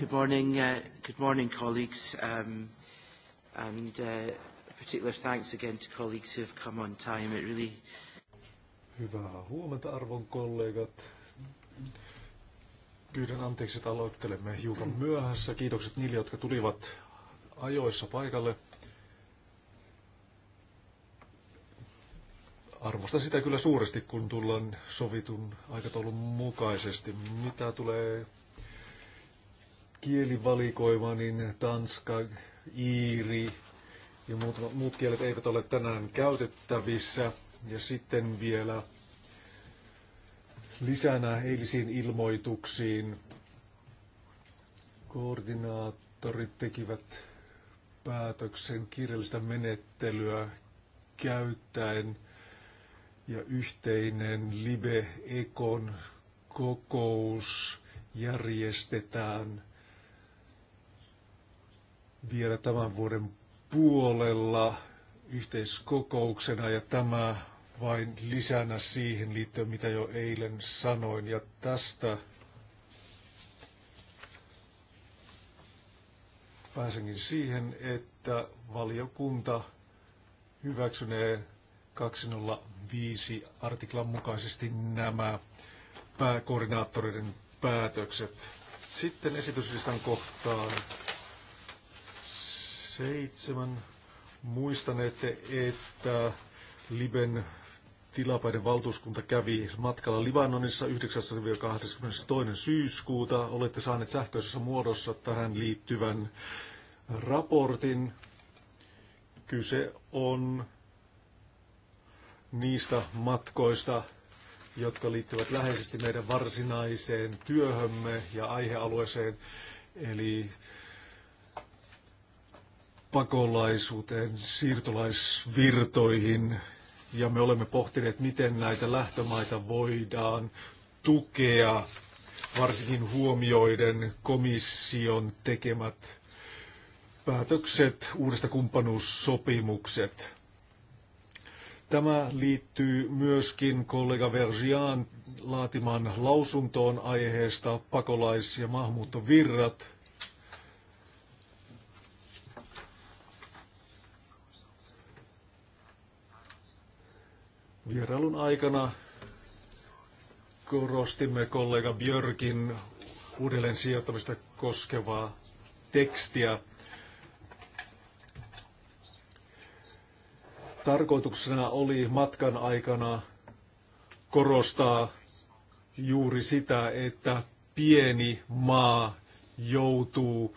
Good morning, uh, good morning colleagues, um, and uh, particular thanks again to colleagues who have come on time. It really... Hyvää huomenta arvon kollegat. Pyydän anteeksi, että aloittelemme hiukan myöhässä. Kiitokset niille, jotka tulivat ajoissa paikalle. Arvostan sitä kyllä suuresti, kun tullaan sovitun aikataulun mukaisesti. Mitä tulee kielivalikoima, niin tanska, iiri ja muut, muut kielet eivät ole tänään käytettävissä. Ja sitten vielä lisänä eilisiin ilmoituksiin koordinaattorit tekivät päätöksen kirjallista menettelyä käyttäen ja yhteinen Libe Ekon kokous järjestetään vielä tämän vuoden puolella yhteiskokouksena ja tämä vain lisänä siihen liittyen, mitä jo eilen sanoin. Ja tästä pääsenkin siihen, että valiokunta hyväksynee 205 artiklan mukaisesti nämä pääkoordinaattoreiden päätökset. Sitten esityslistan kohtaan seitsemän. Muistanette, että Liben tilapäinen valtuuskunta kävi matkalla Libanonissa 9-22. syyskuuta. Olette saaneet sähköisessä muodossa tähän liittyvän raportin. Kyse on niistä matkoista, jotka liittyvät läheisesti meidän varsinaiseen työhömme ja aihealueeseen, eli pakolaisuuteen, siirtolaisvirtoihin, ja me olemme pohtineet, miten näitä lähtömaita voidaan tukea, varsinkin huomioiden komission tekemät päätökset, uudesta kumppanuussopimukset. Tämä liittyy myöskin kollega Vergian laatimaan lausuntoon aiheesta pakolais- ja maahanmuuttovirrat – Vierailun aikana korostimme kollega Björkin uudelleen sijoittamista koskevaa tekstiä. Tarkoituksena oli matkan aikana korostaa juuri sitä, että pieni maa joutuu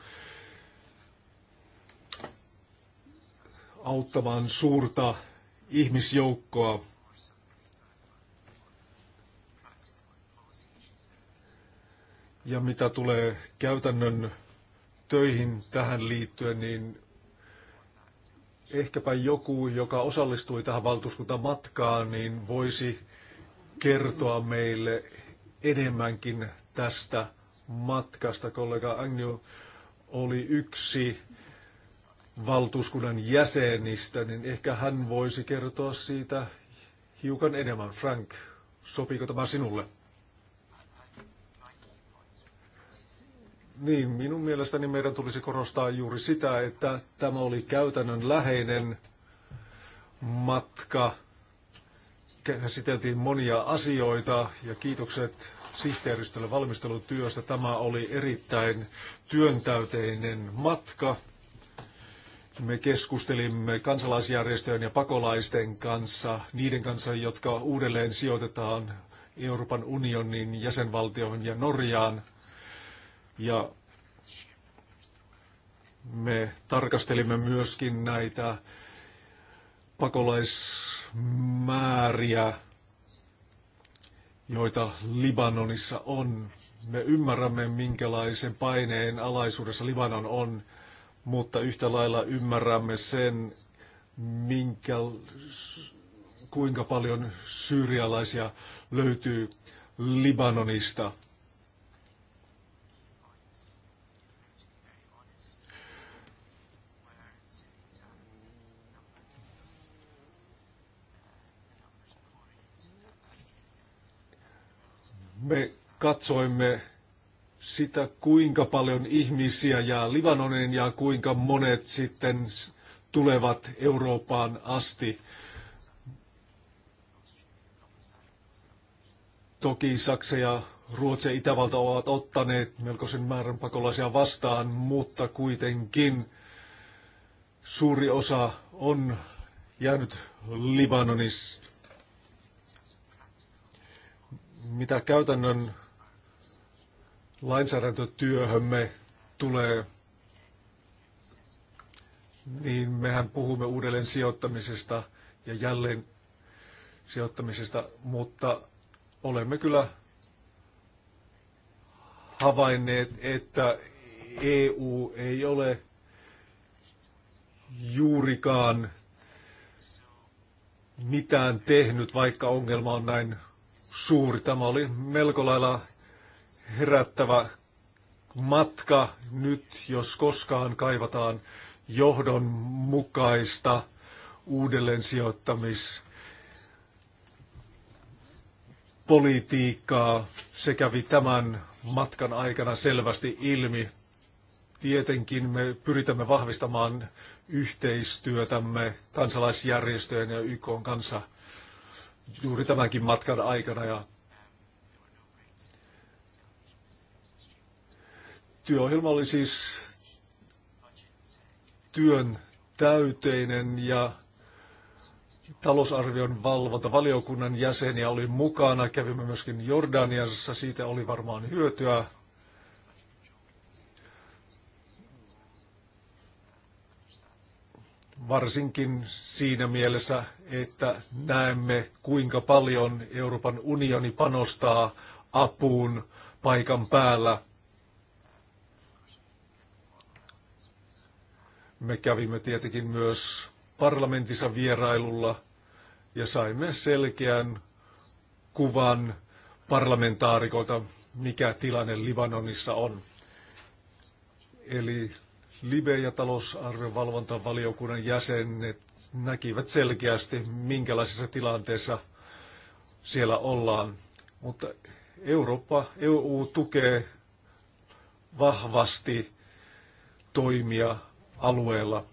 auttamaan suurta ihmisjoukkoa Ja mitä tulee käytännön töihin tähän liittyen, niin ehkäpä joku, joka osallistui tähän valtuuskuntamatkaan, niin voisi kertoa meille enemmänkin tästä matkasta. Kollega Agnew oli yksi valtuuskunnan jäsenistä, niin ehkä hän voisi kertoa siitä hiukan enemmän. Frank, sopiiko tämä sinulle? Niin, minun mielestäni meidän tulisi korostaa juuri sitä, että tämä oli käytännön läheinen matka. Käsiteltiin monia asioita ja kiitokset sihteeristölle valmistelutyöstä. Tämä oli erittäin työntäyteinen matka. Me keskustelimme kansalaisjärjestöjen ja pakolaisten kanssa, niiden kanssa, jotka uudelleen sijoitetaan Euroopan unionin jäsenvaltioihin ja Norjaan. Ja me tarkastelimme myöskin näitä pakolaismääriä, joita Libanonissa on. Me ymmärrämme, minkälaisen paineen alaisuudessa Libanon on, mutta yhtä lailla ymmärrämme sen, minkä, kuinka paljon syyrialaisia löytyy Libanonista – me katsoimme sitä, kuinka paljon ihmisiä jää Libanonin ja kuinka monet sitten tulevat Eurooppaan asti. Toki Saksa ja Ruotsi ja Itävalta ovat ottaneet melkoisen määrän pakolaisia vastaan, mutta kuitenkin suuri osa on jäänyt Libanonissa mitä käytännön lainsäädäntötyöhömme tulee, niin mehän puhumme uudelleen sijoittamisesta ja jälleen sijoittamisesta, mutta olemme kyllä havainneet, että EU ei ole juurikaan mitään tehnyt, vaikka ongelma on näin suuri. Tämä oli melko lailla herättävä matka nyt, jos koskaan kaivataan johdonmukaista uudelleensijoittamispolitiikkaa, Se kävi tämän matkan aikana selvästi ilmi. Tietenkin me pyritämme vahvistamaan yhteistyötämme kansalaisjärjestöjen ja YK kanssa – juuri tämänkin matkan aikana ja työohjelma oli siis työn täyteinen ja talousarvion valiokunnan jäseniä oli mukana. Kävimme myöskin Jordaniassa, siitä oli varmaan hyötyä. varsinkin siinä mielessä, että näemme kuinka paljon Euroopan unioni panostaa apuun paikan päällä. Me kävimme tietenkin myös parlamentissa vierailulla ja saimme selkeän kuvan parlamentaarikoilta, mikä tilanne Libanonissa on. Eli Libe- ja talousarviovalvontavaliokunnan jäsenet näkivät selkeästi, minkälaisessa tilanteessa siellä ollaan. Mutta Eurooppa, EU tukee vahvasti toimia alueella.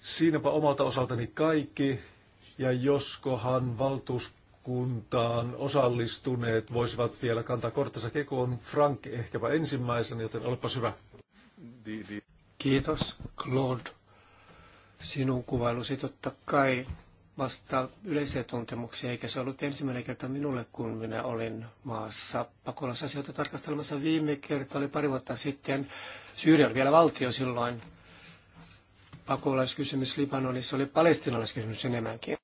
Siinäpä omalta osaltani kaikki, ja joskohan valtuuskuntaan osallistuneet voisivat vielä kantaa korttansa kekoon. Frank ehkäpä ensimmäisen, joten olepas hyvä. Kiitos, Claude, sinun kuvailusi totta kai vastaa yleisiä tuntemuksia, eikä se ollut ensimmäinen kerta minulle, kun minä olin maassa pakolaisasioita tarkastelemassa viime kerta, oli pari vuotta sitten. Syyri oli vielä valtio silloin. Pakolaiskysymys Libanonissa oli palestinalaiskysymys enemmänkin.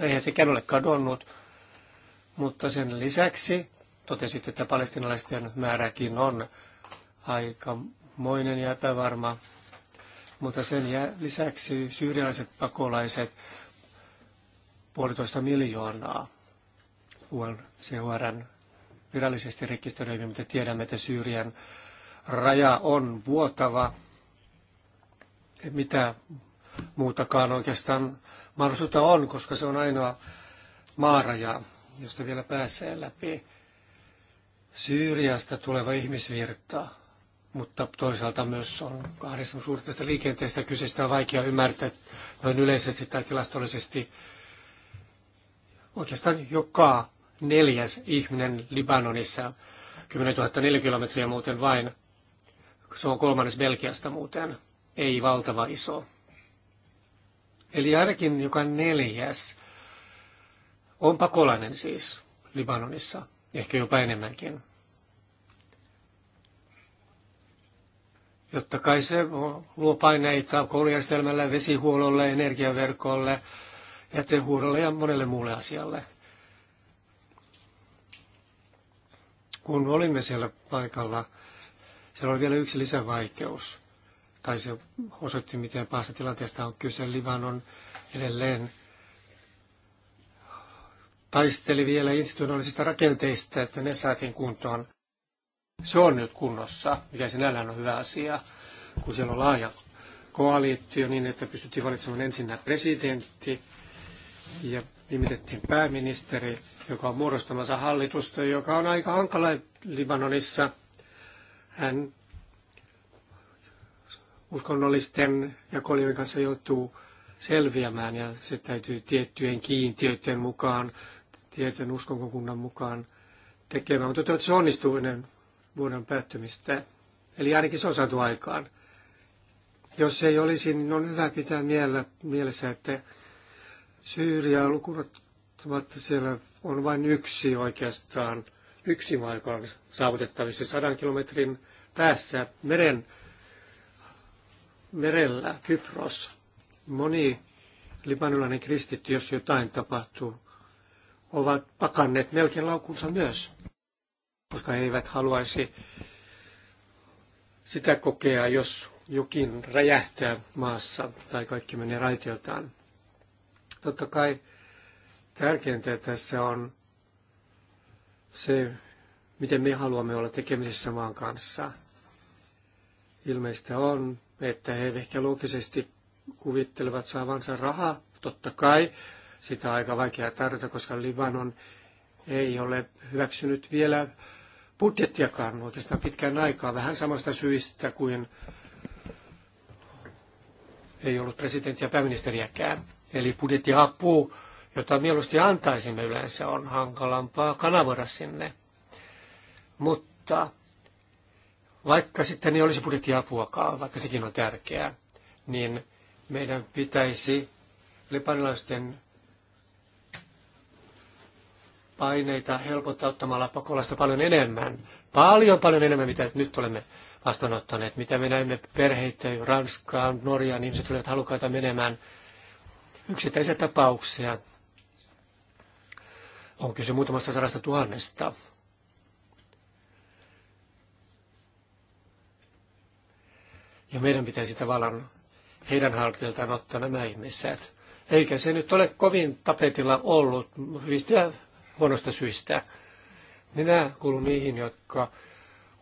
Eihän sekään ole kadonnut, mutta sen lisäksi totesit, että palestinalaisten määräkin on aikamoinen ja epävarma. Mutta sen lisäksi syyrialaiset pakolaiset puolitoista miljoonaa UNCHRn virallisesti rekisteröimiä, mutta tiedämme, että Syyrian raja on vuotava. Mitä muutakaan oikeastaan mahdollisuutta on, koska se on ainoa maaraja, josta vielä pääsee läpi. Syyriasta tuleva ihmisvirta mutta toisaalta myös on kahdesta suurtesta liikenteestä kyseistä on vaikea ymmärtää noin yleisesti tai tilastollisesti. Oikeastaan joka neljäs ihminen Libanonissa, 10 000 kilometriä muuten vain, se on kolmannes Belgiasta muuten, ei valtava iso. Eli ainakin joka neljäs on pakolainen siis Libanonissa, ehkä jopa enemmänkin. Jotta kai se luo paineita koulujärjestelmälle, vesihuollolle, energiaverkolle, jätehuollolle ja monelle muulle asialle. Kun olimme siellä paikalla, siellä oli vielä yksi lisävaikeus, tai se osoitti, miten päästä tilanteesta on kyse. Libanon edelleen taisteli vielä institutionaalisista rakenteista, että ne saatiin kuntoon. Se on nyt kunnossa, mikä sinällään on hyvä asia, kun siellä on laaja koalitio niin, että pystyttiin valitsemaan ensinnä presidentti ja nimitettiin pääministeri, joka on muodostamassa hallitusta, joka on aika hankala Libanonissa. Hän uskonnollisten ja koljojen kanssa joutuu selviämään ja se täytyy tiettyjen kiintiöiden mukaan, tietyn uskonkokunnan mukaan tekemään. Mutta se onnistuu ennen vuoden päättymistä. Eli ainakin se on saatu aikaan. Jos ei olisi, niin on hyvä pitää miele, mielessä, että Syyriä lukunottamatta siellä on vain yksi oikeastaan, yksi maa, on saavutettavissa sadan kilometrin päässä meren, merellä, Kypros. Moni libanilainen kristitty, jos jotain tapahtuu, ovat pakanneet melkein laukunsa myös koska he eivät haluaisi sitä kokea, jos jokin räjähtää maassa tai kaikki menee raitiotaan. Totta kai tärkeintä tässä on se, miten me haluamme olla tekemisissä maan kanssa. Ilmeistä on, että he ehkä loogisesti kuvittelevat saavansa rahaa, totta kai. Sitä on aika vaikea tarjota, koska Libanon ei ole hyväksynyt vielä budjettiakaan oikeastaan pitkään aikaa, vähän samasta syistä kuin ei ollut presidenttiä ja pääministeriäkään. Eli budjettiapu, jota mieluusti antaisimme yleensä, on hankalampaa kanavoida sinne. Mutta vaikka sitten ei olisi budjettiapuakaan, vaikka sekin on tärkeää, niin meidän pitäisi lepanilaisten paineita helpottaa ottamalla pakolasta paljon enemmän. Paljon paljon enemmän, mitä nyt olemme vastaanottaneet. Mitä me näemme perheitä Ranskaan, Norjaan, ihmiset olivat halukkaita menemään yksittäisiä tapauksia. On kyse muutamasta sadasta tuhannesta. Ja meidän pitäisi tavallaan heidän harteiltaan ottaa nämä ihmiset. Eikä se nyt ole kovin tapetilla ollut hyvistä huonosta syistä. Minä kuulun niihin, jotka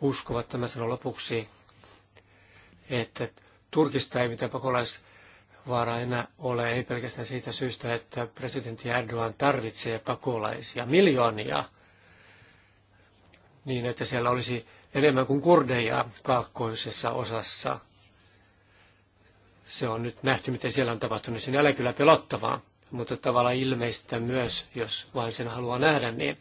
uskovat tämän sanon lopuksi, että Turkista ei mitään pakolaisvaaraa enää ole, ei pelkästään siitä syystä, että presidentti Erdogan tarvitsee pakolaisia, miljoonia, niin että siellä olisi enemmän kuin kurdeja kaakkoisessa osassa. Se on nyt nähty, miten siellä on tapahtunut. Sinällä kyllä pelottavaa mutta tavallaan ilmeistä myös, jos vain sen haluaa nähdä, niin.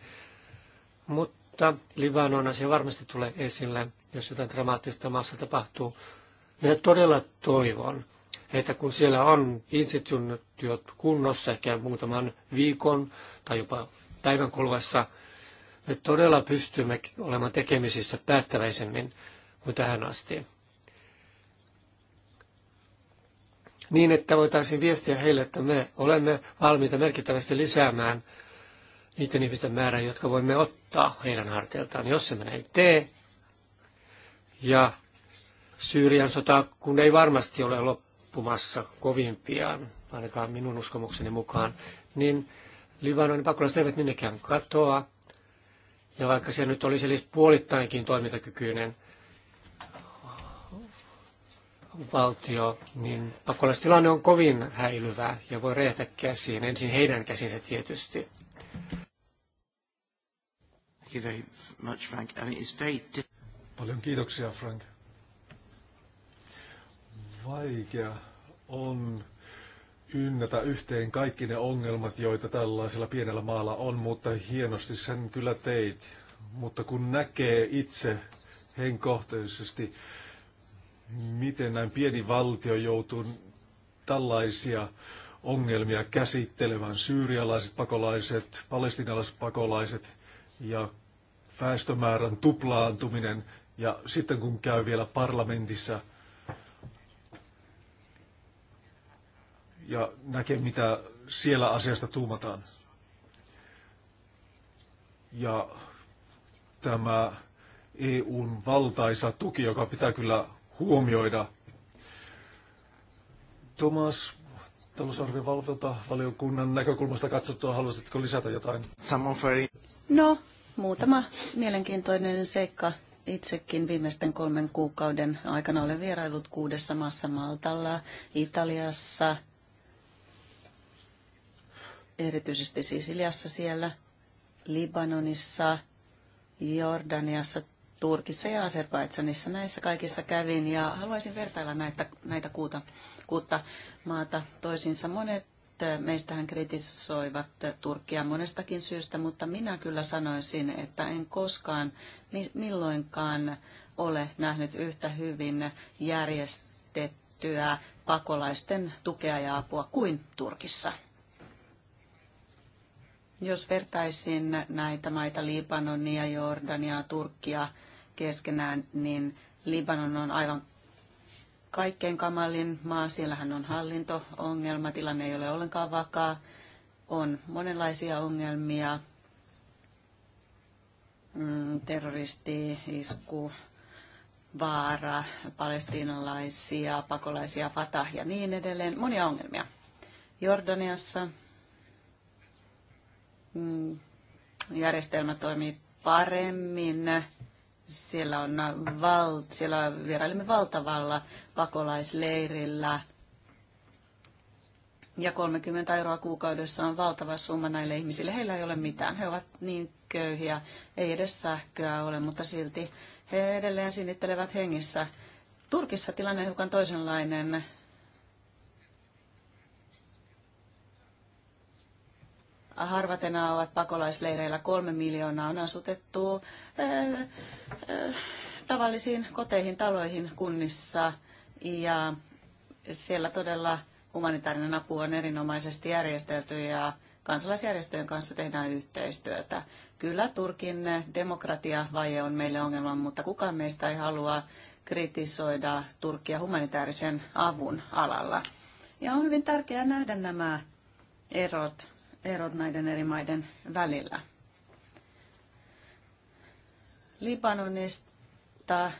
Mutta Libanon asia varmasti tulee esille, jos jotain dramaattista maassa tapahtuu. Minä todella toivon, että kun siellä on instituutiot kunnossa ehkä muutaman viikon tai jopa päivän kuluessa, me todella pystymme olemaan tekemisissä päättäväisemmin kuin tähän asti. niin, että voitaisiin viestiä heille, että me olemme valmiita merkittävästi lisäämään niiden ihmisten määrää, jotka voimme ottaa heidän harteiltaan, jos se näin tee. Ja Syyrian sota, kun ei varmasti ole loppumassa kovin pian, ainakaan minun uskomukseni mukaan, niin Libanonin pakolaiset eivät minnekään katoa. Ja vaikka se nyt olisi edes puolittainkin toimintakykyinen, valtio, niin pakolaistilanne on kovin häilyvä ja voi räjätä käsiin, ensin heidän käsinsä tietysti. Paljon kiitoksia, Frank. Vaikea on ynnätä yhteen kaikki ne ongelmat, joita tällaisella pienellä maalla on, mutta hienosti sen kyllä teit. Mutta kun näkee itse henkohtaisesti, miten näin pieni valtio joutuu tällaisia ongelmia käsittelemään. Syyrialaiset pakolaiset, palestinalaiset pakolaiset ja väestömäärän tuplaantuminen. Ja sitten kun käy vielä parlamentissa ja näkee, mitä siellä asiasta tuumataan. Ja tämä EUn valtaisa tuki, joka pitää kyllä huomioida. Tomas, talousarvion valiokunnan näkökulmasta katsottua, haluaisitko lisätä jotain? No, muutama mielenkiintoinen seikka. Itsekin viimeisten kolmen kuukauden aikana olen vierailut kuudessa maassa Maltalla, Italiassa, erityisesti Sisiliassa siellä, Libanonissa, Jordaniassa, Turkissa ja Azerbaidsanissa. Näissä kaikissa kävin ja haluaisin vertailla näitä, näitä kuuta, kuutta maata toisinsa. Monet meistähän kritisoivat Turkkia monestakin syystä, mutta minä kyllä sanoisin, että en koskaan milloinkaan ole nähnyt yhtä hyvin järjestettyä pakolaisten tukea ja apua kuin Turkissa. Jos vertaisin näitä maita, Libanonia, Jordania, Turkkia, keskenään, niin Libanon on aivan kaikkein kamalin maa. Siellähän on hallinto-ongelma, tilanne ei ole ollenkaan vakaa. On monenlaisia ongelmia, mm, terroristi, isku, vaara, palestiinalaisia, pakolaisia, Fatah ja niin edelleen. Monia ongelmia. Jordaniassa mm, järjestelmä toimii paremmin siellä, on val, siellä vierailimme valtavalla pakolaisleirillä. Ja 30 euroa kuukaudessa on valtava summa näille ihmisille. Heillä ei ole mitään. He ovat niin köyhiä. Ei edes sähköä ole, mutta silti he edelleen sinittelevät hengissä. Turkissa tilanne on hiukan toisenlainen. harvat enää ovat pakolaisleireillä. Kolme miljoonaa on asutettu eh, eh, tavallisiin koteihin, taloihin kunnissa ja siellä todella humanitaarinen apu on erinomaisesti järjestelty ja kansalaisjärjestöjen kanssa tehdään yhteistyötä. Kyllä Turkin demokratiavaje on meille ongelma, mutta kukaan meistä ei halua kritisoida Turkia humanitaarisen avun alalla. Ja on hyvin tärkeää nähdä nämä erot erot näiden eri maiden välillä. Libanonista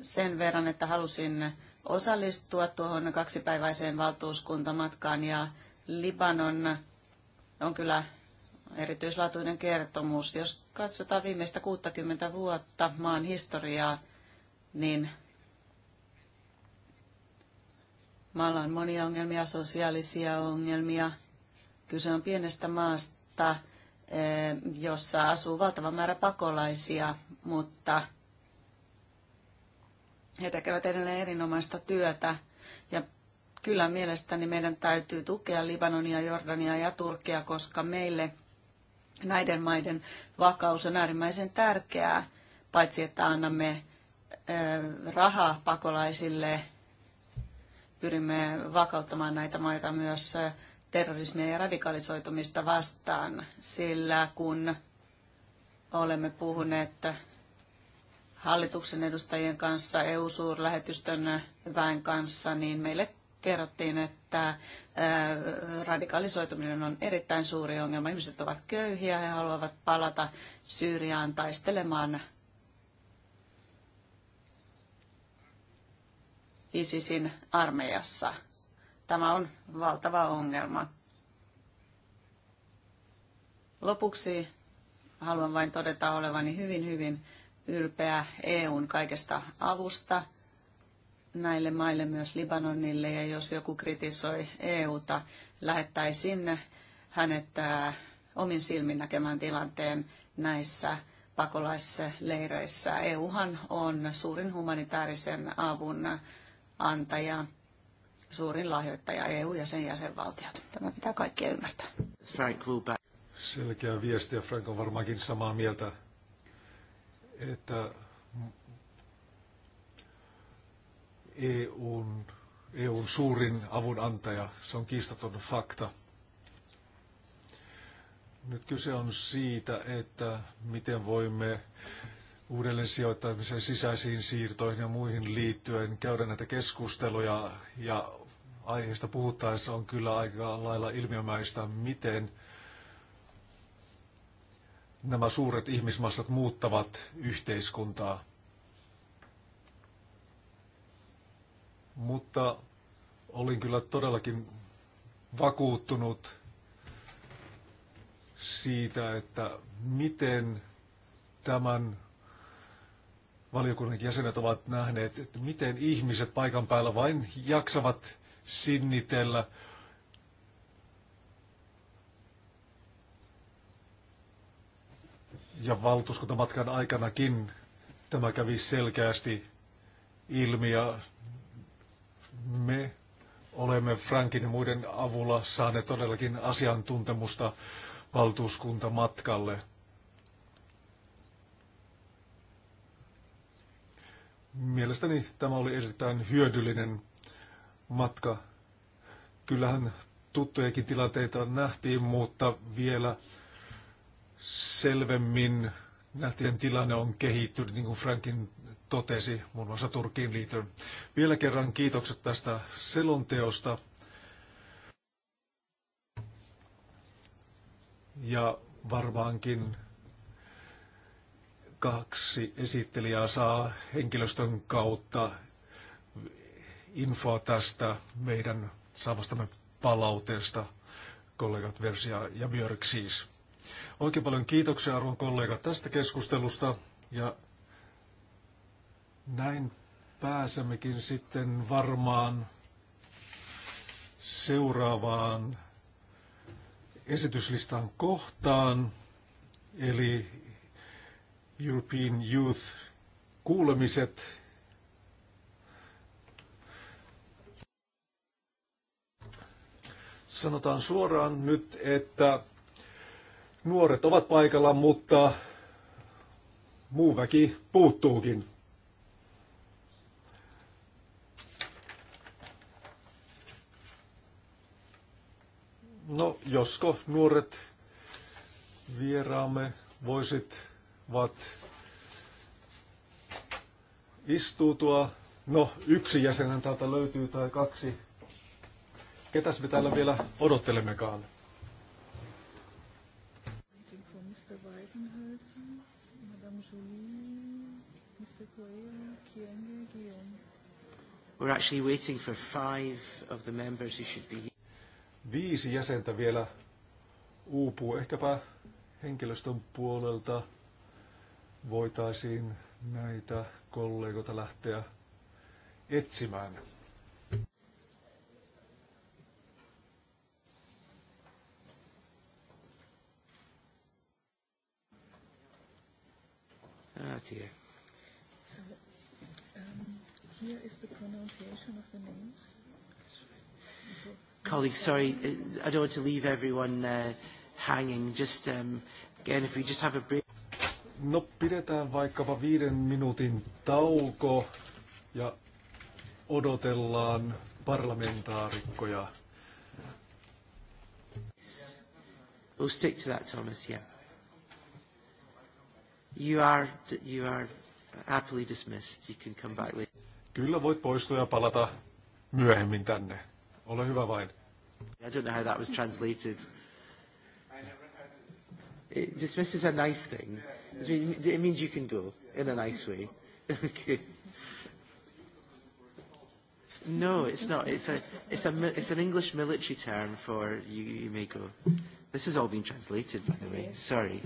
sen verran, että halusin osallistua tuohon kaksipäiväiseen valtuuskuntamatkaan ja Libanon on kyllä erityislaatuinen kertomus. Jos katsotaan viimeistä 60 vuotta maan historiaa, niin Maalla on monia ongelmia, sosiaalisia ongelmia. Kyse on pienestä maasta, eh, jossa asuu valtava määrä pakolaisia, mutta he tekevät edelleen erinomaista työtä. Ja kyllä mielestäni meidän täytyy tukea Libanonia, Jordania ja Turkia, koska meille näiden maiden vakaus on äärimmäisen tärkeää, paitsi että annamme eh, rahaa pakolaisille pyrimme vakauttamaan näitä maita myös terrorismia ja radikalisoitumista vastaan, sillä kun olemme puhuneet hallituksen edustajien kanssa, EU-suurlähetystön väen kanssa, niin meille kerrottiin, että radikalisoituminen on erittäin suuri ongelma. Ihmiset ovat köyhiä, he haluavat palata Syyriaan taistelemaan ISISin armeijassa. Tämä on valtava ongelma. Lopuksi haluan vain todeta olevani hyvin, hyvin ylpeä EUn kaikesta avusta näille maille, myös Libanonille. Ja jos joku kritisoi EUta, lähettäisin hänet äh, omin silmin näkemään tilanteen näissä pakolaisleireissä. EUhan on suurin humanitaarisen avun antaja, suurin lahjoittaja EU ja sen jäsenvaltiot. Tämä pitää kaikkea ymmärtää. Frank Luba. Selkeä viesti ja Frank on varmaankin samaa mieltä, että EUn, EUn suurin avunantaja, se on kiistaton fakta. Nyt kyse on siitä, että miten voimme uudelleen sijoittamiseen, sisäisiin siirtoihin ja muihin liittyen käydä näitä keskusteluja ja aiheesta puhuttaessa on kyllä aika lailla ilmiömäistä, miten nämä suuret ihmismassat muuttavat yhteiskuntaa. Mutta olin kyllä todellakin vakuuttunut siitä, että miten tämän valiokunnan jäsenet ovat nähneet, että miten ihmiset paikan päällä vain jaksavat sinnitellä. Ja valtuuskuntamatkan aikanakin tämä kävi selkeästi ilmi ja me olemme Frankin ja muiden avulla saaneet todellakin asiantuntemusta valtuuskuntamatkalle. matkalle. Mielestäni tämä oli erittäin hyödyllinen matka. Kyllähän tuttujakin tilanteita nähtiin, mutta vielä selvemmin nähtien tilanne on kehittynyt, niin kuin Frankin totesi, muun muassa Turkiin liittyen. Vielä kerran kiitokset tästä selonteosta. Ja varmaankin kaksi esittelijää saa henkilöstön kautta infoa tästä meidän saavastamme palautesta, kollegat Versia ja Björk siis. Oikein paljon kiitoksia arvon kollegat tästä keskustelusta ja näin pääsemmekin sitten varmaan seuraavaan esityslistan kohtaan, eli European Youth-kuulemiset. Sanotaan suoraan nyt, että nuoret ovat paikalla, mutta muu väki puuttuukin. No, josko nuoret vieraamme voisit istuu istuutua. No, yksi jäsenen täältä löytyy tai kaksi. Ketäs me täällä vielä odottelemmekaan? We're actually waiting for five of the members who should be here. Viisi jäsentä vielä uupuu. Ehkäpä henkilöstön puolelta voitaisiin näitä kollegoita lähteä etsimään. Ah, dear. So, um, here is the pronunciation of the names. So, Colleagues, sorry, uh, I don't want to leave everyone uh, hanging. Just, um, again, if we just have a break. No pidetään vaikkapa viiden minuutin tauko ja odotellaan parlamentaarikkoja. We'll stick to that, Thomas, yeah. You are, you are happily dismissed. You can come back later. Kyllä voit poistua ja palata myöhemmin tänne. Ole hyvä vain. I don't know how that was translated. Dismiss is a nice thing. It means you can go in a nice way. okay. No, it's not. It's a, it's a, it's an English military term for you, you may go. This has all been translated, by the way. Sorry.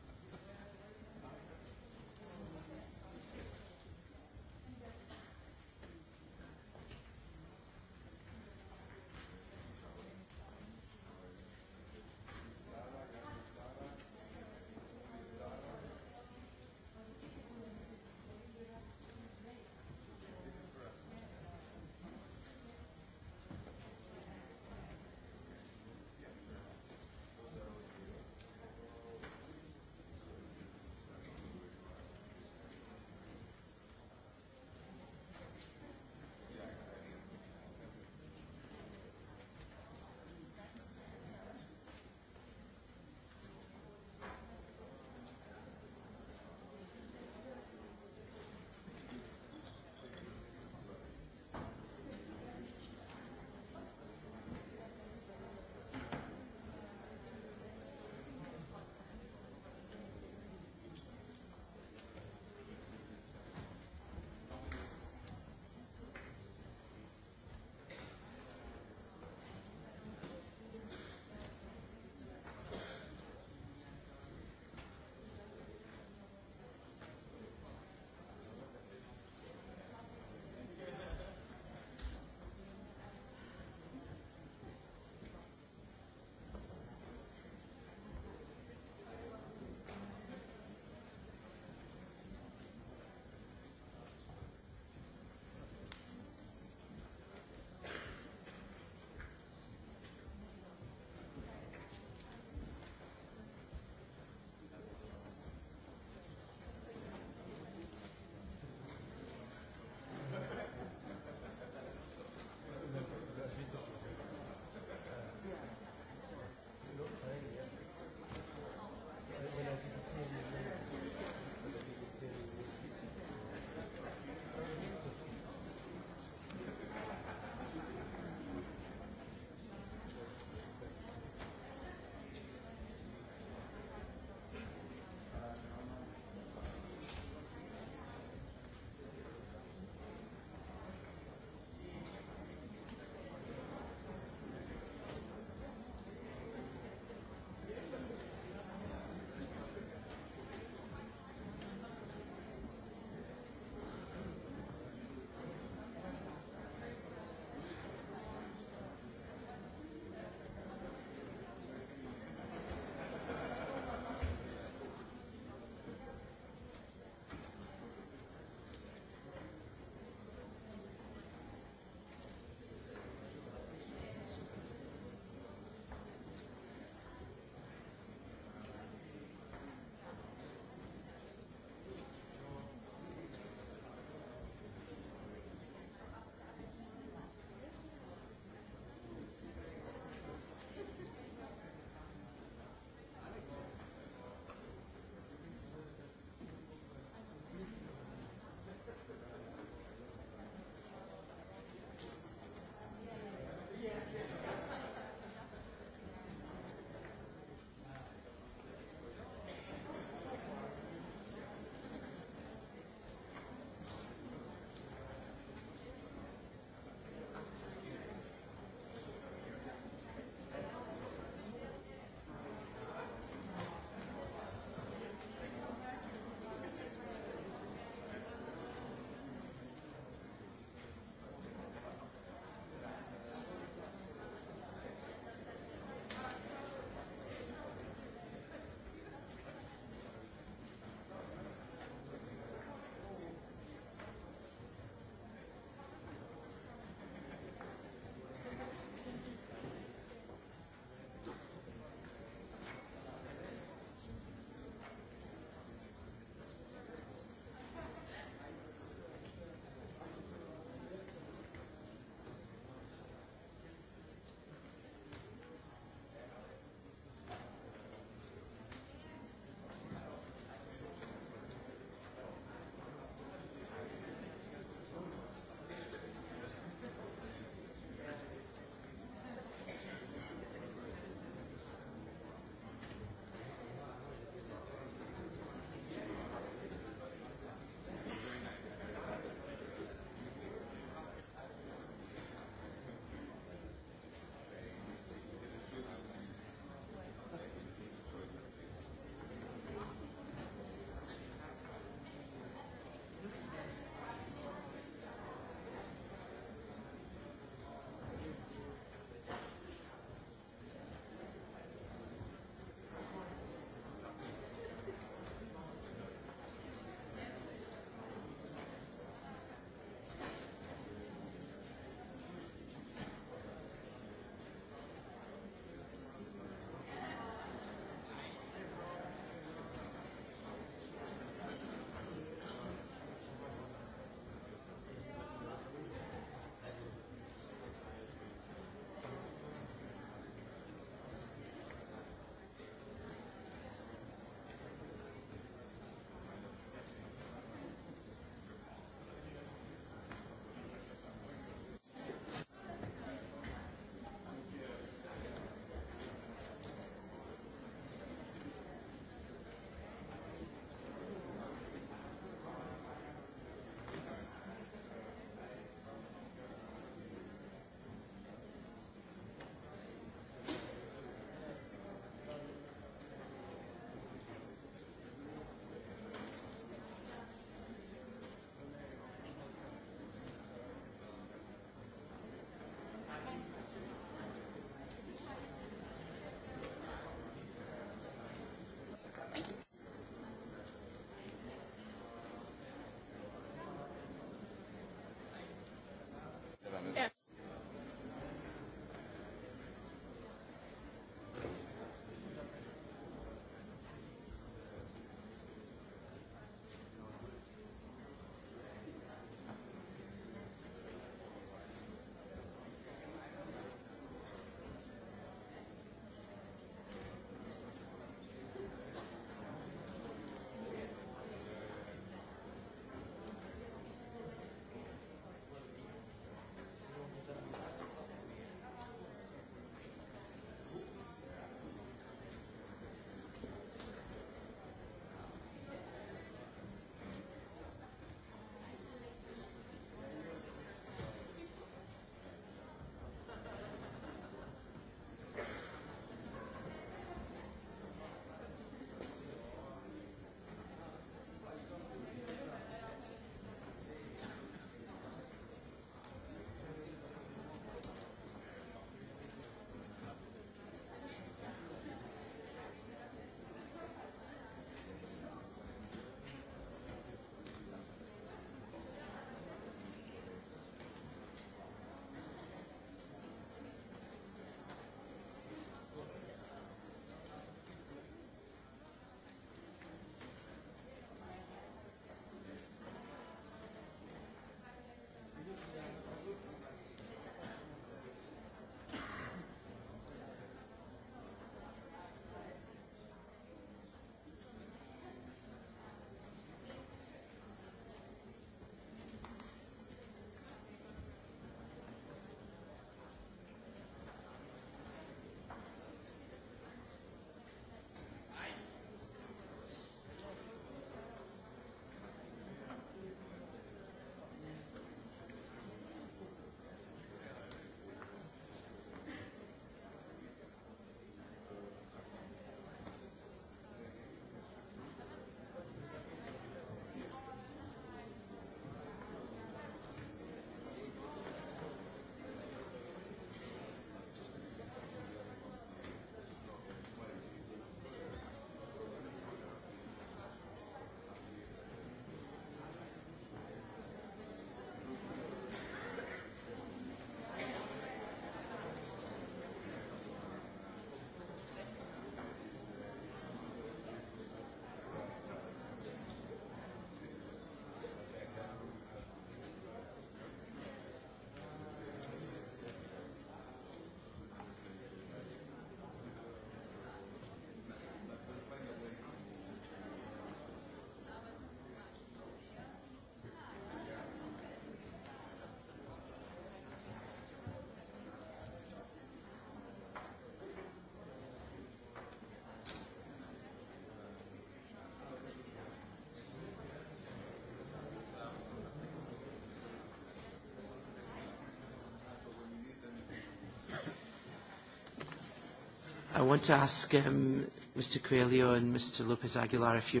I want to ask um, Mr. Coelho and Mr. Lopez Aguilar if you...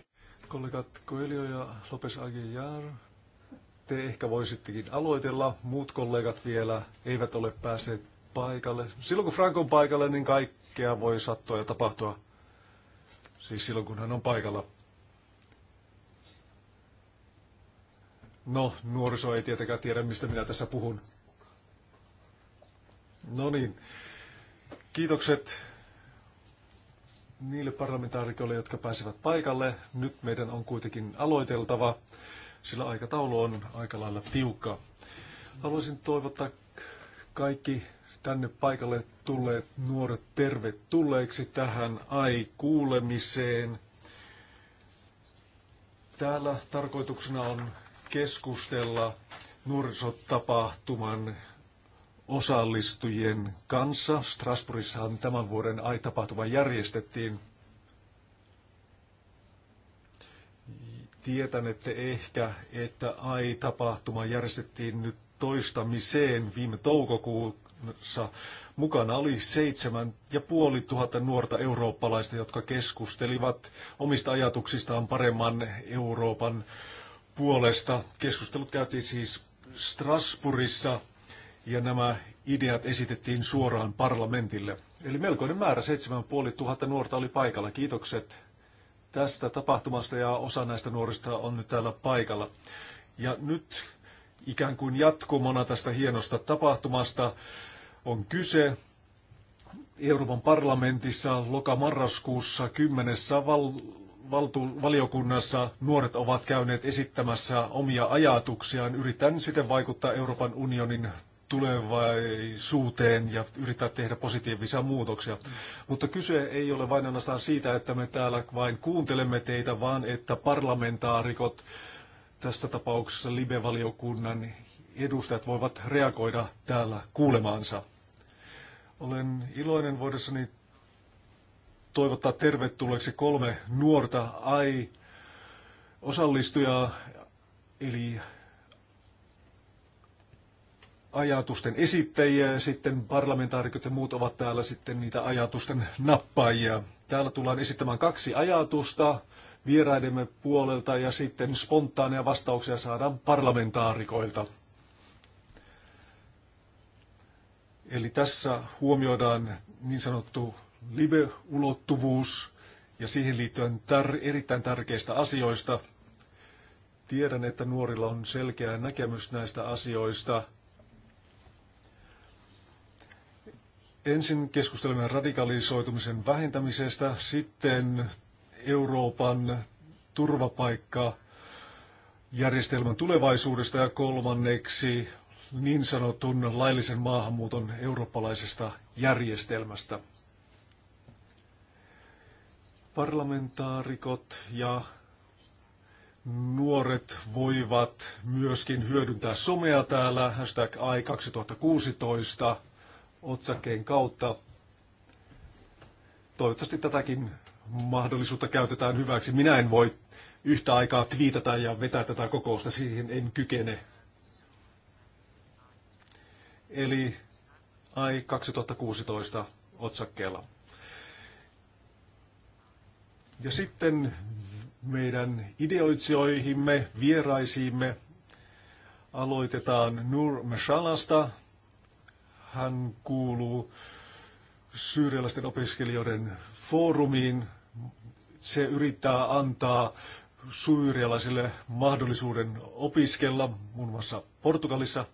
Kollegat Coelho ja Lopez Aguilar, te ehkä voisittekin aloitella. Muut kollegat vielä eivät ole päässeet paikalle. Silloin kun Frank on paikalla, niin kaikkea voi sattua ja tapahtua. Siis silloin kun hän on paikalla. No, nuoriso ei tietenkään tiedä, mistä minä tässä puhun. No niin, kiitokset niille parlamentaarikoille, jotka pääsivät paikalle. Nyt meidän on kuitenkin aloiteltava, sillä aikataulu on aika lailla tiukka. Haluaisin toivottaa kaikki tänne paikalle tulleet nuoret tervetulleeksi tähän AI-kuulemiseen. Täällä tarkoituksena on keskustella nuorisotapahtuman osallistujien kanssa. Strasbourgissahan tämän vuoden AI-tapahtuma järjestettiin. että ehkä, että AI-tapahtuma järjestettiin nyt toistamiseen viime toukokuussa. Mukana oli seitsemän ja puoli tuhatta nuorta eurooppalaista, jotka keskustelivat omista ajatuksistaan paremman Euroopan puolesta. Keskustelut käytiin siis Strasbourgissa ja nämä ideat esitettiin suoraan parlamentille. Eli melkoinen määrä, 7500 nuorta oli paikalla. Kiitokset tästä tapahtumasta ja osa näistä nuorista on nyt täällä paikalla. Ja nyt ikään kuin jatkumona tästä hienosta tapahtumasta on kyse Euroopan parlamentissa lokamarraskuussa, kymmenessä val- valtu- valiokunnassa nuoret ovat käyneet esittämässä omia ajatuksiaan, yrittäen siten vaikuttaa Euroopan unionin tulevaisuuteen ja yrittää tehdä positiivisia muutoksia. Mutta kyse ei ole vain ainoastaan siitä, että me täällä vain kuuntelemme teitä, vaan että parlamentaarikot, tässä tapauksessa live-valiokunnan edustajat, voivat reagoida täällä kuulemaansa. Olen iloinen voidessani toivottaa tervetulleeksi kolme nuorta AI-osallistujaa, eli ajatusten esittäjiä ja sitten parlamentaarikot ja muut ovat täällä sitten niitä ajatusten nappaajia. Täällä tullaan esittämään kaksi ajatusta vieraidemme puolelta ja sitten spontaaneja vastauksia saadaan parlamentaarikoilta. Eli tässä huomioidaan niin sanottu live-ulottuvuus ja siihen liittyen tar- erittäin tärkeistä asioista. Tiedän, että nuorilla on selkeä näkemys näistä asioista – Ensin keskustelemme radikalisoitumisen vähentämisestä, sitten Euroopan turvapaikka järjestelmän tulevaisuudesta ja kolmanneksi niin sanotun laillisen maahanmuuton eurooppalaisesta järjestelmästä. Parlamentaarikot ja nuoret voivat myöskin hyödyntää somea täällä, hashtag AI 2016 otsakkeen kautta. Toivottavasti tätäkin mahdollisuutta käytetään hyväksi. Minä en voi yhtä aikaa twiitata ja vetää tätä kokousta, siihen en kykene. Eli AI 2016 otsakkeella. Ja sitten meidän ideoitsijoihimme, vieraisiimme, aloitetaan Nur Meshalasta, hän kuuluu syyrialaisten opiskelijoiden foorumiin. Se yrittää antaa syyrialaisille mahdollisuuden opiskella muun muassa Portugalissa.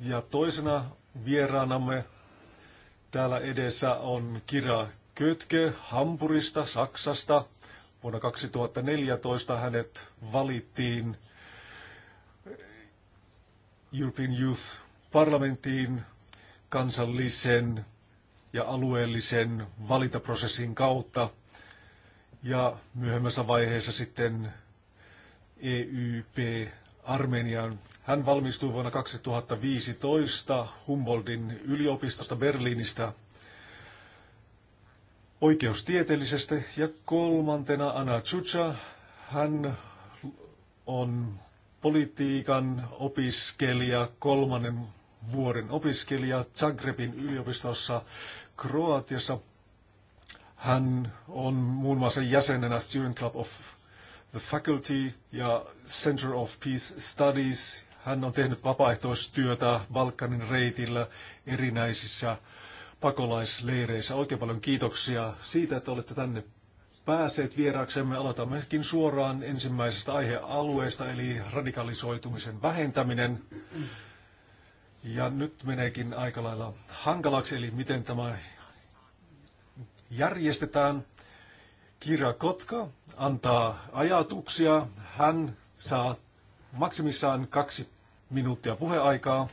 Ja toisena vieraanamme täällä edessä on Kira Kötke Hampurista, Saksasta. Vuonna 2014 hänet valittiin European Youth Parlamentin kansallisen ja alueellisen valintaprosessin kautta ja myöhemmässä vaiheessa sitten EYP Armeniaan. Hän valmistui vuonna 2015 Humboldtin yliopistosta Berliinistä oikeustieteellisesti ja kolmantena Anna Chucha. Hän on politiikan opiskelija, kolmannen vuoden opiskelija Zagrebin yliopistossa Kroatiassa. Hän on muun muassa jäsenenä Student Club of the Faculty ja Center of Peace Studies. Hän on tehnyt vapaaehtoistyötä Balkanin reitillä erinäisissä pakolaisleireissä. Oikein paljon kiitoksia siitä, että olette tänne päässeet vieraaksemme, aloitammekin suoraan ensimmäisestä aihealueesta, eli radikalisoitumisen vähentäminen. Ja nyt meneekin aika lailla hankalaksi, eli miten tämä järjestetään. Kira Kotka antaa ajatuksia. Hän saa maksimissaan kaksi minuuttia puheaikaa.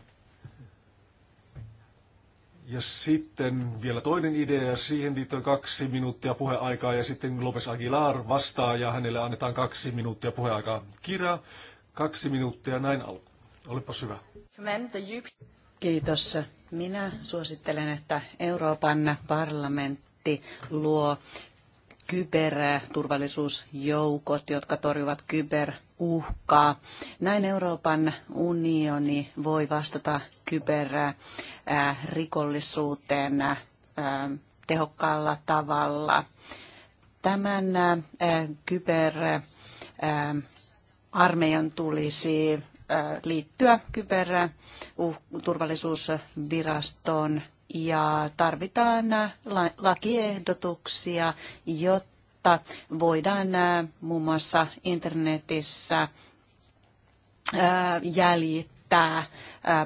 Ja sitten vielä toinen idea, ja siihen liittyy kaksi minuuttia puheaikaa, ja sitten Lopes Aguilar vastaa, ja hänelle annetaan kaksi minuuttia puheaikaa. Kira, kaksi minuuttia, näin alku. Olipa hyvä. Kiitos. Minä suosittelen, että Euroopan parlamentti luo kyberturvallisuusjoukot, jotka torjuvat kyber uhkaa. Näin Euroopan unioni voi vastata kyberrikollisuuteen äh, äh, tehokkaalla tavalla. Tämän äh, kyberarmeijan tulisi liittyä kyberturvallisuusvirastoon uh, ja tarvitaan lakiehdotuksia, jotta kautta voidaan muun muassa internetissä jäljittää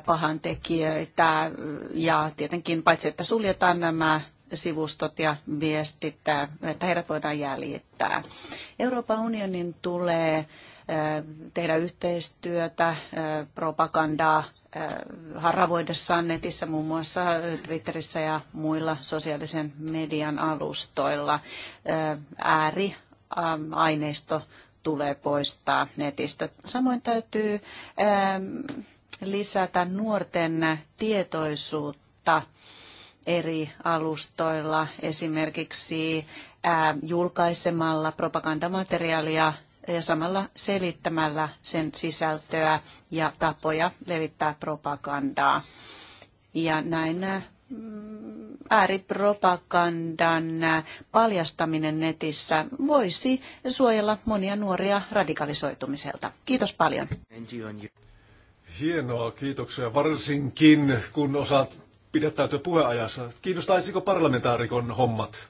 pahantekijöitä ja tietenkin paitsi, että suljetaan nämä sivustot ja viestit, että heidät voidaan jäljittää. Euroopan unionin tulee tehdä yhteistyötä, propagandaa haravoidessaan netissä, muun muassa Twitterissä ja muilla sosiaalisen median alustoilla. Ääri aineisto tulee poistaa netistä. Samoin täytyy lisätä nuorten tietoisuutta eri alustoilla, esimerkiksi julkaisemalla propagandamateriaalia ja samalla selittämällä sen sisältöä ja tapoja levittää propagandaa. Ja näin äh, mm, ääripropagandan äh, paljastaminen netissä voisi suojella monia nuoria radikalisoitumiselta. Kiitos paljon. Hienoa, kiitoksia varsinkin, kun osaat pidättäytyä puheajassa. Kiinnostaisiko parlamentaarikon hommat?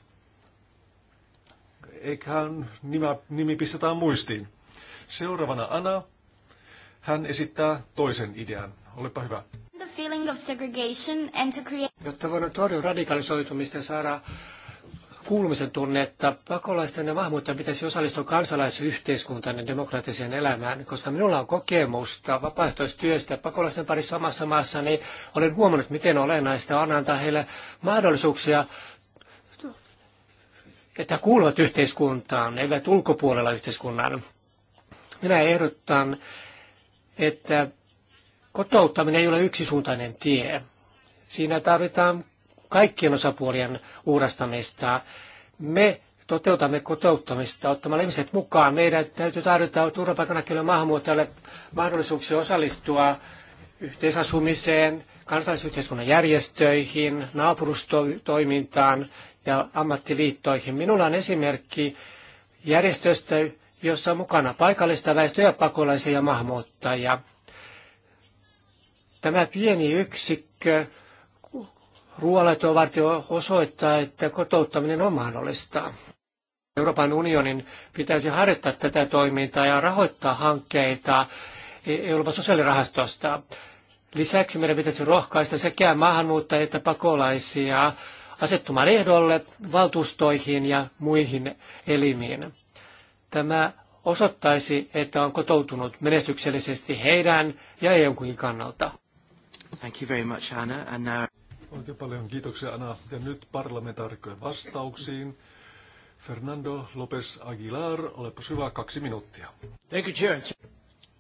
eiköhän nimi, nimi pistetään muistiin. Seuraavana Anna. Hän esittää toisen idean. Olepa hyvä. The feeling of segregation and to create... Jotta voidaan torjua radikalisoitumista ja saada kuulumisen tunne, että pakolaisten ja maahanmuuttajien pitäisi osallistua kansalaisyhteiskuntaan ja demokraattiseen elämään, koska minulla on kokemusta vapaaehtoistyöstä pakolaisten parissa omassa maassa, niin olen huomannut, miten olennaista on antaa heille mahdollisuuksia että kuuluvat yhteiskuntaan, eivät ulkopuolella yhteiskunnan. Minä ehdotan, että kotouttaminen ei ole yksisuuntainen tie. Siinä tarvitaan kaikkien osapuolien uurastamista. Me toteutamme kotouttamista ottamalla ihmiset mukaan. Meidän täytyy tarjota turvapaikanhakijoille maahanmuuttajille mahdollisuuksia osallistua yhteisasumiseen, kansallisyhteiskunnan järjestöihin, naapurustoimintaan ja ammattiliittoihin. Minulla on esimerkki järjestöstä, jossa on mukana paikallista väestöä, pakolaisia ja maahanmuuttajia. Tämä pieni yksikkö ruoalaitovartio osoittaa, että kotouttaminen on mahdollista. Euroopan unionin pitäisi harjoittaa tätä toimintaa ja rahoittaa hankkeita e- Euroopan sosiaalirahastosta. Lisäksi meidän pitäisi rohkaista sekä maahanmuuttajia että pakolaisia asettumaan ehdolle valtuustoihin ja muihin elimiin. Tämä osoittaisi, että on kotoutunut menestyksellisesti heidän ja EUnkin kannalta. Thank you very much, Anna. And now... Oikein paljon kiitoksia, Anna. Ja nyt parlamentaarikkojen vastauksiin. Fernando López Aguilar, olepa hyvä, kaksi minuuttia. Thank you,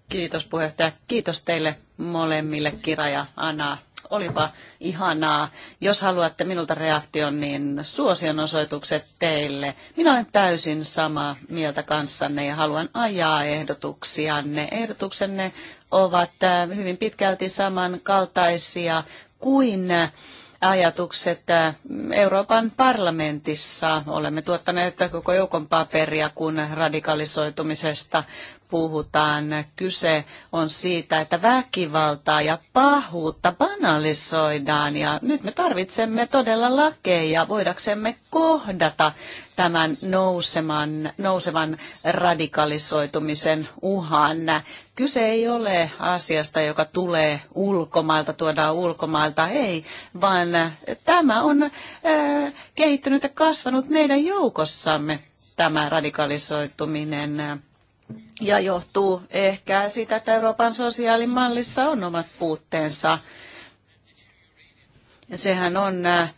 Kiitos puheenjohtaja. Kiitos teille molemmille, Kira ja Anna olipa ihanaa. Jos haluatte minulta reaktion, niin suosion osoitukset teille. Minä olen täysin samaa mieltä kanssanne ja haluan ajaa ehdotuksianne. Ehdotuksenne ovat äh, hyvin pitkälti samankaltaisia kuin äh, ajatukset äh, Euroopan parlamentissa. Olemme tuottaneet koko joukon paperia, kun radikalisoitumisesta puhutaan. Kyse on siitä, että väkivaltaa ja pahuutta banalisoidaan ja nyt me tarvitsemme todella lakeja voidaksemme kohdata tämän nouseman, nousevan radikalisoitumisen uhan. Kyse ei ole asiasta, joka tulee ulkomailta, tuodaan ulkomailta, ei, vaan tämä on äh, kehittynyt ja kasvanut meidän joukossamme tämä radikalisoituminen ja johtuu ehkä siitä, että Euroopan sosiaalimallissa on omat puutteensa. Ja sehän on ää, äh,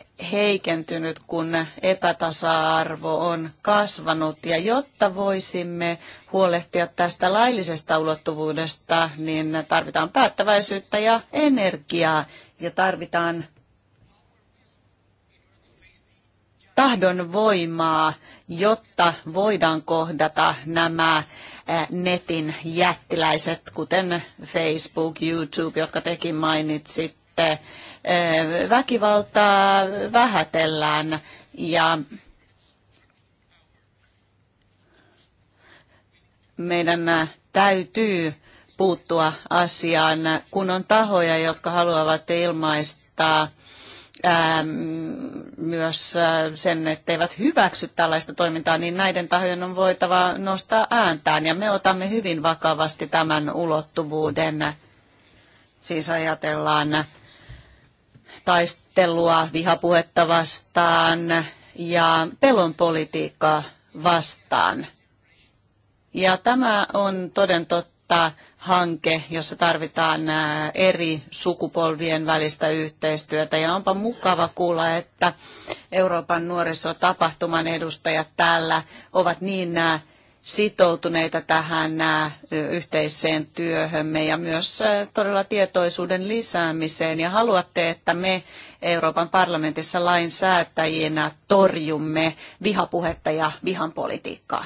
äh, heikentynyt, kun epätasa-arvo on kasvanut. Ja jotta voisimme huolehtia tästä laillisesta ulottuvuudesta, niin tarvitaan päättäväisyyttä ja energiaa ja tarvitaan tahdon voimaa, jotta voidaan kohdata nämä netin jättiläiset, kuten Facebook, YouTube, jotka tekin mainitsitte. Väkivaltaa vähätellään ja meidän täytyy puuttua asiaan, kun on tahoja, jotka haluavat ilmaista Ähm, myös äh, sen, että eivät hyväksy tällaista toimintaa, niin näiden tahojen on voitava nostaa ääntään. Ja me otamme hyvin vakavasti tämän ulottuvuuden. Siis ajatellaan taistelua vihapuhetta vastaan ja pelon politiikkaa vastaan. Ja tämä on toden totta hanke, jossa tarvitaan eri sukupolvien välistä yhteistyötä. Ja onpa mukava kuulla, että Euroopan nuorisotapahtuman edustajat täällä ovat niin sitoutuneita tähän yhteiseen työhömme ja myös todella tietoisuuden lisäämiseen. Ja haluatte, että me Euroopan parlamentissa lainsäätäjinä torjumme vihapuhetta ja vihan politiikkaa.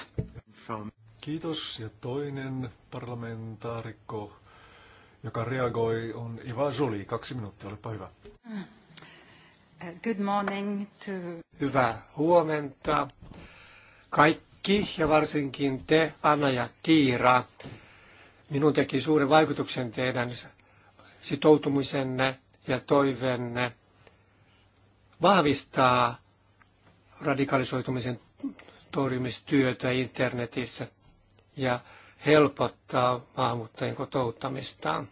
Kiitos. Ja toinen parlamentaarikko, joka reagoi, on Iva Jolie. Kaksi minuuttia, olepa hyvä. Good morning to... Hyvää huomenta kaikki ja varsinkin te, Anna ja Kiira. Minun teki suuren vaikutuksen teidän sitoutumisenne ja toiveenne vahvistaa radikalisoitumisen torjumistyötä internetissä ja helpottaa maahanmuuttajien kotouttamista.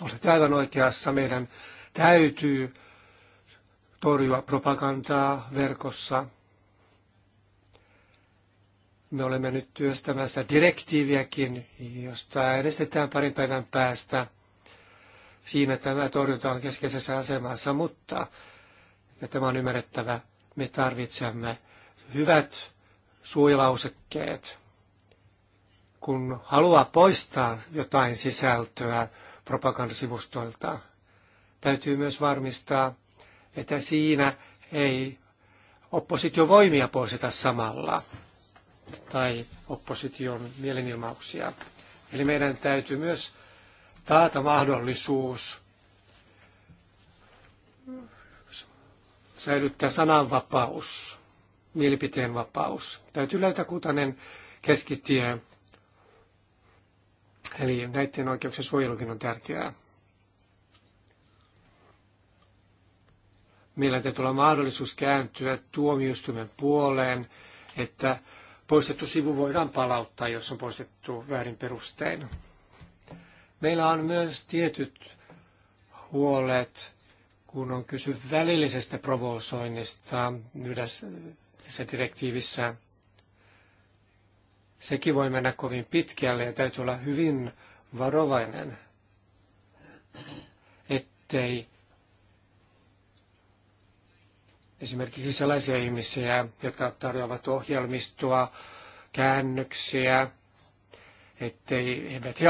Olet aivan oikeassa. Meidän täytyy torjua propagandaa verkossa. Me olemme nyt työstämässä direktiiviäkin, josta äänestetään parin päivän päästä. Siinä tämä torjunta on keskeisessä asemassa, mutta ja tämä on ymmärrettävä, me tarvitsemme hyvät suojalausekkeet – kun haluaa poistaa jotain sisältöä propagandasivustoilta, täytyy myös varmistaa, että siinä ei oppositiovoimia poisteta samalla tai opposition mielenilmauksia. Eli meidän täytyy myös taata mahdollisuus säilyttää sananvapaus, mielipiteenvapaus. Täytyy löytää kutainen keskitie Eli näiden oikeuksien suojelukin on tärkeää. Meillä täytyy olla mahdollisuus kääntyä tuomioistuimen puoleen, että poistettu sivu voidaan palauttaa, jos on poistettu väärin perustein. Meillä on myös tietyt huolet, kun on kysy välillisestä provosoinnista yhdessä direktiivissä sekin voi mennä kovin pitkälle ja täytyy olla hyvin varovainen, ettei esimerkiksi sellaisia ihmisiä, jotka tarjoavat ohjelmistoa, käännöksiä, ettei he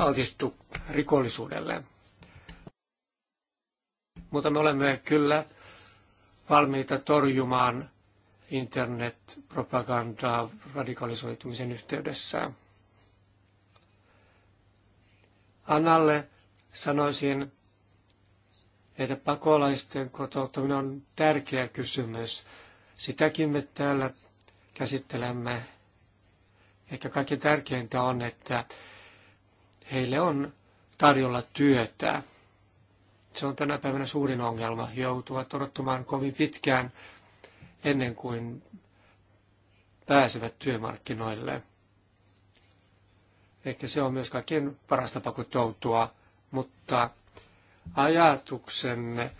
altistu rikollisuudelle. Mutta me olemme kyllä valmiita torjumaan internetpropagandaa radikalisoitumisen yhteydessä. Annalle sanoisin, että pakolaisten kotouttaminen on tärkeä kysymys. Sitäkin me täällä käsittelemme. Ehkä kaikkein tärkeintä on, että heille on tarjolla työtä. Se on tänä päivänä suurin ongelma. He joutuvat odottamaan kovin pitkään ennen kuin pääsevät työmarkkinoille. Ehkä se on myös kaikkien paras tapa kotoutua, mutta ajatuksen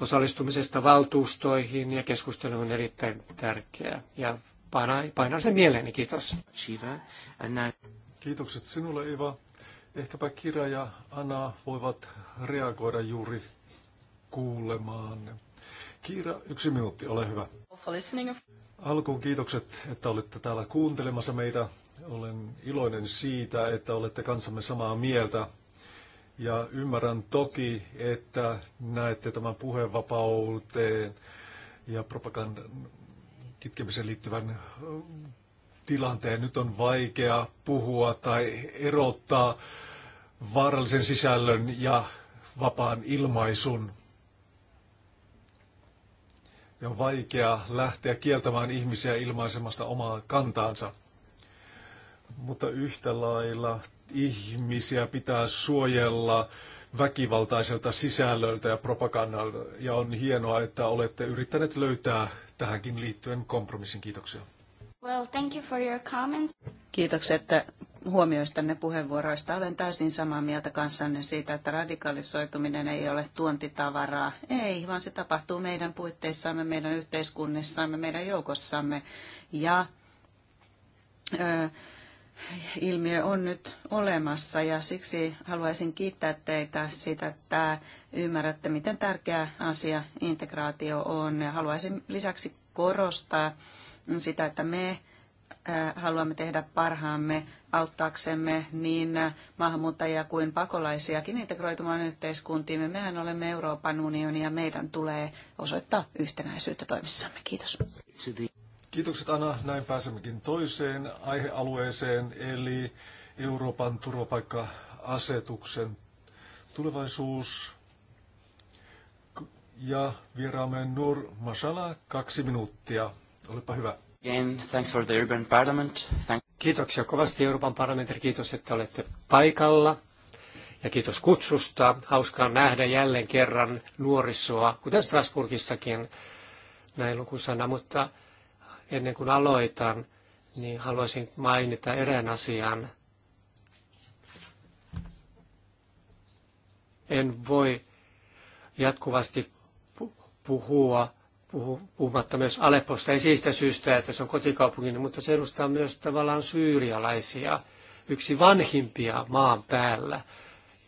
osallistumisesta valtuustoihin ja keskustelu on erittäin tärkeää. Ja painan, painan sen mieleeni, kiitos. Kiitokset sinulle, Iva. Ehkäpä Kira ja Anna voivat reagoida juuri kuulemaan. Kiira, yksi minuutti, ole hyvä. Alkuun kiitokset, että olette täällä kuuntelemassa meitä. Olen iloinen siitä, että olette kanssamme samaa mieltä. Ja ymmärrän toki, että näette tämän puheenvapauteen ja propagandan kitkemiseen liittyvän tilanteen. Nyt on vaikea puhua tai erottaa vaarallisen sisällön ja vapaan ilmaisun ja on vaikea lähteä kieltämään ihmisiä ilmaisemasta omaa kantaansa. Mutta yhtä lailla ihmisiä pitää suojella väkivaltaiselta sisällöltä ja propagandalta. Ja on hienoa, että olette yrittäneet löytää tähänkin liittyen kompromissin. Kiitoksia. Well, thank you for your comments. Kiitokset huomioistanne puheenvuoroista. Olen täysin samaa mieltä kanssanne siitä, että radikalisoituminen ei ole tuontitavaraa. Ei, vaan se tapahtuu meidän puitteissamme, meidän yhteiskunnissamme, meidän joukossamme. Ja ö, ilmiö on nyt olemassa ja siksi haluaisin kiittää teitä siitä, että ymmärrätte, miten tärkeä asia integraatio on. Ja haluaisin lisäksi korostaa sitä, että me haluamme tehdä parhaamme auttaaksemme niin maahanmuuttajia kuin pakolaisiakin integroitumaan Me Mehän olemme Euroopan unioni ja meidän tulee osoittaa yhtenäisyyttä toimissamme. Kiitos. Kiitokset Anna. Näin pääsemmekin toiseen aihealueeseen, eli Euroopan turvapaikka-asetuksen tulevaisuus. Ja vieraamme Nur Masala, kaksi minuuttia. Olepa hyvä. Again, thanks for the Urban Parliament. Thank Kiitoksia kovasti Euroopan parlamentin, kiitos, että olette paikalla. Ja kiitos kutsusta. Hauskaa nähdä jälleen kerran nuorisoa, kuten Strasburgissakin näin lukusana. Mutta ennen kuin aloitan, niin haluaisin mainita erään asian. En voi jatkuvasti puhua puhumatta myös Alepposta, ei siitä syystä, että se on kotikaupungin, mutta se edustaa myös tavallaan syyrialaisia, yksi vanhimpia maan päällä,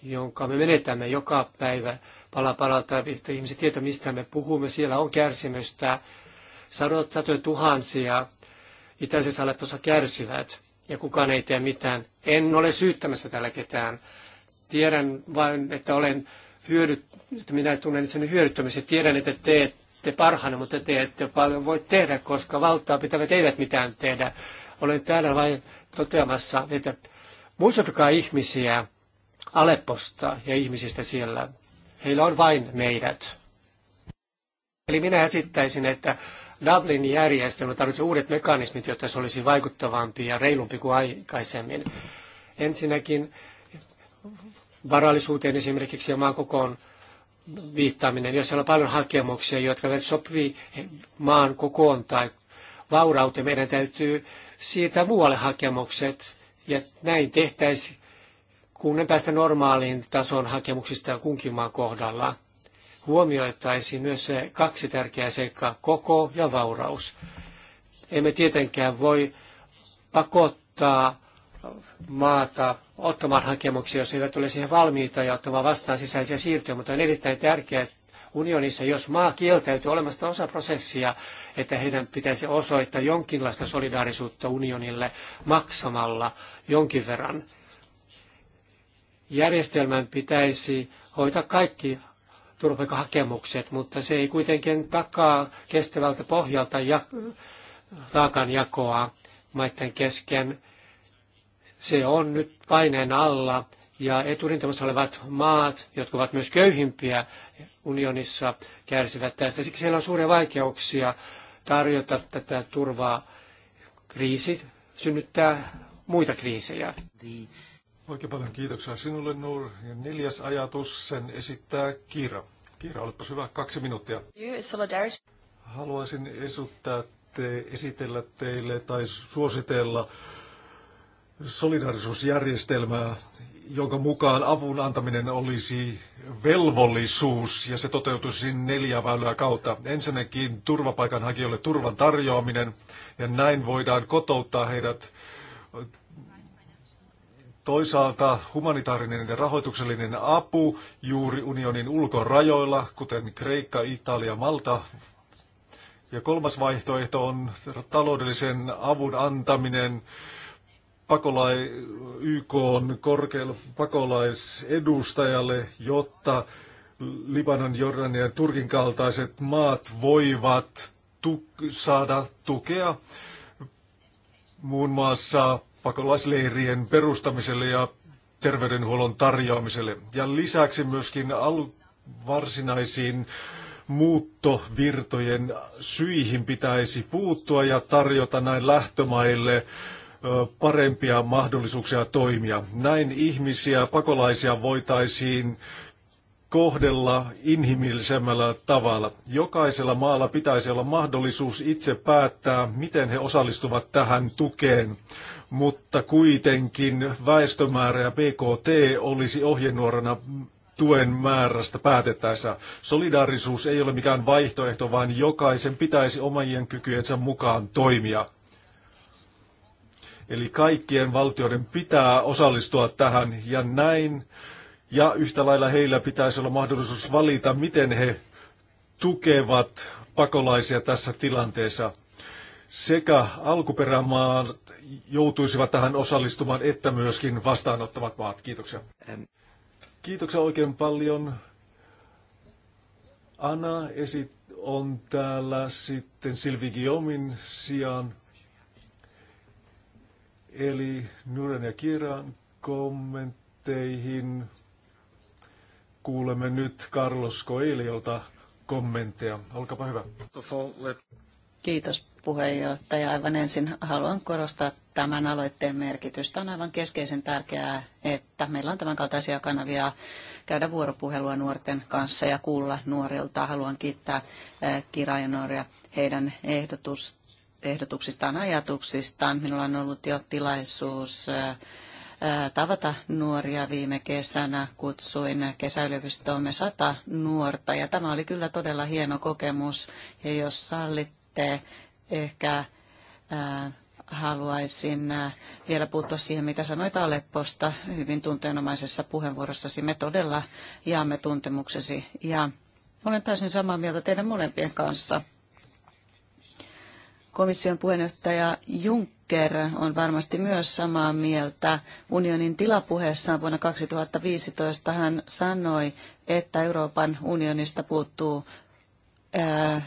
jonka me menetämme joka päivä pala palalta, että ihmiset tietävät, mistä me puhumme. Siellä on kärsimystä, sadot, satoja tuhansia itäisessä Aleppossa kärsivät, ja kukaan ei tee mitään. En ole syyttämässä täällä ketään. Tiedän vain, että olen hyödyt, että minä tunnen itseni hyödyttämisen. Tiedän, että teet teette parhaana, mutta te ette paljon voi tehdä, koska valtaa pitävät eivät mitään tehdä. Olen täällä vain toteamassa, että muistutkaa ihmisiä Alepposta ja ihmisistä siellä. Heillä on vain meidät. Eli minä esittäisin, että Dublinin järjestelmä tarvitsee uudet mekanismit, jotta se olisi vaikuttavampi ja reilumpi kuin aikaisemmin. Ensinnäkin varallisuuteen esimerkiksi ja maan kokoon viittaaminen, jos on paljon hakemuksia, jotka sopii maan kokoon tai vaurauteen, meidän täytyy siitä muualle hakemukset, ja näin tehtäisiin, kun ne päästä normaaliin tasoon hakemuksista kunkin maan kohdalla. Huomioittaisiin myös se kaksi tärkeää seikkaa, koko ja vauraus. Emme tietenkään voi pakottaa maata ottamaan hakemuksia, jos eivät ole siihen valmiita ja ottamaan vastaan sisäisiä siirtoja, mutta on erittäin tärkeää unionissa, jos maa kieltäytyy olemasta osa prosessia, että heidän pitäisi osoittaa jonkinlaista solidaarisuutta unionille maksamalla jonkin verran. Järjestelmän pitäisi hoitaa kaikki turvapaikkahakemukset, mutta se ei kuitenkin takaa kestävältä pohjalta ja, taakanjakoa maiden kesken se on nyt paineen alla ja eturintamassa olevat maat, jotka ovat myös köyhimpiä unionissa, kärsivät tästä. Siksi siellä on suuria vaikeuksia tarjota tätä turvaa. Kriisi synnyttää muita kriisejä. Oikein paljon kiitoksia sinulle, Nur. Ja neljäs ajatus, sen esittää Kira. Kira, olipas hyvä. Kaksi minuuttia. Haluaisin esittää te, esitellä teille tai suositella solidarisuusjärjestelmää, jonka mukaan avun antaminen olisi velvollisuus ja se toteutuisi neljä väylää kautta. Ensinnäkin turvapaikanhakijoille turvan tarjoaminen ja näin voidaan kotouttaa heidät Toisaalta humanitaarinen ja rahoituksellinen apu juuri unionin ulkorajoilla, kuten Kreikka, Italia, Malta. Ja kolmas vaihtoehto on taloudellisen avun antaminen pakolai, YK on korkealle pakolaisedustajalle, jotta Libanon, Jordanian ja Turkin kaltaiset maat voivat tu- saada tukea muun muassa pakolaisleirien perustamiselle ja terveydenhuollon tarjoamiselle. Ja lisäksi myöskin al- varsinaisiin muuttovirtojen syihin pitäisi puuttua ja tarjota näin lähtömaille äh, parempia mahdollisuuksia toimia. Näin ihmisiä, pakolaisia voitaisiin kohdella inhimillisemmällä tavalla. Jokaisella maalla pitäisi olla mahdollisuus itse päättää, miten he osallistuvat tähän tukeen, mutta kuitenkin väestömäärä ja BKT olisi ohjenuorana tuen määrästä päätettäessä. Solidaarisuus ei ole mikään vaihtoehto, vaan jokaisen pitäisi omien kykyjensä mukaan toimia. Eli kaikkien valtioiden pitää osallistua tähän ja näin. Ja yhtä lailla heillä pitäisi olla mahdollisuus valita, miten he tukevat pakolaisia tässä tilanteessa. Sekä alkuperämaat joutuisivat tähän osallistumaan, että myöskin vastaanottavat maat. Kiitoksia. Ähm. Kiitoksia oikein paljon. Anna esit on täällä sitten Silvi Giomin sijaan. Eli Nuren ja Kiran kommentteihin kuulemme nyt Carlos Coeliolta kommentteja. Olkaapa hyvä. Kiitos puheenjohtaja. Aivan ensin haluan korostaa tämän aloitteen merkitystä. On aivan keskeisen tärkeää, että meillä on tämän kaltaisia kanavia käydä vuoropuhelua nuorten kanssa ja kuulla nuorilta. Haluan kiittää eh, Kira ja Nooria heidän ehdotustaan ehdotuksistaan, ajatuksistaan. Minulla on ollut jo tilaisuus tavata nuoria viime kesänä. Kutsuin kesäyliopistoomme sata nuorta ja tämä oli kyllä todella hieno kokemus. Ja jos sallitte, ehkä haluaisin vielä puuttua siihen, mitä sanoit Alepposta hyvin tunteenomaisessa puheenvuorossasi. Me todella jaamme tuntemuksesi ja olen täysin samaa mieltä teidän molempien kanssa – komission puheenjohtaja Juncker on varmasti myös samaa mieltä. Unionin tilapuheessaan vuonna 2015 hän sanoi, että Euroopan unionista puuttuu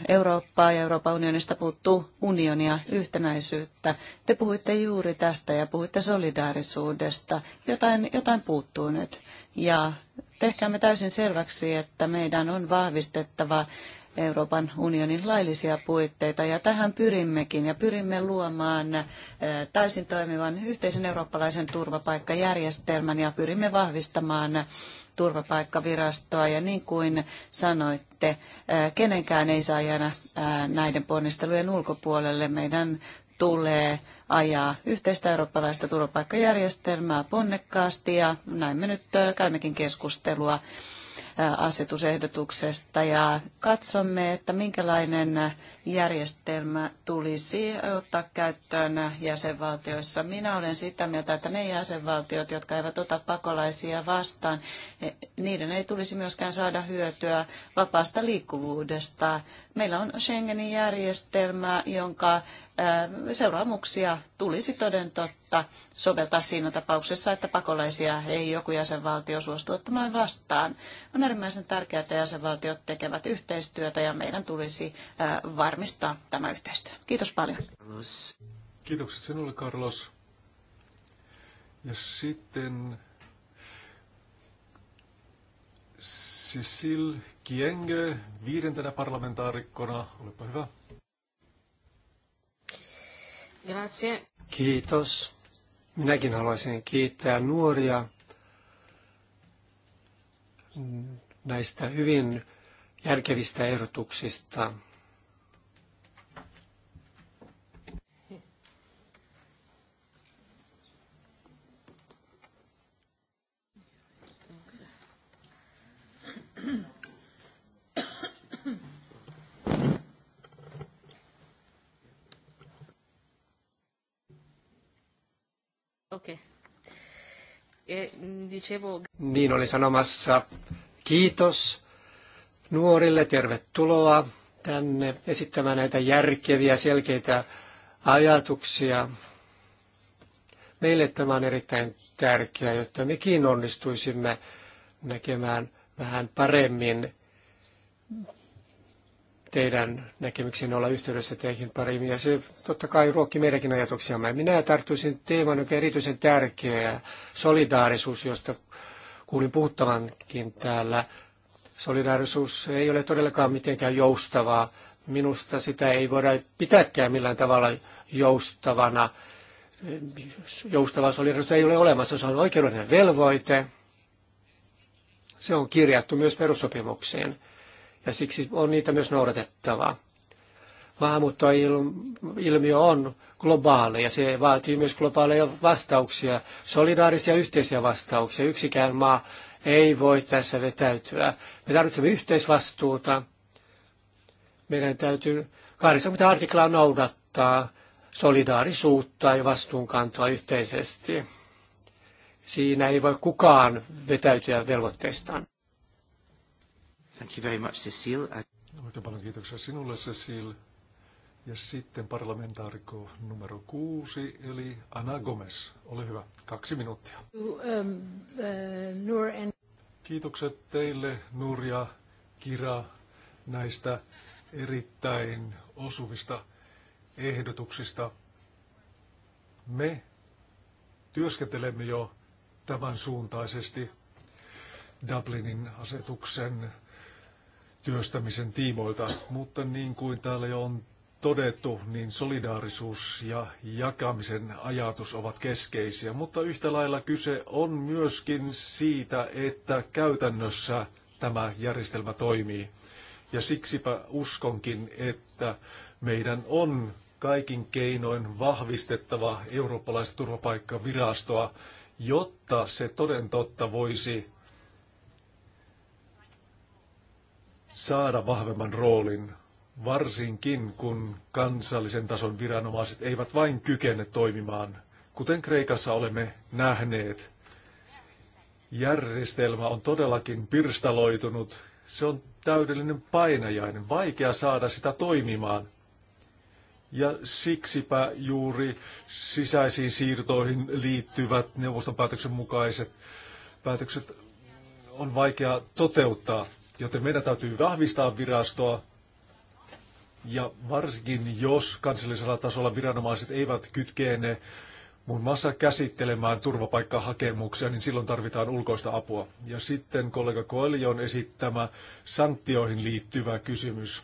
Eurooppaa ja Euroopan unionista puuttuu unionia, yhtenäisyyttä. Te puhuitte juuri tästä ja puhuitte solidaarisuudesta. Jotain, jotain puuttuu nyt. Ja tehkäämme täysin selväksi, että meidän on vahvistettava Euroopan unionin laillisia puitteita ja tähän pyrimmekin ja pyrimme luomaan eh, täysin toimivan yhteisen eurooppalaisen turvapaikkajärjestelmän ja pyrimme vahvistamaan turvapaikkavirastoa ja niin kuin sanoitte, eh, kenenkään ei saa jäädä eh, näiden ponnistelujen ulkopuolelle. Meidän tulee ajaa yhteistä eurooppalaista turvapaikkajärjestelmää ponnekkaasti ja näin me nyt käymmekin keskustelua asetusehdotuksesta ja katsomme, että minkälainen järjestelmä tulisi ottaa käyttöön jäsenvaltioissa. Minä olen sitä mieltä, että ne jäsenvaltiot, jotka eivät ota pakolaisia vastaan, e, niiden ei tulisi myöskään saada hyötyä vapaasta liikkuvuudesta. Meillä on Schengenin järjestelmä, jonka seuraamuksia tulisi toden totta soveltaa siinä tapauksessa, että pakolaisia ei joku jäsenvaltio suostu ottamaan vastaan. On äärimmäisen tärkeää, että jäsenvaltiot tekevät yhteistyötä ja meidän tulisi varmistaa tämä yhteistyö. Kiitos paljon. Kiitokset sinulle, Carlos. Ja sitten Cecil Kienge viidentenä parlamentaarikkona. Olepa hyvä. Grazie. Kiitos. Minäkin haluaisin kiittää nuoria näistä hyvin järkevistä ehdotuksista. Okei. E, dicevo... Niin oli sanomassa kiitos nuorille, tervetuloa tänne esittämään näitä järkeviä, selkeitä ajatuksia. Meille tämä on erittäin tärkeää, jotta mekin onnistuisimme näkemään vähän paremmin teidän näkemyksiin olla yhteydessä teihin paremmin. Ja se totta kai ruokki meidänkin ajatuksiamme. Minä tarttuisin teeman, joka on erityisen tärkeä, solidaarisuus, josta kuulin puhuttavankin täällä. Solidaarisuus ei ole todellakaan mitenkään joustavaa. Minusta sitä ei voida pitääkään millään tavalla joustavana. Joustavaa solidaarisuutta ei ole olemassa. Se on oikeudellinen velvoite. Se on kirjattu myös perussopimukseen ja siksi on niitä myös noudatettava. Maahanmuuttoilmiö on globaali ja se vaatii myös globaaleja vastauksia, solidaarisia yhteisiä vastauksia. Yksikään maa ei voi tässä vetäytyä. Me tarvitsemme yhteisvastuuta. Meidän täytyy mitä artiklaa noudattaa solidaarisuutta ja vastuunkantoa yhteisesti. Siinä ei voi kukaan vetäytyä velvoitteistaan. Thank you very much, Cecile. Oikein paljon kiitoksia sinulle, Cecile. Ja sitten parlamentaarikko numero kuusi, eli Ana Gomez. Ole hyvä, kaksi minuuttia. Um, uh, Kiitokset teille, Nurja, Kira, näistä erittäin osuvista ehdotuksista. Me työskentelemme jo tämän suuntaisesti Dublinin asetuksen työstämisen tiimoilta, mutta niin kuin täällä jo on todettu, niin solidaarisuus ja jakamisen ajatus ovat keskeisiä, mutta yhtä lailla kyse on myöskin siitä, että käytännössä tämä järjestelmä toimii. Ja siksipä uskonkin, että meidän on kaikin keinoin vahvistettava eurooppalaista turvapaikkavirastoa, jotta se toden totta voisi saada vahvemman roolin, varsinkin kun kansallisen tason viranomaiset eivät vain kykene toimimaan, kuten Kreikassa olemme nähneet. Järjestelmä on todellakin pirstaloitunut. Se on täydellinen painajainen, vaikea saada sitä toimimaan. Ja siksipä juuri sisäisiin siirtoihin liittyvät neuvoston päätöksen mukaiset päätökset on vaikea toteuttaa. Joten meidän täytyy vahvistaa virastoa, ja varsinkin jos kansallisella tasolla viranomaiset eivät kytkeene muun muassa käsittelemään turvapaikkahakemuksia, niin silloin tarvitaan ulkoista apua. Ja sitten kollega on esittämä sanktioihin liittyvä kysymys.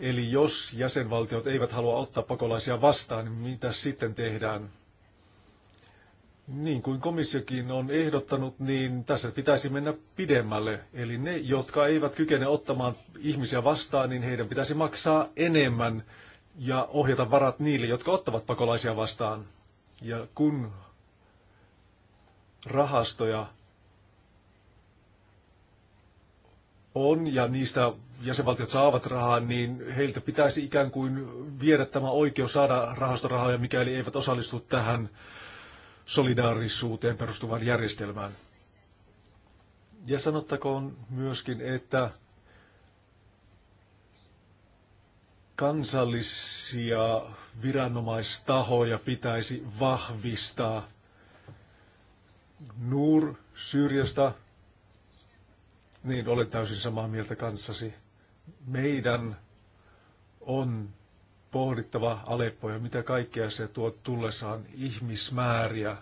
Eli jos jäsenvaltiot eivät halua ottaa pakolaisia vastaan, niin mitä sitten tehdään? Niin kuin komissiokin on ehdottanut, niin tässä pitäisi mennä pidemmälle. Eli ne, jotka eivät kykene ottamaan ihmisiä vastaan, niin heidän pitäisi maksaa enemmän ja ohjata varat niille, jotka ottavat pakolaisia vastaan. Ja kun rahastoja on ja niistä jäsenvaltiot saavat rahaa, niin heiltä pitäisi ikään kuin viedä tämä oikeus saada rahastorahoja, mikäli eivät osallistu tähän solidaarisuuteen perustuvaan järjestelmään. Ja sanottakoon myöskin, että kansallisia viranomaistahoja pitäisi vahvistaa. Nuur Syyriasta, niin olen täysin samaa mieltä kanssasi. Meidän on pohdittava Aleppo ja mitä kaikkea se tuo tullessaan ihmismääriä.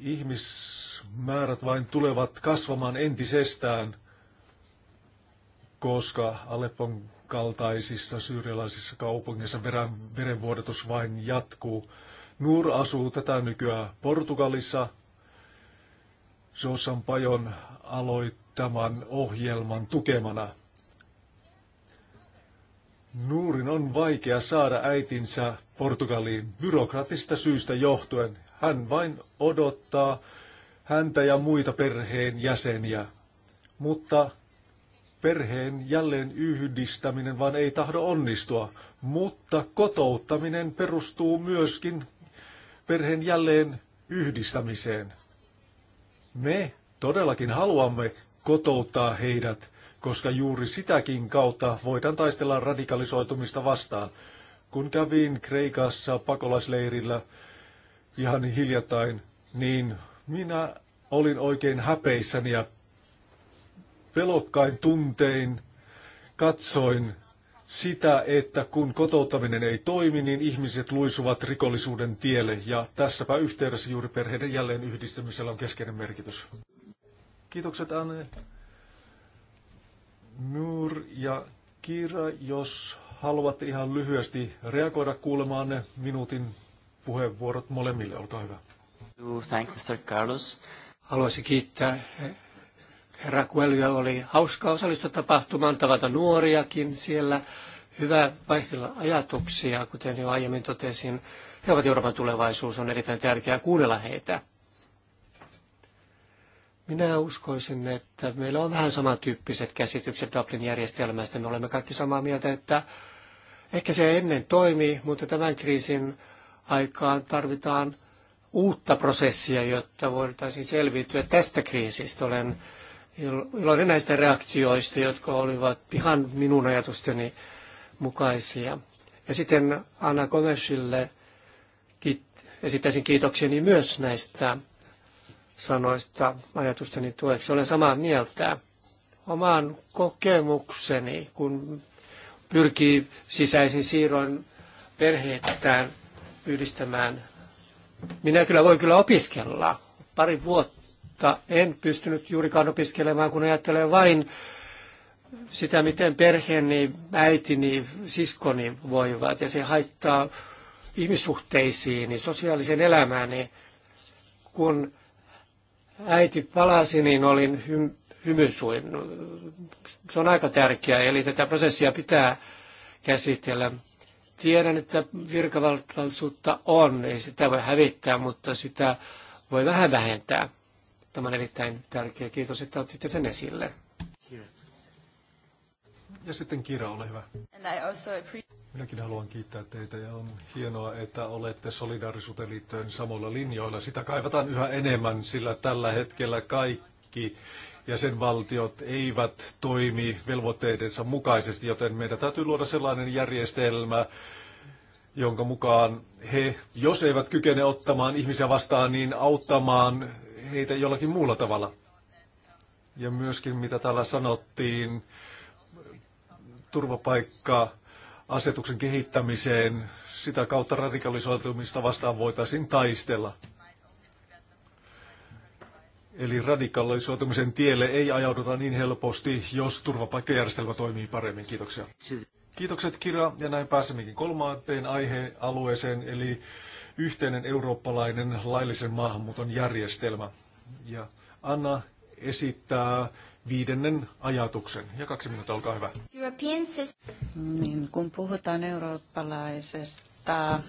Ihmismäärät vain tulevat kasvamaan entisestään, koska Aleppon kaltaisissa syyrialaisissa kaupungeissa veren, verenvuodatus vain jatkuu. Nur asuu tätä nykyään Portugalissa. Josan Pajon aloittaman ohjelman tukemana. Nuurin on vaikea saada äitinsä Portugaliin byrokraattisista syistä johtuen. Hän vain odottaa häntä ja muita perheen jäseniä. Mutta perheen jälleen yhdistäminen vaan ei tahdo onnistua. Mutta kotouttaminen perustuu myöskin perheen jälleen yhdistämiseen. Me todellakin haluamme kotouttaa heidät koska juuri sitäkin kautta voidaan taistella radikalisoitumista vastaan. Kun kävin Kreikassa pakolaisleirillä ihan hiljattain, niin minä olin oikein häpeissäni ja pelokkain tuntein katsoin sitä, että kun kotouttaminen ei toimi, niin ihmiset luisuvat rikollisuuden tielle. Ja tässäpä yhteydessä juuri perheiden jälleen yhdistämisellä on keskeinen merkitys. Kiitokset Anne. Nur ja Kira, jos haluatte ihan lyhyesti reagoida kuulemaan ne minuutin puheenvuorot molemmille, olkaa hyvä. Thank Mr. Carlos. Haluaisin kiittää eh, herra Kuelja. Oli hauska osallistua tapahtumaan, tavata nuoriakin siellä. Hyvä vaihtella ajatuksia, kuten jo aiemmin totesin. He ovat Euroopan tulevaisuus, on erittäin tärkeää kuunnella heitä. Minä uskoisin, että meillä on vähän samantyyppiset käsitykset Dublin-järjestelmästä. Me olemme kaikki samaa mieltä, että ehkä se ennen toimii, mutta tämän kriisin aikaan tarvitaan uutta prosessia, jotta voitaisiin selviytyä tästä kriisistä. Olen iloinen näistä reaktioista, jotka olivat ihan minun ajatusteni mukaisia. Ja sitten Anna Komesille esittäisin kiitokseni myös näistä sanoista ajatusteni tueksi. Olen samaa mieltä. Oman kokemukseni, kun pyrkii sisäisin siirron perheettään yhdistämään. Minä kyllä voin kyllä opiskella. Pari vuotta en pystynyt juurikaan opiskelemaan, kun ajattelen vain sitä, miten perheeni, äitini, siskoni voivat. Ja se haittaa ihmissuhteisiin, sosiaaliseen elämääni, kun äiti palasi, niin olin hym- hymysuin. Se on aika tärkeää, eli tätä prosessia pitää käsitellä. Tiedän, että virkavaltaisuutta on, ei sitä voi hävittää, mutta sitä voi vähän vähentää. Tämä on erittäin tärkeä. Kiitos, että otitte sen esille. Ja sitten Kira, ole hyvä. Minäkin haluan kiittää teitä ja on hienoa, että olette solidaarisuuteen liittyen samoilla linjoilla. Sitä kaivataan yhä enemmän, sillä tällä hetkellä kaikki jäsenvaltiot eivät toimi velvoitteidensa mukaisesti, joten meidän täytyy luoda sellainen järjestelmä, jonka mukaan he, jos eivät kykene ottamaan ihmisiä vastaan, niin auttamaan heitä jollakin muulla tavalla. Ja myöskin mitä täällä sanottiin, turvapaikkaa asetuksen kehittämiseen. Sitä kautta radikalisoitumista vastaan voitaisiin taistella. Eli radikalisoitumisen tielle ei ajauduta niin helposti, jos turvapaikkajärjestelmä toimii paremmin. Kiitoksia. Kiitokset Kira, ja näin pääsemmekin kolmanteen aihealueeseen, eli yhteinen eurooppalainen laillisen maahanmuuton järjestelmä. Ja Anna esittää viidennen ajatuksen. Ja kaksi minuuttia, olkaa hyvä. niin, kun puhutaan eurooppalaisesta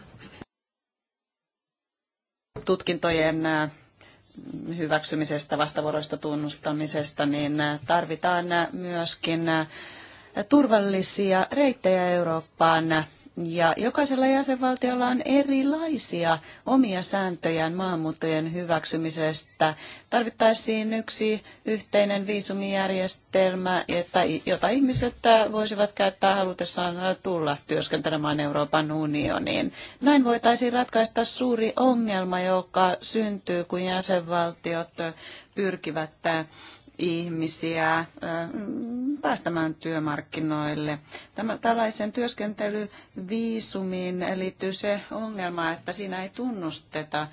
tutkintojen äh, hyväksymisestä, vastavuoroista tunnustamisesta, niin äh, tarvitaan äh, myöskin turvallisia reittejä Eurooppaan ja jokaisella jäsenvaltiolla on erilaisia omia sääntöjään maahanmuuttajien hyväksymisestä. Tarvittaisiin yksi yhteinen viisumijärjestelmä, jota ihmiset voisivat käyttää halutessaan tulla työskentelemään Euroopan unioniin. Näin voitaisiin ratkaista suuri ongelma, joka syntyy, kun jäsenvaltiot pyrkivät ihmisiä päästämään työmarkkinoille. Tämä, tällaisen työskentelyviisumiin liittyy se ongelma, että siinä ei tunnusteta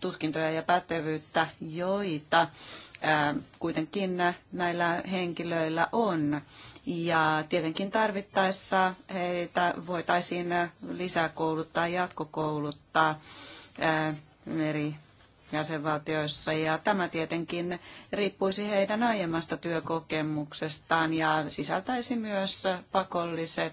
tutkintoja ja pätevyyttä, joita kuitenkin näillä henkilöillä on. Ja tietenkin tarvittaessa heitä voitaisiin lisäkouluttaa, jatkokouluttaa eri jäsenvaltioissa ja tämä tietenkin riippuisi heidän aiemmasta työkokemuksestaan ja sisältäisi myös pakolliset,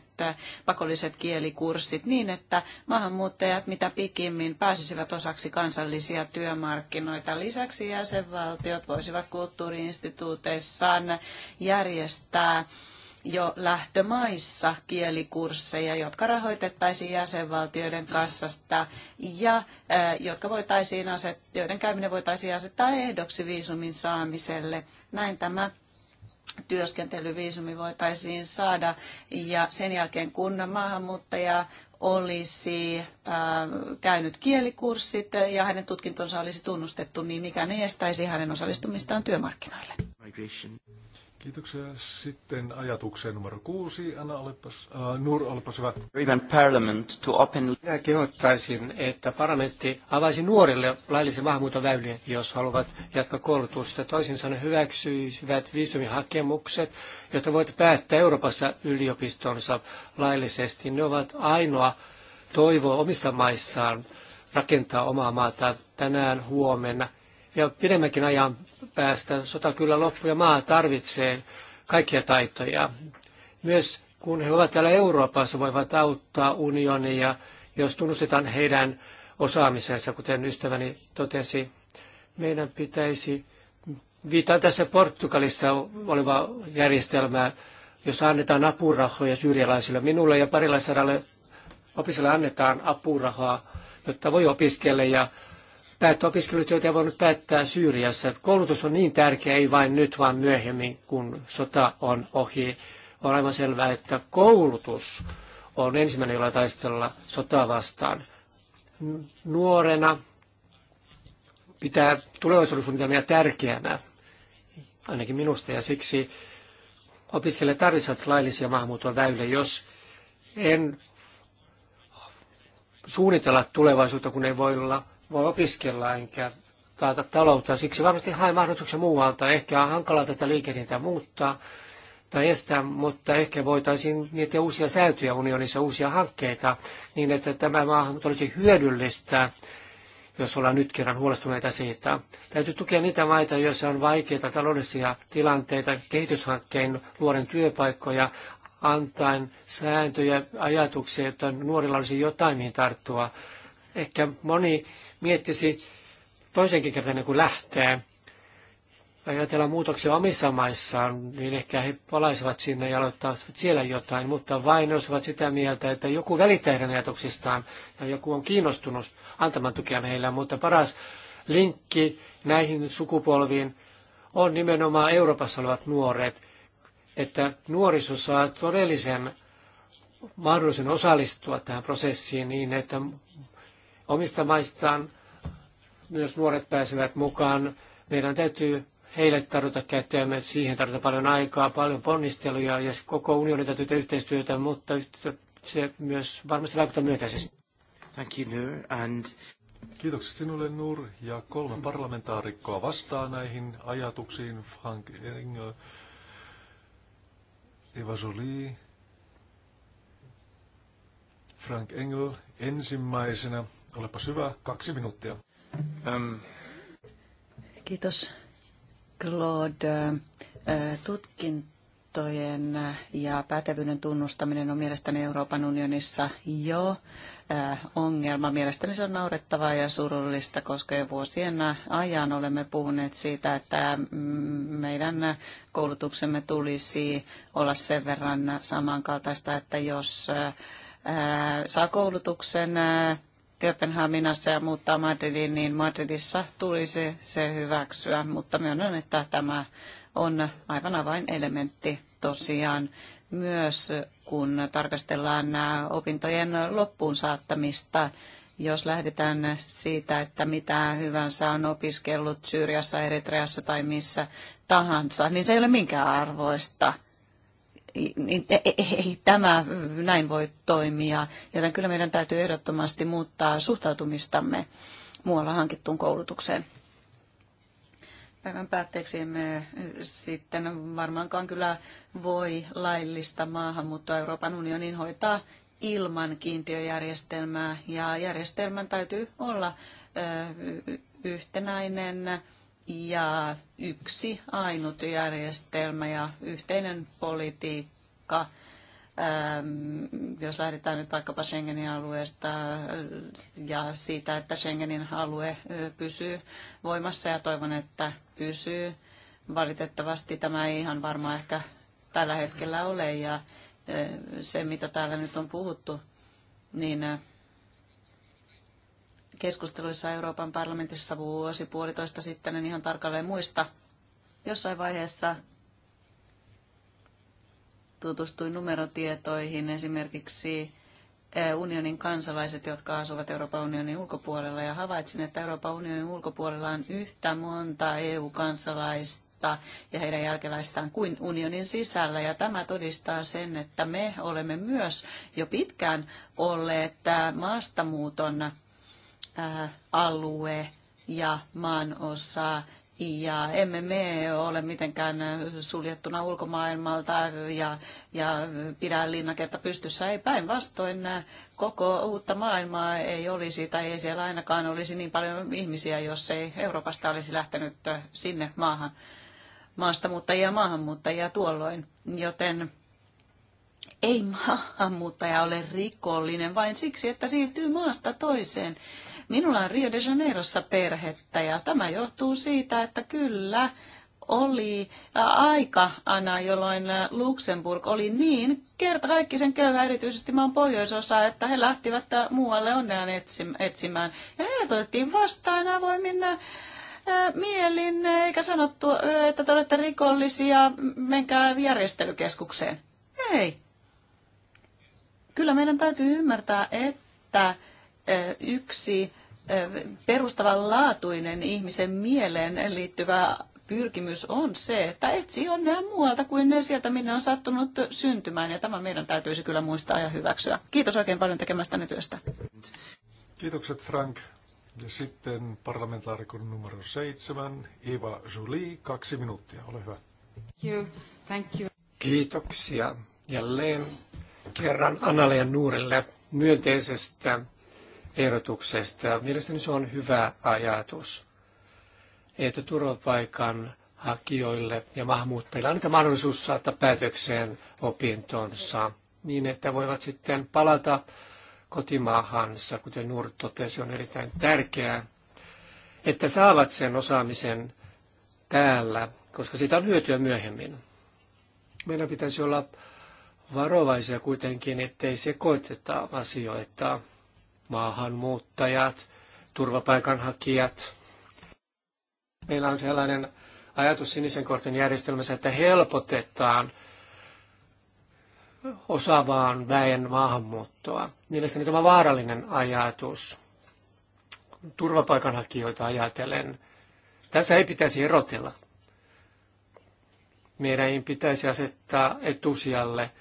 pakolliset kielikurssit niin, että maahanmuuttajat mitä pikimmin pääsisivät osaksi kansallisia työmarkkinoita. Lisäksi jäsenvaltiot voisivat kulttuuriinstituuteissaan järjestää jo lähtömaissa kielikursseja, jotka rahoitettaisiin jäsenvaltioiden kassasta ja jotka voitaisiin aset, joiden käyminen voitaisiin asettaa ehdoksi viisumin saamiselle. Näin tämä työskentelyviisumi voitaisiin saada ja sen jälkeen kun maahanmuuttaja olisi käynyt kielikurssit ja hänen tutkintonsa olisi tunnustettu, niin mikä ne estäisi hänen osallistumistaan työmarkkinoille. Migration. Kiitoksia. Sitten ajatukseen numero kuusi. Anna, olepas, uh, Nur, olepas hyvä. Parliament to open... Minä kehottaisin, että parlamentti avaisi nuorille laillisen maahanmuuton väyliä, jos haluavat jatkaa koulutusta. Toisin sanoen hyväksyisivät viisumihakemukset, jotta voit päättää Euroopassa yliopistonsa laillisesti. Ne ovat ainoa toivo omissa maissaan rakentaa omaa maata tänään, huomenna ja pidemmänkin ajan päästä. Sota kyllä loppuu ja maa tarvitsee kaikkia taitoja. Myös kun he ovat täällä Euroopassa, voivat auttaa unionia, jos tunnustetaan heidän osaamisensa, kuten ystäväni totesi. Meidän pitäisi viitata tässä Portugalissa oleva järjestelmää, jos annetaan apurahoja syyrialaisille. Minulle ja parilla sadalle opiskelijalle annetaan apurahaa, jotta voi opiskella ja päättää opiskelutyötä ja voinut päättää Syyriassa. Koulutus on niin tärkeä, ei vain nyt, vaan myöhemmin, kun sota on ohi. On aivan selvää, että koulutus on ensimmäinen, jolla taistella sotaa vastaan. Nuorena pitää tulevaisuudensuunnitelmia tärkeänä, ainakin minusta, ja siksi opiskelijat tarvitsevat laillisia maahanmuuton väyliä, jos en suunnitella tulevaisuutta, kun ei voi olla voi opiskella enkä taata taloutta. Siksi varmasti hae mahdollisuuksia muualta. Ehkä on hankalaa tätä liikennettä muuttaa tai estää, mutta ehkä voitaisiin miettiä uusia sääntöjä unionissa, uusia hankkeita, niin että tämä maahan olisi hyödyllistä, jos ollaan nyt kerran huolestuneita siitä. Täytyy tukea niitä maita, joissa on vaikeita taloudellisia tilanteita kehityshankkeen luoden työpaikkoja, antaen sääntöjä, ajatuksia, että nuorilla olisi jotain mihin tarttua. Ehkä moni miettisi toisenkin kertaan, kun lähtee. Ajatella muutoksia omissa maissaan, niin ehkä he palaisivat sinne ja aloittavat siellä jotain, mutta vain jos ovat sitä mieltä, että joku välittää heidän ajatuksistaan ja joku on kiinnostunut antamaan tukea heille, mutta paras linkki näihin sukupolviin on nimenomaan Euroopassa olevat nuoret, että nuoriso saa todellisen mahdollisen osallistua tähän prosessiin niin, että omista maistaan. Myös nuoret pääsevät mukaan. Meidän täytyy heille tarjota kätteämme, siihen tarvitaan paljon aikaa, paljon ponnisteluja ja koko unionin täytyy tehdä yhteistyötä, mutta se myös varmasti vaikuttaa myönteisesti. Thank you, Nur. And... Kiitokset sinulle, Nur. Ja kolme parlamentaarikkoa vastaa näihin ajatuksiin. Frank Engel, Eva Jolie, Frank Engel ensimmäisenä. Olepa hyvä, kaksi minuuttia. Kiitos Claude. Tutkintojen ja pätevyyden tunnustaminen on mielestäni Euroopan unionissa jo ongelma. Mielestäni se on naurettavaa ja surullista, koska jo vuosien ajan olemme puhuneet siitä, että mm, meidän koulutuksemme tulisi olla sen verran samankaltaista, että jos saa koulutuksen Kööpenhaminassa ja muuttaa Madridiin, niin Madridissa tulisi se hyväksyä, mutta myönnän, että tämä on aivan avainelementti tosiaan myös, kun tarkastellaan opintojen loppuun saattamista. Jos lähdetään siitä, että mitä hyvänsä on opiskellut Syyriassa, Eritreassa tai missä tahansa, niin se ei ole minkään arvoista – niin ei tämä näin voi toimia, joten kyllä meidän täytyy ehdottomasti muuttaa suhtautumistamme muualla hankittuun koulutukseen. Päivän päätteeksi emme sitten varmaankaan kyllä voi laillista maahanmuuttoa Euroopan unionin hoitaa ilman kiintiöjärjestelmää ja järjestelmän täytyy olla yhtenäinen ja yksi ainut järjestelmä ja yhteinen politiikka. Ähm, jos lähdetään nyt vaikkapa Schengenin alueesta äh, ja siitä, että Schengenin alue äh, pysyy voimassa ja toivon, että pysyy. Valitettavasti tämä ei ihan varmaan ehkä tällä hetkellä ole ja äh, se, mitä täällä nyt on puhuttu, niin keskusteluissa Euroopan parlamentissa vuosi puolitoista sitten, en ihan tarkalleen muista. Jossain vaiheessa tutustuin numerotietoihin esimerkiksi eh, unionin kansalaiset, jotka asuvat Euroopan unionin ulkopuolella, ja havaitsin, että Euroopan unionin ulkopuolella on yhtä monta EU-kansalaista ja heidän jälkeläistään kuin unionin sisällä. Ja tämä todistaa sen, että me olemme myös jo pitkään olleet eh, maastamuuton Äh, alue ja maanosa. Ja emme me ole mitenkään suljettuna ulkomaailmalta ja, ja pidä linnaketta pystyssä. Ei päinvastoin koko uutta maailmaa ei olisi tai ei siellä ainakaan olisi niin paljon ihmisiä, jos ei Euroopasta olisi lähtenyt sinne maahan maastamuuttajia ja maahanmuuttajia tuolloin. Joten ei maahanmuuttaja ole rikollinen vain siksi, että siirtyy maasta toiseen. Minulla on Rio de Janeirossa perhettä ja tämä johtuu siitä, että kyllä oli aika, Anna, jolloin Luxemburg oli niin kerta kaikki sen köyhä, erityisesti maan pohjoisosa, että he lähtivät muualle onneaan etsimään. Ja heidät otettiin vastaan avoimin mielin, eikä sanottu, että te olette rikollisia, menkää järjestelykeskukseen. Ei. Kyllä meidän täytyy ymmärtää, että yksi perustavanlaatuinen ihmisen mieleen liittyvä pyrkimys on se, että etsii onnea muualta kuin ne sieltä, minne on sattunut syntymään. Ja tämä meidän täytyisi kyllä muistaa ja hyväksyä. Kiitos oikein paljon tekemästänne työstä. Kiitokset Frank. Ja sitten parlamentaarikon numero seitsemän, Eva Julie, kaksi minuuttia. Ole hyvä. Thank you. Thank you. Kiitoksia jälleen kerran Analeen Nuurelle myönteisestä ehdotuksesta. Mielestäni se on hyvä ajatus, että turvapaikan hakijoille ja maahanmuuttajille annetaan mahdollisuus saattaa päätökseen opintonsa niin, että voivat sitten palata kotimaahansa, kuten Nur totesi, on erittäin tärkeää, että saavat sen osaamisen täällä, koska siitä on hyötyä myöhemmin. meidän pitäisi olla varovaisia kuitenkin, ettei sekoiteta asioita maahanmuuttajat, turvapaikanhakijat. Meillä on sellainen ajatus sinisen kortin järjestelmässä, että helpotetaan osaavaan väen maahanmuuttoa. Mielestäni tämä vaarallinen ajatus turvapaikanhakijoita ajatellen. Tässä ei pitäisi erotella. Meidän ei pitäisi asettaa etusijalle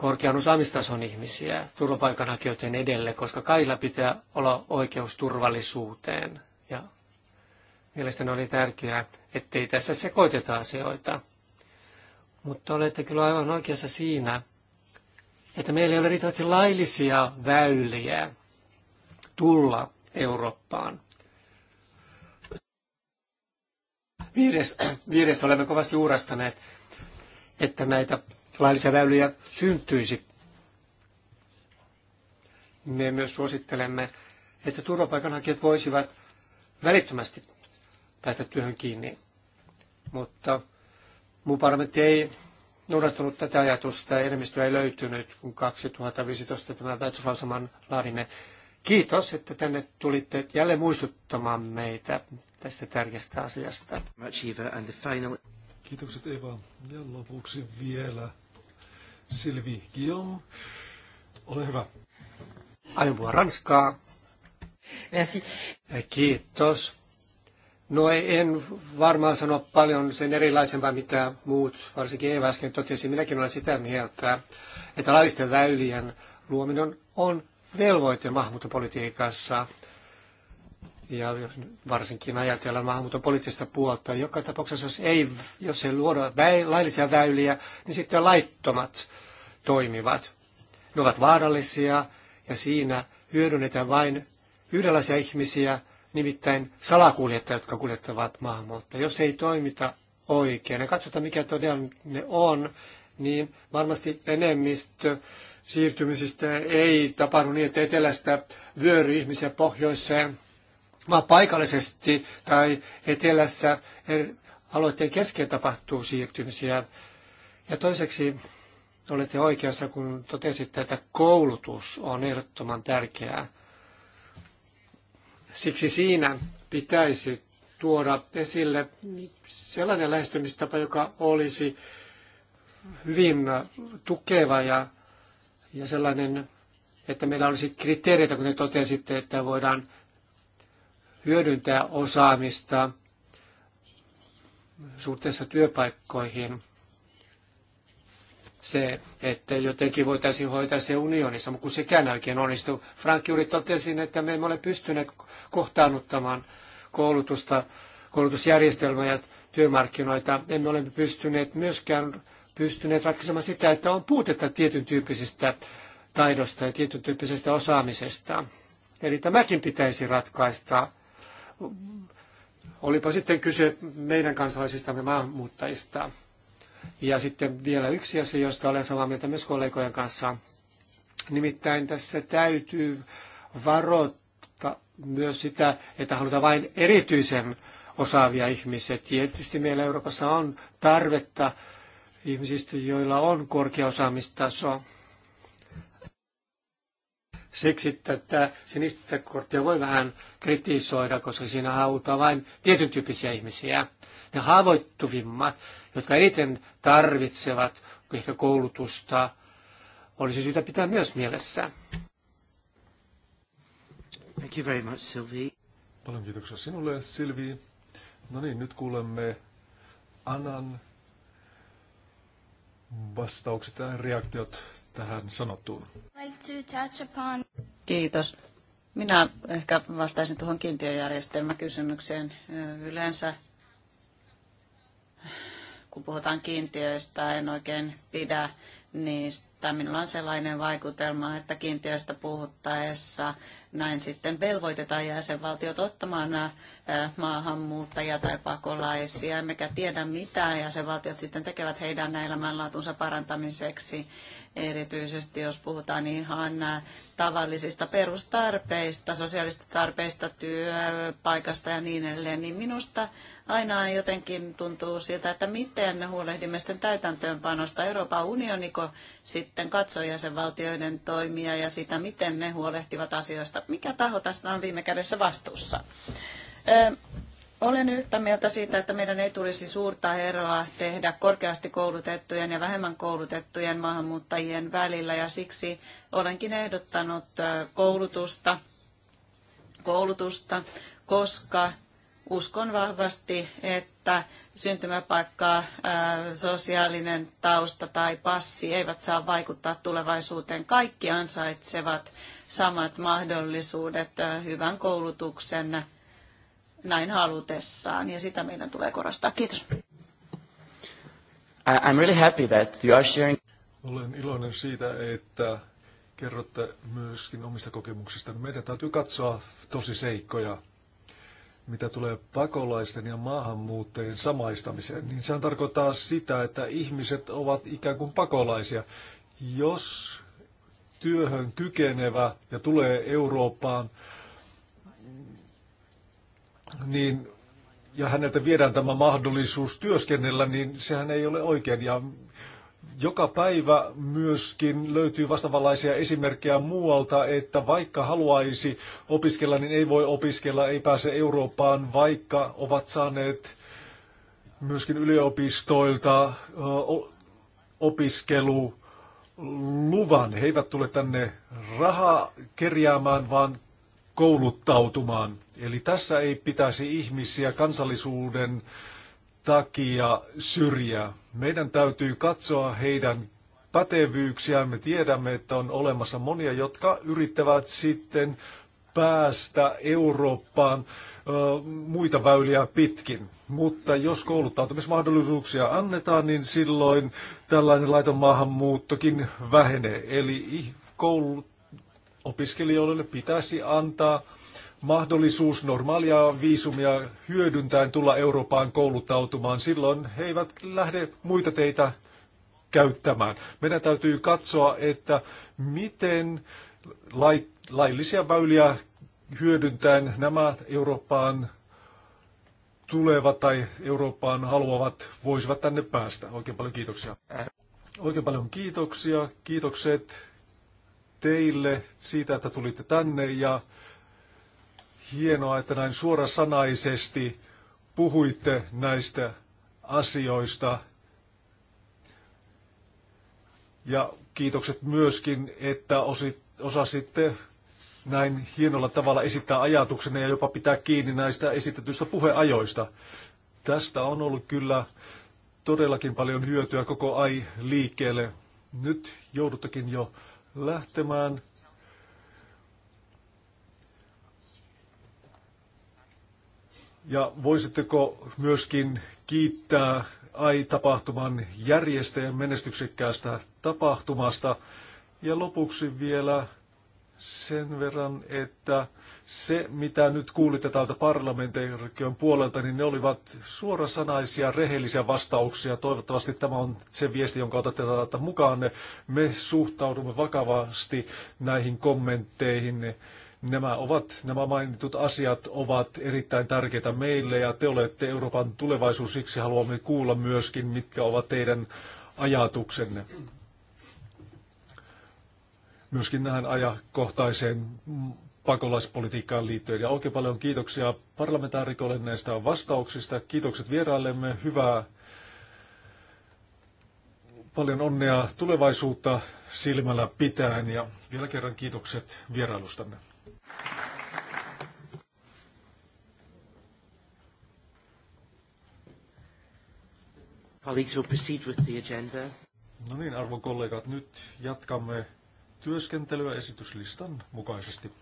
korkean osaamistason ihmisiä turvapaikanhakijoiden edelle, koska kaikilla pitää olla oikeus turvallisuuteen. Ja mielestäni oli tärkeää, ettei tässä sekoiteta asioita. Mutta olette kyllä aivan oikeassa siinä, että meillä ei ole riittävästi laillisia väyliä tulla Eurooppaan. Viides, viides olemme kovasti uurastaneet, että näitä laillisia väyliä syntyisi. Me myös suosittelemme, että turvapaikanhakijat voisivat välittömästi päästä työhön kiinni. Mutta muu parlamentti ei noudattanut tätä ajatusta ja enemmistöä ei löytynyt, kun 2015 tämä päätöslausaman laadimme. Kiitos, että tänne tulitte jälleen muistuttamaan meitä tästä tärkeästä asiasta. Kiitokset Eva. Ja lopuksi vielä Silvi Guillaume. Ole hyvä. Aion puhua ranskaa. Merci. Eh, kiitos. No en varmaan sano paljon sen erilaisempaa, mitä muut, varsinkin Eva äsken totesi. Minäkin olen sitä mieltä, että laillisten väylien luominen on velvoite maahanmuuttopolitiikassa ja varsinkin ajatellaan maahanmuuton poliittista puolta. Joka tapauksessa, jos ei, jos ei luoda väi, laillisia väyliä, niin sitten laittomat toimivat. Ne ovat vaarallisia ja siinä hyödynnetään vain yhdenlaisia ihmisiä, nimittäin salakuljettajat, jotka kuljettavat maahanmuutta. Jos ei toimita oikein ja katsotaan, mikä todellinen on, niin varmasti enemmistö siirtymisistä ei tapahdu niin, että etelästä vyöry ihmisiä pohjoiseen – vaan paikallisesti tai etelässä er, aloitteen kesken tapahtuu siirtymisiä. Ja toiseksi olette oikeassa, kun totesitte, että koulutus on ehdottoman tärkeää. Siksi siinä pitäisi tuoda esille sellainen lähestymistapa, joka olisi hyvin tukeva ja, ja sellainen, että meillä olisi kriteereitä, kun te totesitte, että voidaan hyödyntää osaamista suhteessa työpaikkoihin. Se, että jotenkin voitaisiin hoitaa se unionissa, mutta kun sekään oikein onnistuu. Frank juuri totesi, että me emme ole pystyneet kohtaanuttamaan koulutusta, koulutusjärjestelmää ja työmarkkinoita. Emme ole pystyneet myöskään pystyneet ratkaisemaan sitä, että on puutetta tietyn tyyppisistä taidosta ja tietyn tyyppisestä osaamisesta. Eli tämäkin pitäisi ratkaista Olipa sitten kyse meidän kansalaisistamme maahanmuuttajista. Ja sitten vielä yksi asia, josta olen samaa mieltä myös kollegojen kanssa. Nimittäin tässä täytyy varoittaa myös sitä, että halutaan vain erityisen osaavia ihmisiä. Tietysti meillä Euroopassa on tarvetta ihmisistä, joilla on korkea osaamistaso. Siksi tätä sinistä korttia voi vähän kritisoida, koska siinä halutaan vain tietyn tyyppisiä ihmisiä. Ne haavoittuvimmat, jotka eniten tarvitsevat ehkä koulutusta, olisi syytä pitää myös mielessä. Thank you very much, Sylvie. Paljon kiitoksia sinulle, Silvi. No niin, nyt kuulemme Anan vastaukset ja reaktiot tähän sanottuun. Kiitos. Minä ehkä vastaisin tuohon kiintiöjärjestelmäkysymykseen yleensä. Kun puhutaan kiintiöistä, en oikein pidä niistä. Minulla on sellainen vaikutelma, että kiintiöistä puhuttaessa näin sitten velvoitetaan jäsenvaltiot ottamaan maahanmuuttajia tai pakolaisia, emmekä tiedä mitä jäsenvaltiot sitten tekevät heidän elämänlaatunsa parantamiseksi, erityisesti jos puhutaan ihan tavallisista perustarpeista, sosiaalista tarpeista, työpaikasta ja niin edelleen, niin minusta aina jotenkin tuntuu siltä, että miten huolehdimme sitten täytäntöönpanosta. Euroopan unioniko sitten katsoo jäsenvaltioiden toimia ja sitä, miten ne huolehtivat asioista mutta mikä taho tästä on viime kädessä vastuussa? Olen yhtä mieltä siitä, että meidän ei tulisi suurta eroa tehdä korkeasti koulutettujen ja vähemmän koulutettujen maahanmuuttajien välillä ja siksi olenkin ehdottanut koulutusta, koulutusta koska uskon vahvasti, että syntymäpaikka, sosiaalinen tausta tai passi eivät saa vaikuttaa tulevaisuuteen. Kaikki ansaitsevat samat mahdollisuudet hyvän koulutuksen näin halutessaan, ja sitä meidän tulee korostaa. Kiitos. I'm really happy that you are sharing. Olen iloinen siitä, että kerrotte myöskin omista kokemuksista. Meidän täytyy katsoa tosi seikkoja, mitä tulee pakolaisten ja maahanmuuttajien samaistamiseen. Niin sehän tarkoittaa sitä, että ihmiset ovat ikään kuin pakolaisia. Jos työhön kykenevä ja tulee Eurooppaan, niin, ja häneltä viedään tämä mahdollisuus työskennellä, niin sehän ei ole oikein. Ja joka päivä myöskin löytyy vastaavanlaisia esimerkkejä muualta, että vaikka haluaisi opiskella, niin ei voi opiskella, ei pääse Eurooppaan, vaikka ovat saaneet myöskin yliopistoilta opiskelu luvan. He eivät tule tänne rahaa kerjäämään, vaan kouluttautumaan. Eli tässä ei pitäisi ihmisiä kansallisuuden takia syrjää. Meidän täytyy katsoa heidän pätevyyksiään. Me tiedämme, että on olemassa monia, jotka yrittävät sitten päästä Eurooppaan ö, muita väyliä pitkin. Mutta jos kouluttautumismahdollisuuksia annetaan, niin silloin tällainen laiton maahanmuuttokin vähenee. Eli koulu, opiskelijoille pitäisi antaa mahdollisuus normaalia viisumia hyödyntäen tulla Eurooppaan kouluttautumaan. Silloin he eivät lähde muita teitä käyttämään. Meidän täytyy katsoa, että miten lai, laillisia väyliä hyödyntäen nämä Eurooppaan tulevat tai Eurooppaan haluavat voisivat tänne päästä. Oikein paljon kiitoksia. Oikein paljon kiitoksia. Kiitokset teille siitä, että tulitte tänne ja hienoa, että näin suorasanaisesti puhuitte näistä asioista. Ja kiitokset myöskin, että osit, osasitte näin hienolla tavalla esittää ajatuksenne ja jopa pitää kiinni näistä esitetyistä puheajoista. Tästä on ollut kyllä todellakin paljon hyötyä koko AI-liikkeelle. Nyt joudutakin jo lähtemään. Ja voisitteko myöskin kiittää AI-tapahtuman järjestäjän menestyksekkäästä tapahtumasta? Ja lopuksi vielä sen verran, että se, mitä nyt kuulitte täältä parlamentaarikion puolelta, niin ne olivat suorasanaisia, rehellisiä vastauksia. Toivottavasti tämä on se viesti, jonka otatte täältä mukaan. Me suhtaudumme vakavasti näihin kommentteihin. Nämä, ovat, nämä mainitut asiat ovat erittäin tärkeitä meille ja te olette Euroopan tulevaisuus, siksi haluamme kuulla myöskin, mitkä ovat teidän ajatuksenne myöskin tähän ajakohtaiseen pakolaispolitiikkaan liittyen. Ja oikein paljon kiitoksia parlamentaarikolle näistä vastauksista. Kiitokset vieraillemme. Hyvää paljon onnea tulevaisuutta silmällä pitäen ja vielä kerran kiitokset vierailustanne. No niin, arvon kollegat, nyt jatkamme työskentelyä esityslistan mukaisesti.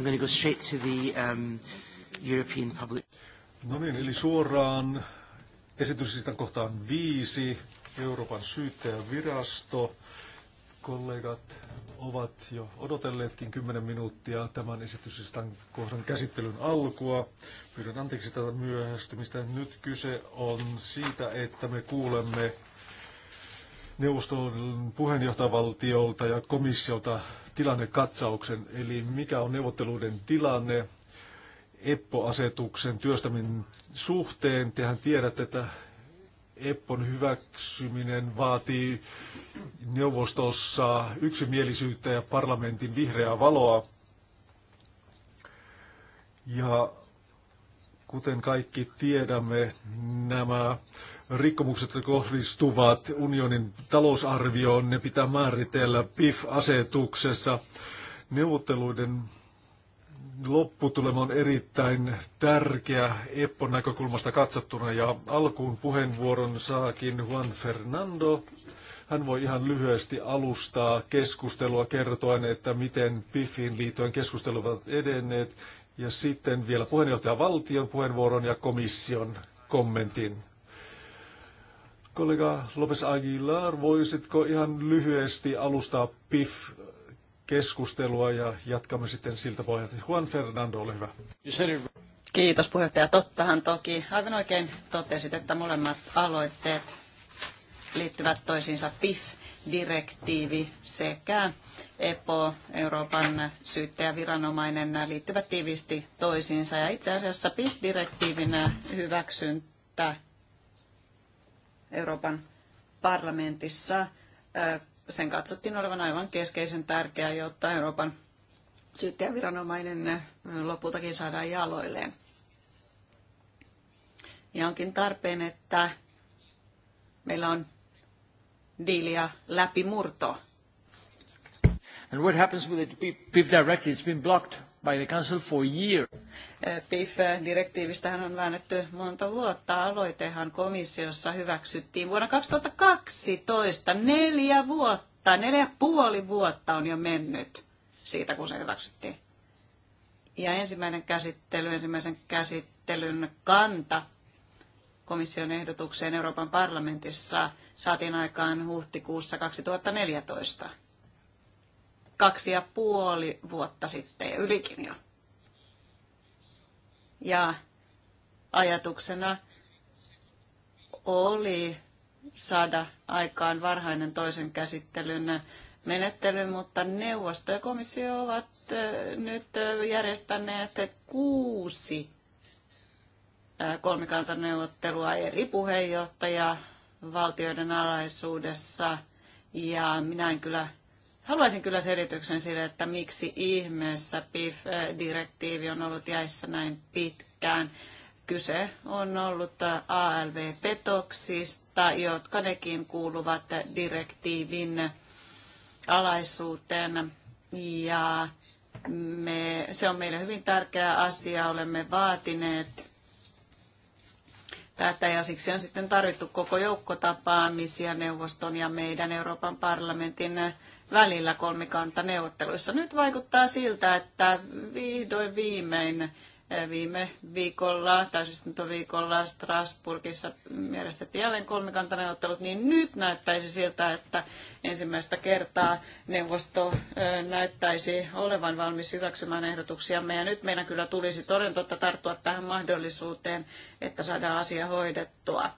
I'm going to go straight to the um, European Public... No niin, eli suoraan esityslistan kohtaan viisi, Euroopan syyttäjävirasto. Kollegat ovat jo odotelleetkin 10 minuuttia tämän esityslistan kohdan käsittelyn alkua. Pyydän anteeksi tätä myöhästymistä. Nyt kyse on siitä, että me kuulemme neuvoston puheenjohtajavaltiolta ja komissiolta tilannekatsauksen, eli mikä on neuvotteluiden tilanne EPPO-asetuksen työstämisen suhteen. Tehän tiedätte, että EPPOn hyväksyminen vaatii neuvostossa yksimielisyyttä ja parlamentin vihreää valoa. Ja Kuten kaikki tiedämme, nämä rikkomukset kohdistuvat unionin talousarvioon, ne pitää määritellä PIF-asetuksessa. Neuvotteluiden lopputulema on erittäin tärkeä Eppon näkökulmasta katsottuna ja alkuun puheenvuoron saakin Juan Fernando. Hän voi ihan lyhyesti alustaa keskustelua kertoen, että miten PIFin liittyen keskustelut ovat edenneet ja sitten vielä puheenjohtaja valtion puheenvuoron ja komission kommentin. Kollega Lopes Aguilar, voisitko ihan lyhyesti alustaa PIF-keskustelua ja jatkamme sitten siltä pohjalta. Juan Fernando, ole hyvä. Kiitos puheenjohtaja. Tottahan toki. Aivan oikein totesit, että molemmat aloitteet liittyvät toisiinsa PIF-direktiivi sekä EPO, Euroopan syyttäjäviranomainen, liittyvät tiivisti toisiinsa. Ja itse asiassa PIF-direktiivin hyväksyntä Euroopan parlamentissa sen katsottiin olevan aivan keskeisen tärkeää, jotta Euroopan syyttäjäviranomainen lopultakin saadaan jaloilleen. Ja onkin tarpeen, että meillä on diiliä läpimurto And what happens with the PIF directive? It's been blocked by the council for years. Eh, PIF-direktiivistähän on väännetty monta vuotta. Aloitehan komissiossa hyväksyttiin vuonna 2012. Neljä vuotta, neljä puoli vuotta on jo mennyt siitä, kun se hyväksyttiin. Ja ensimmäinen käsittely, ensimmäisen käsittelyn kanta komission ehdotukseen Euroopan parlamentissa saatiin aikaan huhtikuussa 2014 kaksi ja puoli vuotta sitten ja ylikin jo. Ja ajatuksena oli saada aikaan varhainen toisen käsittelyn menettely, mutta neuvosto ja komissio ovat nyt järjestäneet kuusi kolmikantaneuvottelua eri puheenjohtajaa valtioiden alaisuudessa. Ja minä en kyllä Haluaisin kyllä selityksen sille, että miksi ihmeessä PIF-direktiivi on ollut jäissä näin pitkään. Kyse on ollut äh, ALV-petoksista, jotka nekin kuuluvat direktiivin alaisuuteen. Ja me, se on meille hyvin tärkeä asia, olemme vaatineet tätä ja siksi on sitten tarvittu koko joukko tapaamisia neuvoston ja meidän Euroopan parlamentin välillä kolmikanta neuvotteluissa. Nyt vaikuttaa siltä, että vihdoin viimein eh, viime viikolla, täysistuntoviikolla Strasburgissa järjestettiin jälleen kolmikantaneuvottelut, niin nyt näyttäisi siltä, että ensimmäistä kertaa neuvosto eh, näyttäisi olevan valmis hyväksymään ehdotuksiamme. Ja nyt meidän kyllä tulisi toden totta tarttua tähän mahdollisuuteen, että saadaan asia hoidettua.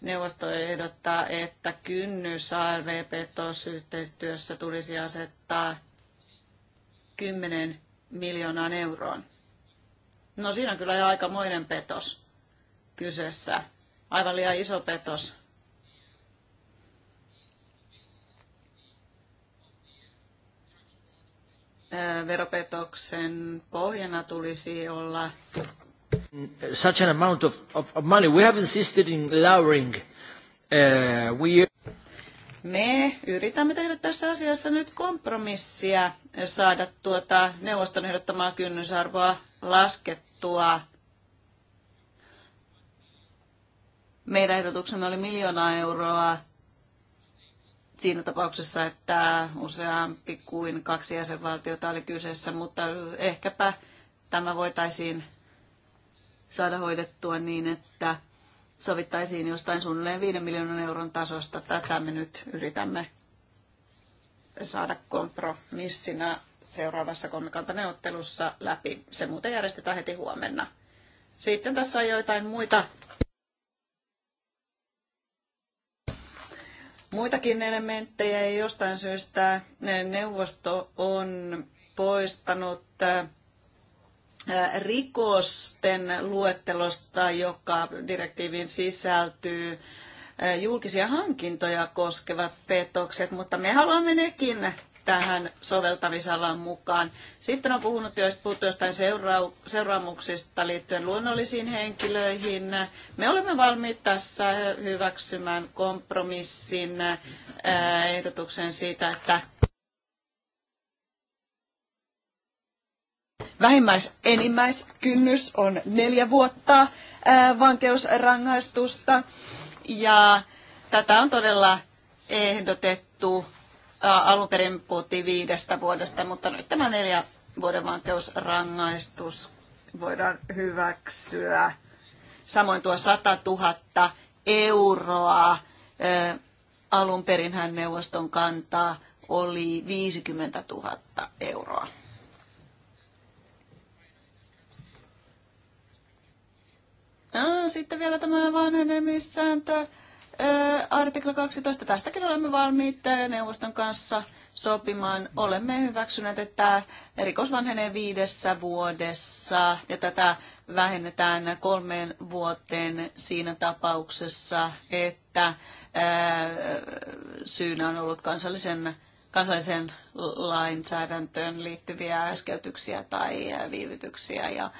Neuvosto ehdottaa, että kynnys ALV-petosyhteistyössä tulisi asettaa 10 miljoonaan euroon. No siinä on kyllä jo aikamoinen petos kyseessä. Aivan liian iso petos. Veropetoksen pohjana tulisi olla Such an amount of, of, of money. We have insisted in lowering. Uh, we... Me yritämme tehdä tässä asiassa nyt kompromissia, saada tuota neuvoston ehdottamaa kynnysarvoa laskettua. Meidän ehdotuksemme oli miljoonaa euroa siinä tapauksessa, että useampi kuin kaksi jäsenvaltiota oli kyseessä, mutta ehkäpä tämä voitaisiin saada hoidettua niin, että sovittaisiin jostain suunnilleen 5 miljoonan euron tasosta. Tätä me nyt yritämme saada kompromissina seuraavassa kolmikantaneuvottelussa läpi. Se muuten järjestetään heti huomenna. Sitten tässä on joitain muita muitakin elementtejä ja jostain syystä neuvosto on poistanut rikosten luettelosta, joka direktiiviin sisältyy julkisia hankintoja koskevat petokset, mutta me haluamme nekin tähän soveltamisalan mukaan. Sitten on puhunut puhuttu jostain seura- seuraamuksista liittyen luonnollisiin henkilöihin. Me olemme valmiit tässä hyväksymään kompromissin ehdotuksen siitä, että Vähimmäis enimmäiskynnys on neljä vuotta vankeusrangaistusta ja tätä on todella ehdotettu. Alun perin puhuttiin viidestä vuodesta, mutta nyt tämä neljä vuoden vankeusrangaistus voidaan hyväksyä. Samoin tuo 100 000 euroa. Alun perinhän neuvoston kantaa oli 50 000 euroa. Ah, sitten vielä tämä vanhenemissääntö, äh, artikla 12. Tästäkin olemme valmiit äh, neuvoston kanssa sopimaan. Olemme hyväksyneet, että rikos vanhenee viidessä vuodessa ja tätä vähennetään kolmeen vuoteen siinä tapauksessa, että äh, syynä on ollut kansallisen kansalliseen lainsäädäntöön liittyviä äskeytyksiä tai viivytyksiä. Ja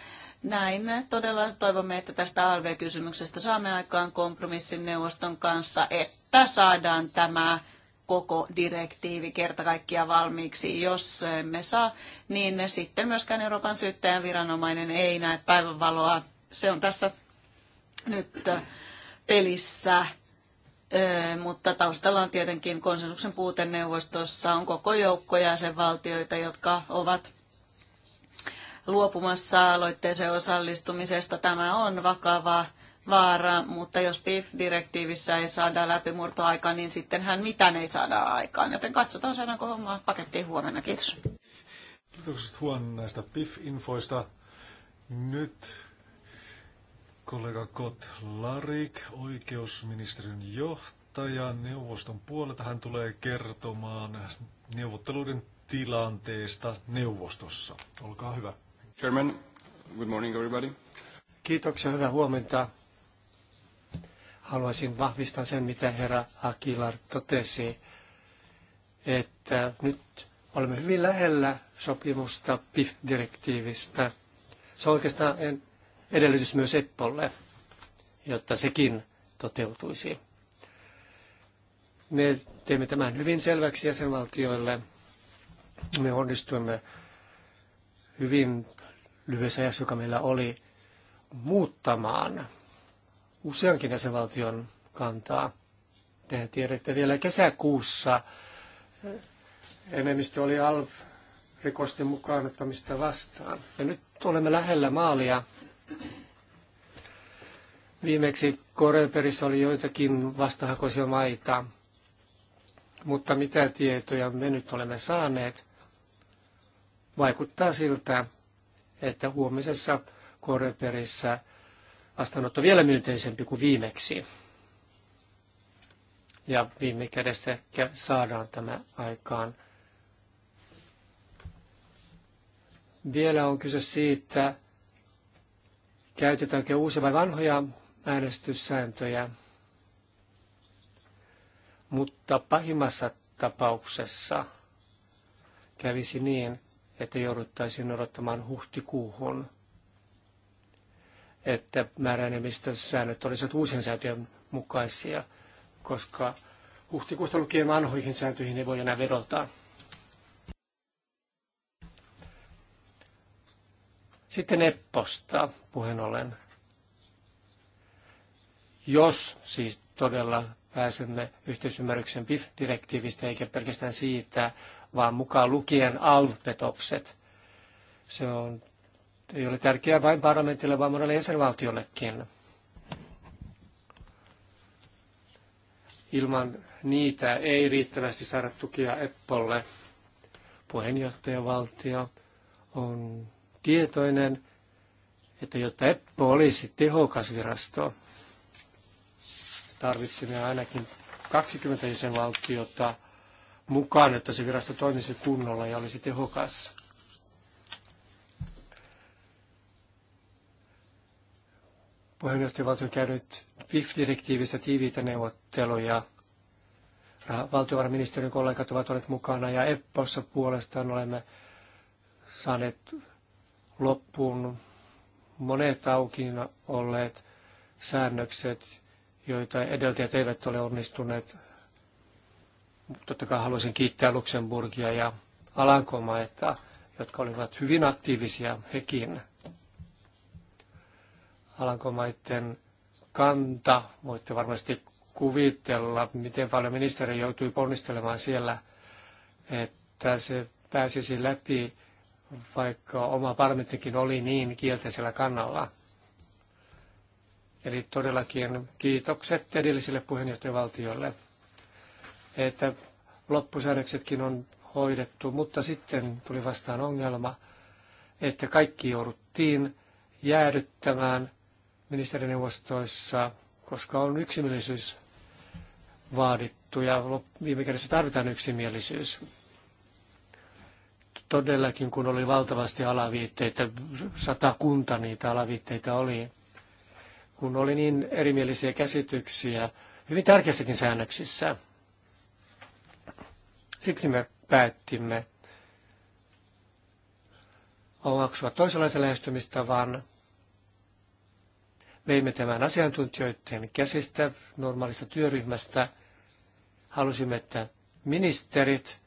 näin todella toivomme, että tästä ALV-kysymyksestä saamme aikaan kompromissin neuvoston kanssa, että saadaan tämä koko direktiivi kerta kaikkiaan valmiiksi. Jos emme saa, niin sitten myöskään Euroopan syyttäjän viranomainen ei näe päivänvaloa. Se on tässä nyt pelissä. Mutta taustalla on tietenkin konsensuksen puute neuvostossa. On koko joukko jäsenvaltioita, jotka ovat luopumassa aloitteeseen osallistumisesta. Tämä on vakava vaara, mutta jos PIF-direktiivissä ei saada läpimurtoa aikaan, niin sittenhän mitään ei saada aikaan. Joten katsotaan, saadaanko hommaa pakettiin huomenna. Kiitos. Kiitokset huon näistä PIF-infoista. Nyt kollega Kot Larik, oikeusministeriön johtaja neuvoston puolelta. Hän tulee kertomaan neuvotteluiden tilanteesta neuvostossa. Olkaa hyvä. Chairman, good morning everybody. Kiitoksia, hyvää huomenta. Haluaisin vahvistaa sen, mitä herra Aguilar totesi, että nyt olemme hyvin lähellä sopimusta PIF-direktiivistä. Se on oikeastaan edellytys myös Eppolle, jotta sekin toteutuisi. Me teemme tämän hyvin selväksi jäsenvaltioille. Me onnistuimme hyvin lyhyessä ajassa, joka meillä oli, muuttamaan useankin jäsenvaltion kantaa. Te tiedätte vielä kesäkuussa enemmistö oli ALV-rikosten ottamista vastaan. Ja nyt olemme lähellä maalia. Viimeksi Koreperissä oli joitakin vastahakoisia maita, mutta mitä tietoja me nyt olemme saaneet, vaikuttaa siltä, että huomisessa Koreperissä vastaanotto vielä myönteisempi kuin viimeksi. Ja viime kädessä ehkä saadaan tämä aikaan. Vielä on kyse siitä, käytetäänkö uusia vai vanhoja äänestyssääntöjä. Mutta pahimmassa tapauksessa kävisi niin, että jouduttaisiin odottamaan huhtikuuhun, että määräenemmistösäännöt olisivat uusien sääntöjen mukaisia, koska huhtikuusta lukien vanhoihin sääntöihin ei voi enää vedota. Sitten Epposta puheen ollen. Jos siis todella pääsemme yhteisymmärryksen PIF-direktiivistä eikä pelkästään siitä, vaan mukaan lukien alpetokset. Se on, ei ole tärkeää vain parlamentille, vaan monelle jäsenvaltiollekin. Ilman niitä ei riittävästi saada tukia Eppolle. Puheenjohtajavaltio on tietoinen, että jotta Eppo olisi tehokas virasto, tarvitsemme ainakin 20 jäsenvaltiota – mukaan, että se virasto toimisi kunnolla ja olisi tehokas. Puheenjohtajavaltio on käynyt PIF-direktiivistä tiiviitä neuvotteluja. Valtiovarainministeriön kollegat ovat olleet mukana ja EPPOssa puolestaan olemme saaneet loppuun monet aukina olleet säännökset, joita edeltäjät eivät ole onnistuneet Totta kai haluaisin kiittää Luxemburgia ja Alankomaita, jotka olivat hyvin aktiivisia hekin. Alankomaiden kanta, voitte varmasti kuvitella, miten paljon ministeri joutui ponnistelemaan siellä, että se pääsisi läpi, vaikka oma parlamenttikin oli niin kielteisellä kannalla. Eli todellakin kiitokset edellisille puheenjohtajavaltioille että loppusäädöksetkin on hoidettu, mutta sitten tuli vastaan ongelma, että kaikki jouduttiin jäädyttämään ministerineuvostoissa, koska on yksimielisyys vaadittu ja viime kädessä tarvitaan yksimielisyys. Todellakin, kun oli valtavasti alaviitteitä, sata kunta niitä alaviitteitä oli, kun oli niin erimielisiä käsityksiä hyvin tärkeissäkin säännöksissä – Siksi me päättimme omaksua toisenlaisen lähestymistavan. Veimme tämän asiantuntijoiden käsistä normaalista työryhmästä. Halusimme, että ministerit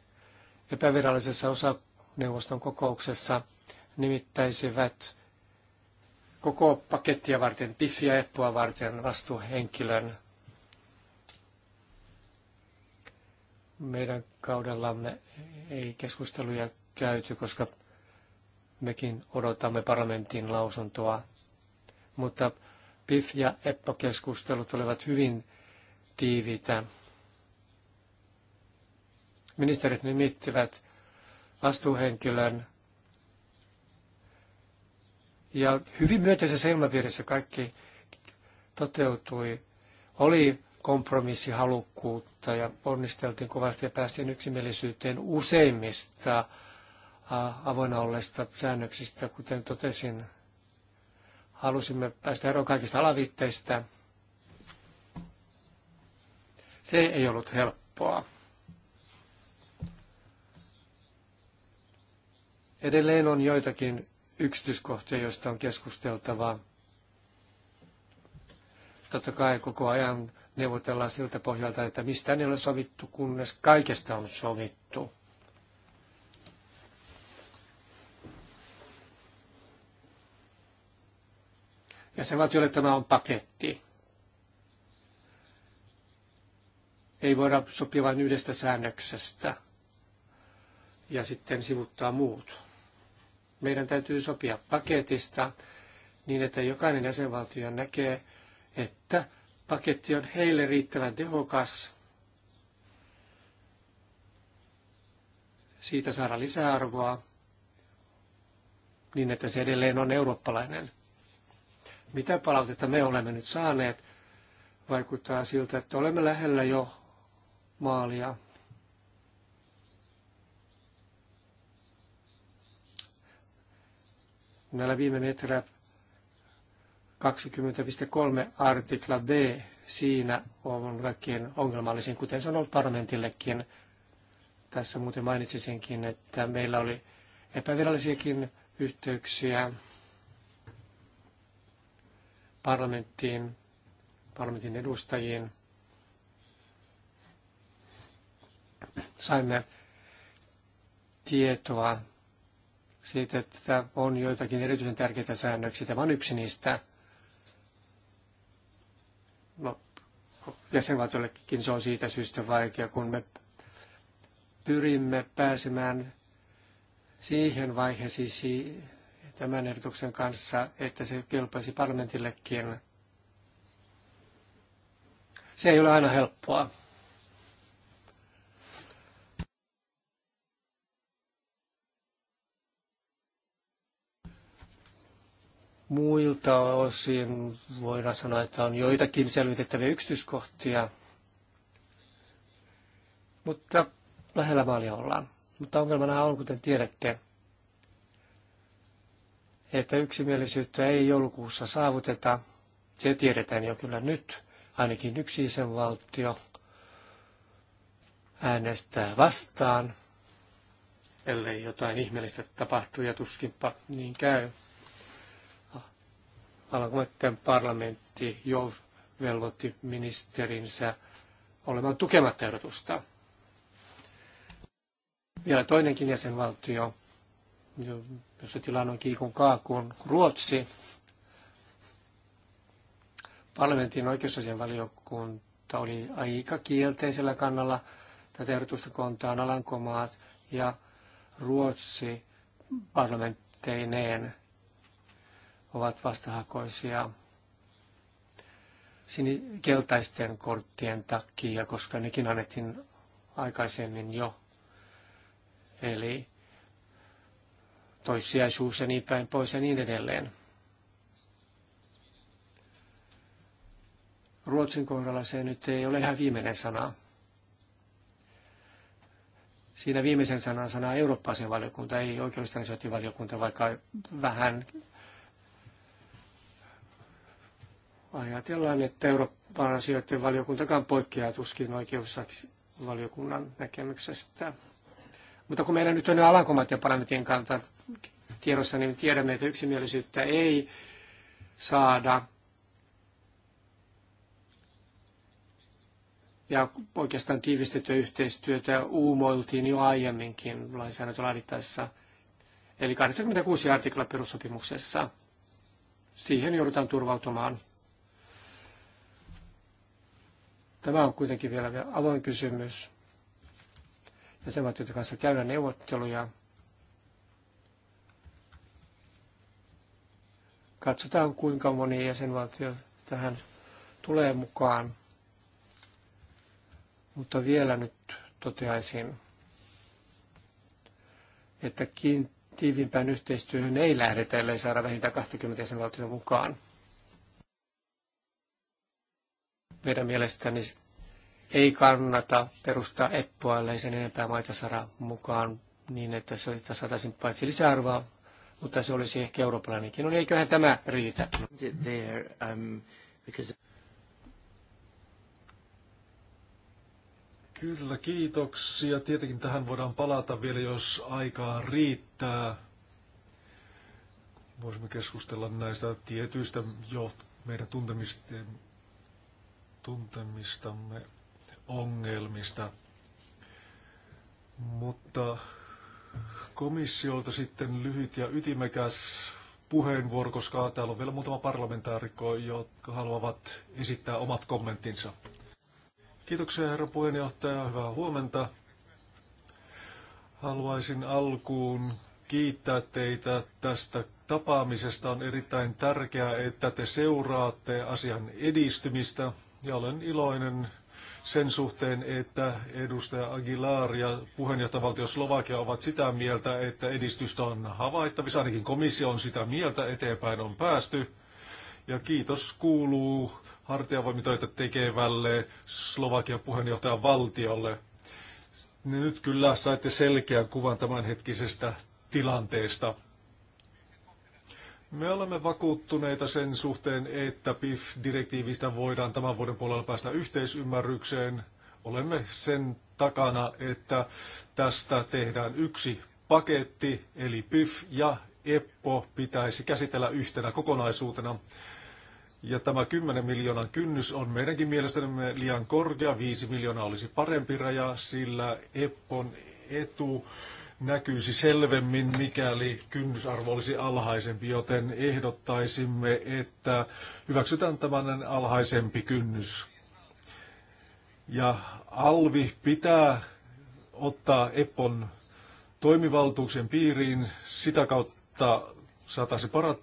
epävirallisessa osaneuvoston kokouksessa nimittäisivät koko pakettia varten, piffiä ja eppua varten vastuuhenkilön. meidän kaudellamme ei keskusteluja käyty, koska mekin odotamme parlamentin lausuntoa. Mutta PIF- ja EPPO-keskustelut olivat hyvin tiiviitä. Ministerit nimittivät vastuuhenkilön ja hyvin myönteisessä ilmapiirissä kaikki toteutui. Oli kompromissihalukkuutta ja ponnisteltiin kovasti ja päästiin yksimielisyyteen useimmista avoinna olleista säännöksistä, kuten totesin. Halusimme päästä eroon kaikista alaviitteistä. Se ei ollut helppoa. Edelleen on joitakin yksityiskohtia, joista on keskusteltava. Totta kai koko ajan neuvotellaan siltä pohjalta, että mistään ei ole sovittu, kunnes kaikesta on sovittu. Ja se valtiolle tämä on paketti. Ei voida sopia vain yhdestä säännöksestä ja sitten sivuttaa muut. Meidän täytyy sopia paketista niin, että jokainen jäsenvaltio näkee, että paketti on heille riittävän tehokas. Siitä saada lisäarvoa niin, että se edelleen on eurooppalainen. Mitä palautetta me olemme nyt saaneet, vaikuttaa siltä, että olemme lähellä jo maalia. Näillä viime metreillä 20.3 artikla B, siinä on kaikkein ongelmallisin, kuten se on ollut parlamentillekin. Tässä muuten mainitsisinkin, että meillä oli epävirallisiakin yhteyksiä parlamenttiin, parlamentin edustajiin. Saimme tietoa siitä, että on joitakin erityisen tärkeitä säännöksiä. Tämä on yksi niistä jäsenvaltiollekin se on siitä syystä vaikea, kun me pyrimme pääsemään siihen vaiheeseen tämän ehdotuksen kanssa, että se kelpaisi parlamentillekin. Se ei ole aina helppoa. Muilta osin voidaan sanoa, että on joitakin selvitettäviä yksityiskohtia, mutta lähellä maalia ollaan. Mutta ongelmana on, kuten tiedätte, että yksimielisyyttä ei joulukuussa saavuteta. Se tiedetään jo kyllä nyt, ainakin yksi isänvaltio äänestää vastaan, ellei jotain ihmeellistä tapahtuu ja tuskinpa niin käy. Alankomaiden parlamentti jo velvoitti ministerinsä olemaan tukematta ehdotusta. Vielä toinenkin jäsenvaltio, jossa tilanne on kiikun kaakun, Ruotsi. Parlamentin oikeusasianvaliokunta oli aika kielteisellä kannalla tätä ehdotusta kontaan Alankomaat ja Ruotsi parlamentteineen ovat vastahakoisia keltaisten korttien takia, koska nekin annettiin aikaisemmin jo. Eli toissijaisuus ja niin päin pois ja niin edelleen. Ruotsin kohdalla se nyt ei ole ihan viimeinen sana. Siinä viimeisen sanan sana Eurooppa-valiokunta, ei valiokunta vaikka vähän Ajatellaan, että Euroopan asioiden valiokuntakaan poikkeaa tuskin oikeusvaliokunnan näkemyksestä. Mutta kun meillä nyt on Alankomat ja parlamentin kanta tiedossa, niin tiedämme, että yksimielisyyttä ei saada. Ja oikeastaan tiivistettyä yhteistyötä uumoiltiin jo aiemminkin lainsäädäntö laadittaessa. Eli 86 artikla perussopimuksessa. Siihen joudutaan turvautumaan. Tämä on kuitenkin vielä avoin kysymys. Jäsenvaltioiden kanssa käydään neuvotteluja. Katsotaan, kuinka moni jäsenvaltio tähän tulee mukaan. Mutta vielä nyt toteaisin, että tiivimpään yhteistyöhön ei lähdetä, ellei saada vähintään 20 jäsenvaltiota mukaan. meidän mielestäni ei kannata perustaa EPPOa, ellei sen enempää maita saada mukaan niin, että se saataisiin paitsi lisäarvoa, mutta se olisi ehkä eurooppalainenkin. No niin, eiköhän tämä riitä. Um, Kyllä, kiitoksia. Tietenkin tähän voidaan palata vielä, jos aikaa riittää. Voisimme keskustella näistä tietyistä jo meidän tuntemistemme tuntemistamme ongelmista. Mutta komissiolta sitten lyhyt ja ytimekäs puheenvuoro, koska täällä on vielä muutama parlamentaarikko, jotka haluavat esittää omat kommenttinsa. Kiitoksia herra puheenjohtaja, hyvää huomenta. Haluaisin alkuun kiittää teitä tästä tapaamisesta. On erittäin tärkeää, että te seuraatte asian edistymistä ja olen iloinen sen suhteen, että edustaja Aguilar ja puheenjohtajavaltio Slovakia ovat sitä mieltä, että edistystä on havaittavissa. Ainakin komissio on sitä mieltä, eteenpäin on päästy. Ja kiitos kuuluu hartiavoimitoita tekevälle Slovakian puheenjohtajan valtiolle. Nyt kyllä saitte selkeän kuvan tämänhetkisestä tilanteesta. Me olemme vakuuttuneita sen suhteen, että PIF-direktiivistä voidaan tämän vuoden puolella päästä yhteisymmärrykseen. Olemme sen takana, että tästä tehdään yksi paketti, eli PIF ja EPPO pitäisi käsitellä yhtenä kokonaisuutena. Ja tämä 10 miljoonan kynnys on meidänkin mielestämme liian korkea, 5 miljoonaa olisi parempi raja, sillä EPPON etu näkyisi selvemmin, mikäli kynnysarvo olisi alhaisempi, joten ehdottaisimme, että hyväksytään tämän alhaisempi kynnys. Ja alvi pitää ottaa Epon toimivaltuuksien piiriin, sitä kautta saataisiin parat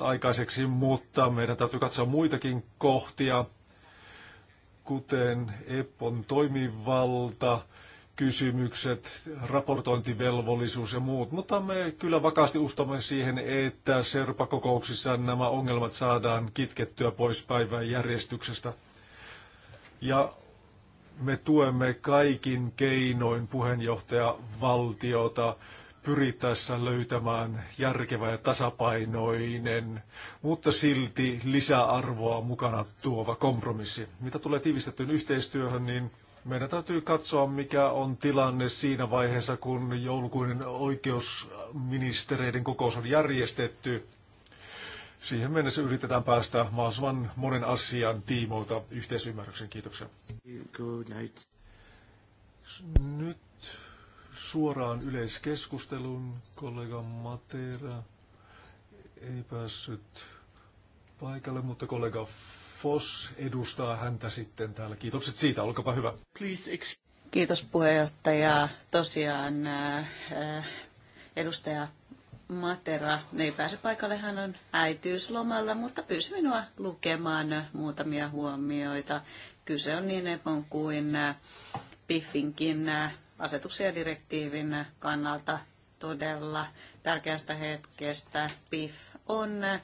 aikaiseksi, mutta meidän täytyy katsoa muitakin kohtia, kuten Epon toimivalta, kysymykset, raportointivelvollisuus ja muut, mutta me kyllä vakaasti uskomme siihen, että Serpa-kokouksissa nämä ongelmat saadaan kitkettyä pois päivän järjestyksestä. Ja me tuemme kaikin keinoin puheenjohtajavaltiota pyrittäessä löytämään järkevä ja tasapainoinen, mutta silti lisäarvoa mukana tuova kompromissi. Mitä tulee tiivistettyyn yhteistyöhön, niin meidän täytyy katsoa, mikä on tilanne siinä vaiheessa, kun joulukuinen oikeusministereiden kokous on järjestetty. Siihen mennessä yritetään päästä mahdollisimman monen asian tiimoilta yhteisymmärryksen. Kiitoksia. Nyt suoraan yleiskeskustelun. Kollega Matera ei päässyt paikalle, mutta kollega Foss edustaa häntä sitten täällä. Kiitokset siitä, olkapa hyvä. Kiitos puheenjohtaja. Tosiaan äh, edustaja Matera ei pääse paikalle, hän on äitiyslomalla, mutta pyysi minua lukemaan muutamia huomioita. Kyse on niin epon kuin äh, Piffinkin äh, asetuksen ja direktiivin kannalta todella tärkeästä hetkestä. PIF on äh,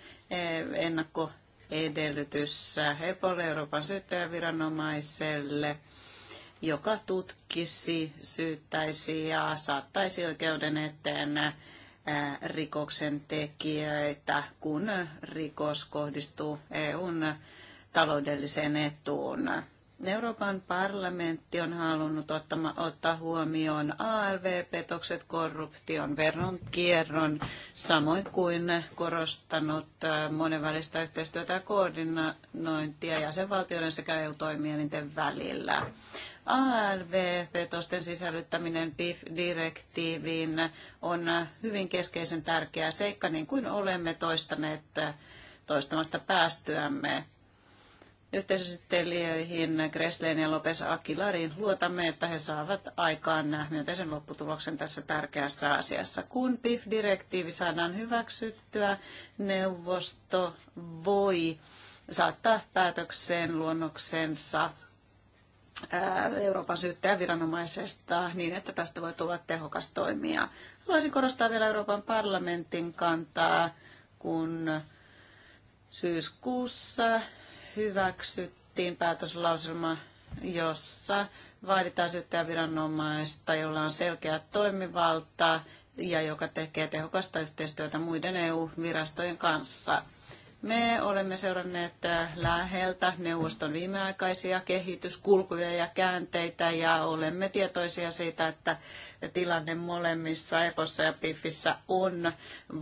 ennakko edellytys EPOlle, Euroopan syyttäjäviranomaiselle, joka tutkisi, syyttäisi ja saattaisi oikeuden eteen rikoksen tekijöitä, kun rikos kohdistuu EUn taloudelliseen etuun. Euroopan parlamentti on halunnut ottama, ottaa huomioon arv petokset korruption, veronkierron, samoin kuin korostanut äh, monenvälistä yhteistyötä ja koordinointia jäsenvaltioiden sekä EU-toimielinten välillä. arv petosten sisällyttäminen BIF-direktiiviin on hyvin keskeisen tärkeä seikka, niin kuin olemme toistaneet äh, toistamasta päästyämme yhteisesittelijöihin Gresleen ja Lopes Akilariin. Luotamme, että he saavat aikaan myönteisen lopputuloksen tässä tärkeässä asiassa. Kun PIF-direktiivi saadaan hyväksyttyä, neuvosto voi saattaa päätökseen luonnoksensa Euroopan syyttäjäviranomaisesta niin, että tästä voi tulla tehokas toimija. Haluaisin korostaa vielä Euroopan parlamentin kantaa, kun syyskuussa hyväksyttiin päätöslauselma, jossa vaaditaan syyttäjäviranomaista, jolla on selkeä toimivalta ja joka tekee tehokasta yhteistyötä muiden EU-virastojen kanssa. Me olemme seuranneet äh, läheltä neuvoston viimeaikaisia kehityskulkuja ja käänteitä ja olemme tietoisia siitä, että tilanne molemmissa EPOssa ja PIFissä on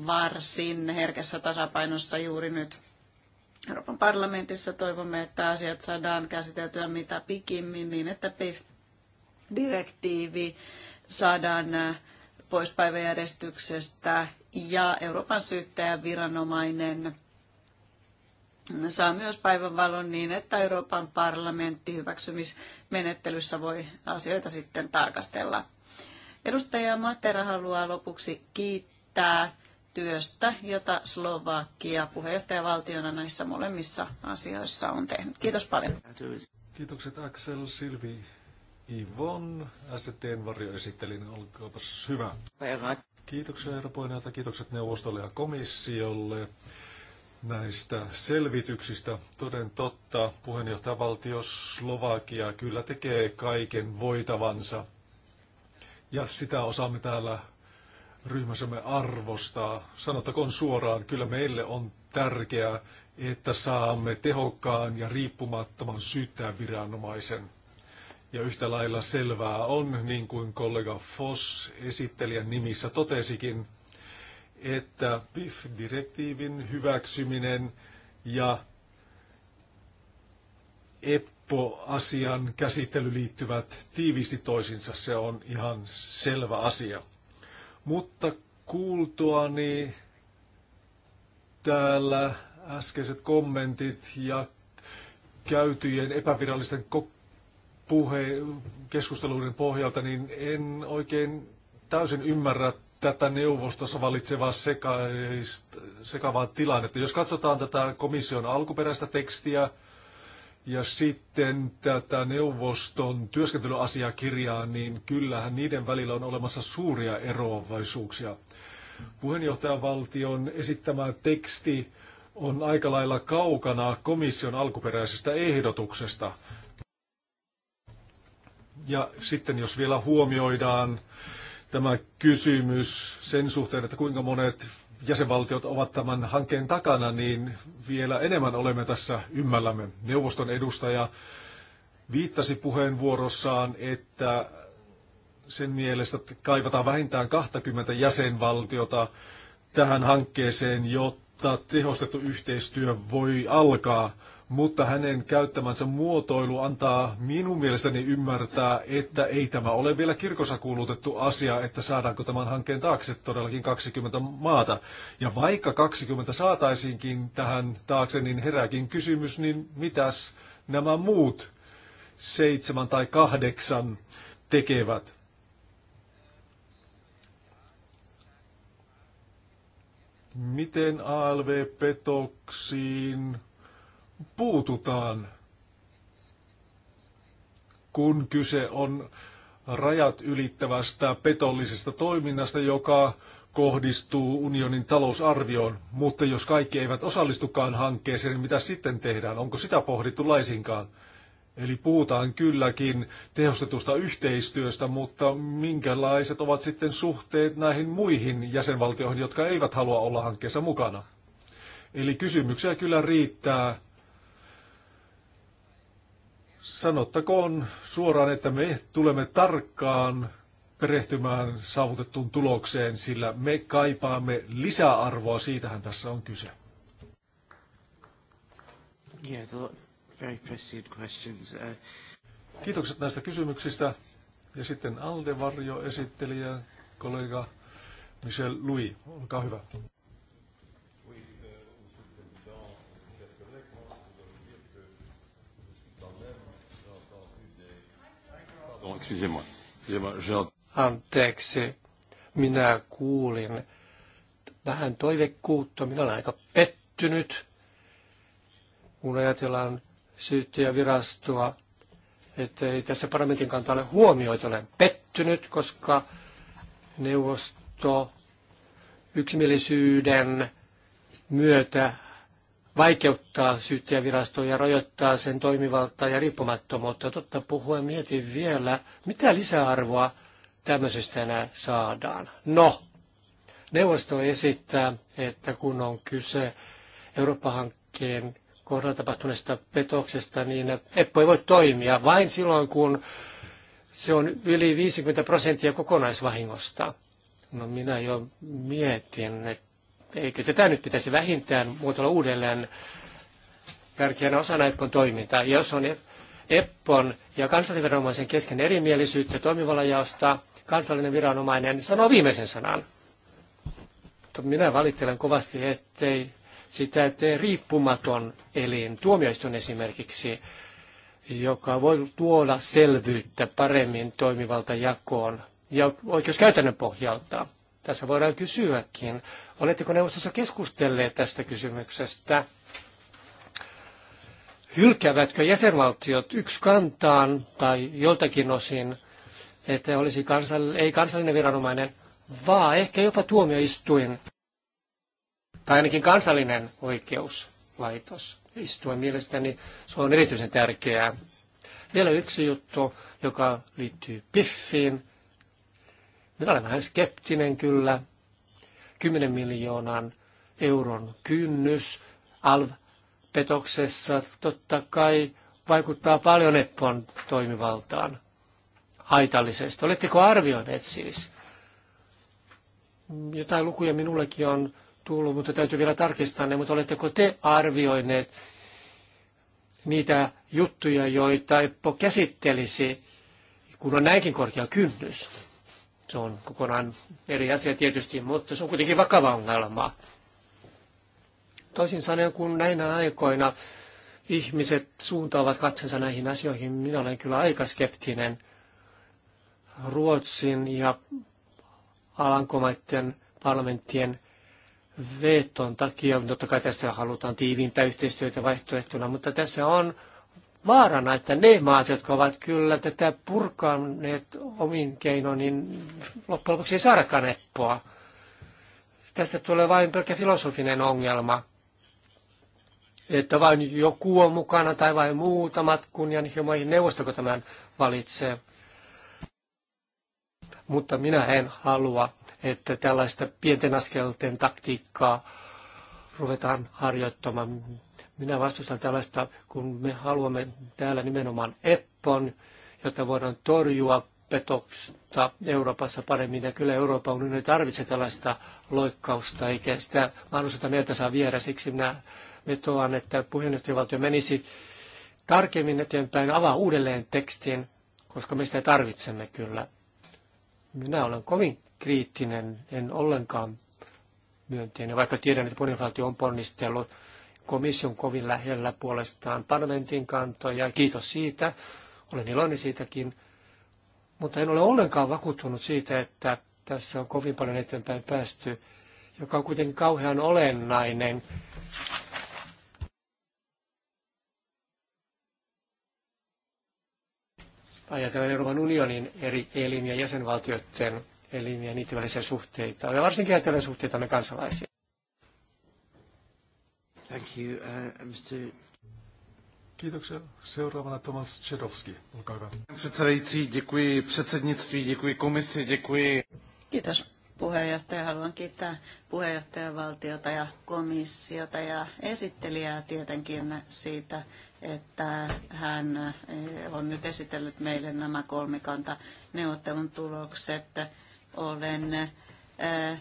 varsin herkässä tasapainossa juuri nyt. Euroopan parlamentissa toivomme, että asiat saadaan käsiteltyä mitä pikimmin niin, että PIF-direktiivi saadaan pois päiväjärjestyksestä ja Euroopan syyttäjän viranomainen saa myös päivänvalon niin, että Euroopan parlamentti hyväksymismenettelyssä voi asioita sitten tarkastella. Edustaja Matera haluaa lopuksi kiittää työstä, jota Slovakia puheenjohtajavaltiona näissä molemmissa asioissa on tehnyt. Kiitos paljon. Kiitokset Axel, Silvi, Ivon, STn varjoesittelin, olkaapas hyvä. Kiitoksia herra puheenjohtaja, kiitokset neuvostolle ja komissiolle näistä selvityksistä. Toden totta, puheenjohtajavaltio Slovakia kyllä tekee kaiken voitavansa. Ja sitä osaamme täällä ryhmässämme arvostaa. Sanottakoon suoraan, kyllä meille on tärkeää, että saamme tehokkaan ja riippumattoman viranomaisen Ja yhtä lailla selvää on, niin kuin kollega Foss esittelijän nimissä totesikin, että PIF-direktiivin hyväksyminen ja EPPO-asian käsittely liittyvät tiivisti toisinsa. Se on ihan selvä asia. Mutta kuultuani täällä äskeiset kommentit ja käytyjen epävirallisten puhe, keskusteluiden pohjalta, niin en oikein täysin ymmärrä tätä neuvostossa valitsevaa sekaista, sekavaa tilannetta. Jos katsotaan tätä komission alkuperäistä tekstiä, ja sitten tätä neuvoston työskentelyasiakirjaa, niin kyllähän niiden välillä on olemassa suuria eroavaisuuksia. Puheenjohtajavaltion esittämä teksti on aika lailla kaukana komission alkuperäisestä ehdotuksesta. Ja sitten jos vielä huomioidaan tämä kysymys sen suhteen, että kuinka monet jäsenvaltiot ovat tämän hankkeen takana, niin vielä enemmän olemme tässä ymmällämme. Neuvoston edustaja viittasi puheenvuorossaan, että sen mielestä kaivataan vähintään 20 jäsenvaltiota tähän hankkeeseen, jotta tehostettu yhteistyö voi alkaa mutta hänen käyttämänsä muotoilu antaa minun mielestäni ymmärtää, että ei tämä ole vielä kirkossa kuulutettu asia, että saadaanko tämän hankkeen taakse todellakin 20 maata. Ja vaikka 20 saataisiinkin tähän taakse, niin herääkin kysymys, niin mitäs nämä muut seitsemän tai kahdeksan tekevät? Miten ALV-petoksiin puututaan, kun kyse on rajat ylittävästä petollisesta toiminnasta, joka kohdistuu unionin talousarvioon, mutta jos kaikki eivät osallistukaan hankkeeseen, niin mitä sitten tehdään? Onko sitä pohdittu laisinkaan? Eli puhutaan kylläkin tehostetusta yhteistyöstä, mutta minkälaiset ovat sitten suhteet näihin muihin jäsenvaltioihin, jotka eivät halua olla hankkeessa mukana? Eli kysymyksiä kyllä riittää sanottakoon suoraan, että me tulemme tarkkaan perehtymään saavutettuun tulokseen, sillä me kaipaamme lisäarvoa, siitähän tässä on kyse. Yeah, very questions. Uh... Kiitokset näistä kysymyksistä. Ja sitten Aldevarjo esittelijä, kollega Michel Louis, olkaa hyvä. pardon, oh, excusez-moi. Excusez Anteeksi, minä kuulin vähän toivekuutta. Minä olen aika pettynyt, kun ajatellaan syyttäjävirastoa, että ei tässä parlamentin kantaa ole huomioitu. Olen pettynyt, koska neuvosto yksimielisyyden myötä vaikeuttaa syyttäjävirastoa ja rajoittaa sen toimivaltaa ja riippumattomuutta. Totta puhuen mietin vielä, mitä lisäarvoa tämmöisestä enää saadaan. No, neuvosto esittää, että kun on kyse Eurooppa-hankkeen kohdalla tapahtuneesta petoksesta, niin EPPO ei voi toimia vain silloin, kun se on yli 50 prosenttia kokonaisvahingosta. No minä jo mietin, että Eikö tätä nyt pitäisi vähintään muotoilla uudelleen tärkeänä osana EPPOn toimintaa? Jos on e- EPPOn ja viranomaisen kesken erimielisyyttä jaosta kansallinen viranomainen sanoo viimeisen sanan. Minä valittelen kovasti, ettei sitä tee riippumaton elin, tuomioistuin esimerkiksi, joka voi tuoda selvyyttä paremmin toimivalta jakoon ja oikeuskäytännön pohjalta. Tässä voidaan kysyäkin, oletteko neuvostossa keskustelleet tästä kysymyksestä? Hylkäävätkö jäsenvaltiot yksi kantaan tai joltakin osin, että olisi kansall- ei kansallinen viranomainen, vaan ehkä jopa tuomioistuin tai ainakin kansallinen oikeuslaitos istuin. Mielestäni se on erityisen tärkeää. Vielä yksi juttu, joka liittyy PIFFiin. Minä olen vähän skeptinen kyllä. 10 miljoonan euron kynnys ALV-petoksessa totta kai vaikuttaa paljon EPPOn toimivaltaan haitallisesti. Oletteko arvioineet siis? Jotain lukuja minullekin on tullut, mutta täytyy vielä tarkistaa ne, mutta oletteko te arvioineet niitä juttuja, joita EPPO käsittelisi, kun on näinkin korkea kynnys? Se on kokonaan eri asia tietysti, mutta se on kuitenkin vakava ongelma. Toisin sanoen, kun näinä aikoina ihmiset suuntaavat katsensa näihin asioihin, minä olen kyllä aika skeptinen Ruotsin ja Alankomaiden parlamenttien veton takia. Totta kai tässä halutaan tiiviimpää yhteistyötä vaihtoehtona, mutta tässä on vaarana, että ne maat, jotka ovat kyllä tätä purkaneet omin keinoin, niin loppujen lopuksi ei saada kaneppoa. Tästä tulee vain pelkä filosofinen ongelma, että vain joku on mukana tai vain muutamat kunnianhimoihin neuvostoko tämän valitsee. Mutta minä en halua, että tällaista pienten askelten taktiikkaa ruvetaan harjoittamaan minä vastustan tällaista, kun me haluamme täällä nimenomaan EPPON, jotta voidaan torjua petoksta Euroopassa paremmin. Ja kyllä Euroopan unioni ei tarvitse tällaista loikkausta, eikä sitä mahdollisuutta meiltä saa viedä. Siksi minä vetoan, että puheenjohtajavaltio menisi tarkemmin eteenpäin, avaa uudelleen tekstin, koska me sitä tarvitsemme kyllä. Minä olen kovin kriittinen, en ollenkaan myönteinen, vaikka tiedän, että puheenjohtajavaltio on ponnistellut komission kovin lähellä puolestaan parlamentin kantoja. Kiitos siitä. Olen iloinen siitäkin. Mutta en ole ollenkaan vakuuttunut siitä, että tässä on kovin paljon eteenpäin päästy, joka on kuitenkin kauhean olennainen. Ajatellaan Euroopan unionin eri elimiä, jäsenvaltioiden elimiä, niiden välisiä suhteita ja varsinkin ajatellen suhteita me kansalaisia. Thank you, uh, Mr. Kiitoksia. Seuraavana Tomas Chedowski, olkaa hyvä. Předsedající, děkuji předsednictví, děkuji komisi, děkuji. Kiitos puheenjohtaja. Haluan kiittää puheenjohtajavaltiota ja komissiota ja esittelijää tietenkin siitä, että hän eh, on nyt esitellyt meille nämä kolmikanta neuvottelun tulokset. Olen eh, eh,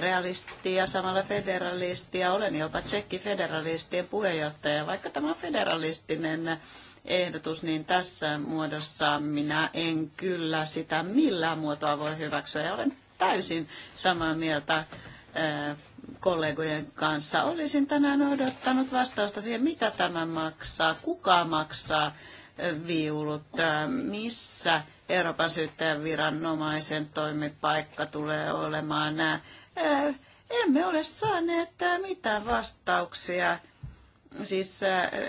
realisti ja samalla federalisti ja olen jopa tsekki federalistien puheenjohtaja. Vaikka tämä on federalistinen ehdotus, niin tässä muodossa minä en kyllä sitä millään muotoa voi hyväksyä ja olen täysin samaa mieltä äh, kollegojen kanssa. Olisin tänään odottanut vastausta siihen, mitä tämä maksaa, kuka maksaa äh, viulut, äh, missä Euroopan syyttäjän viranomaisen toimipaikka tulee olemaan emme ole saaneet mitään vastauksia. Siis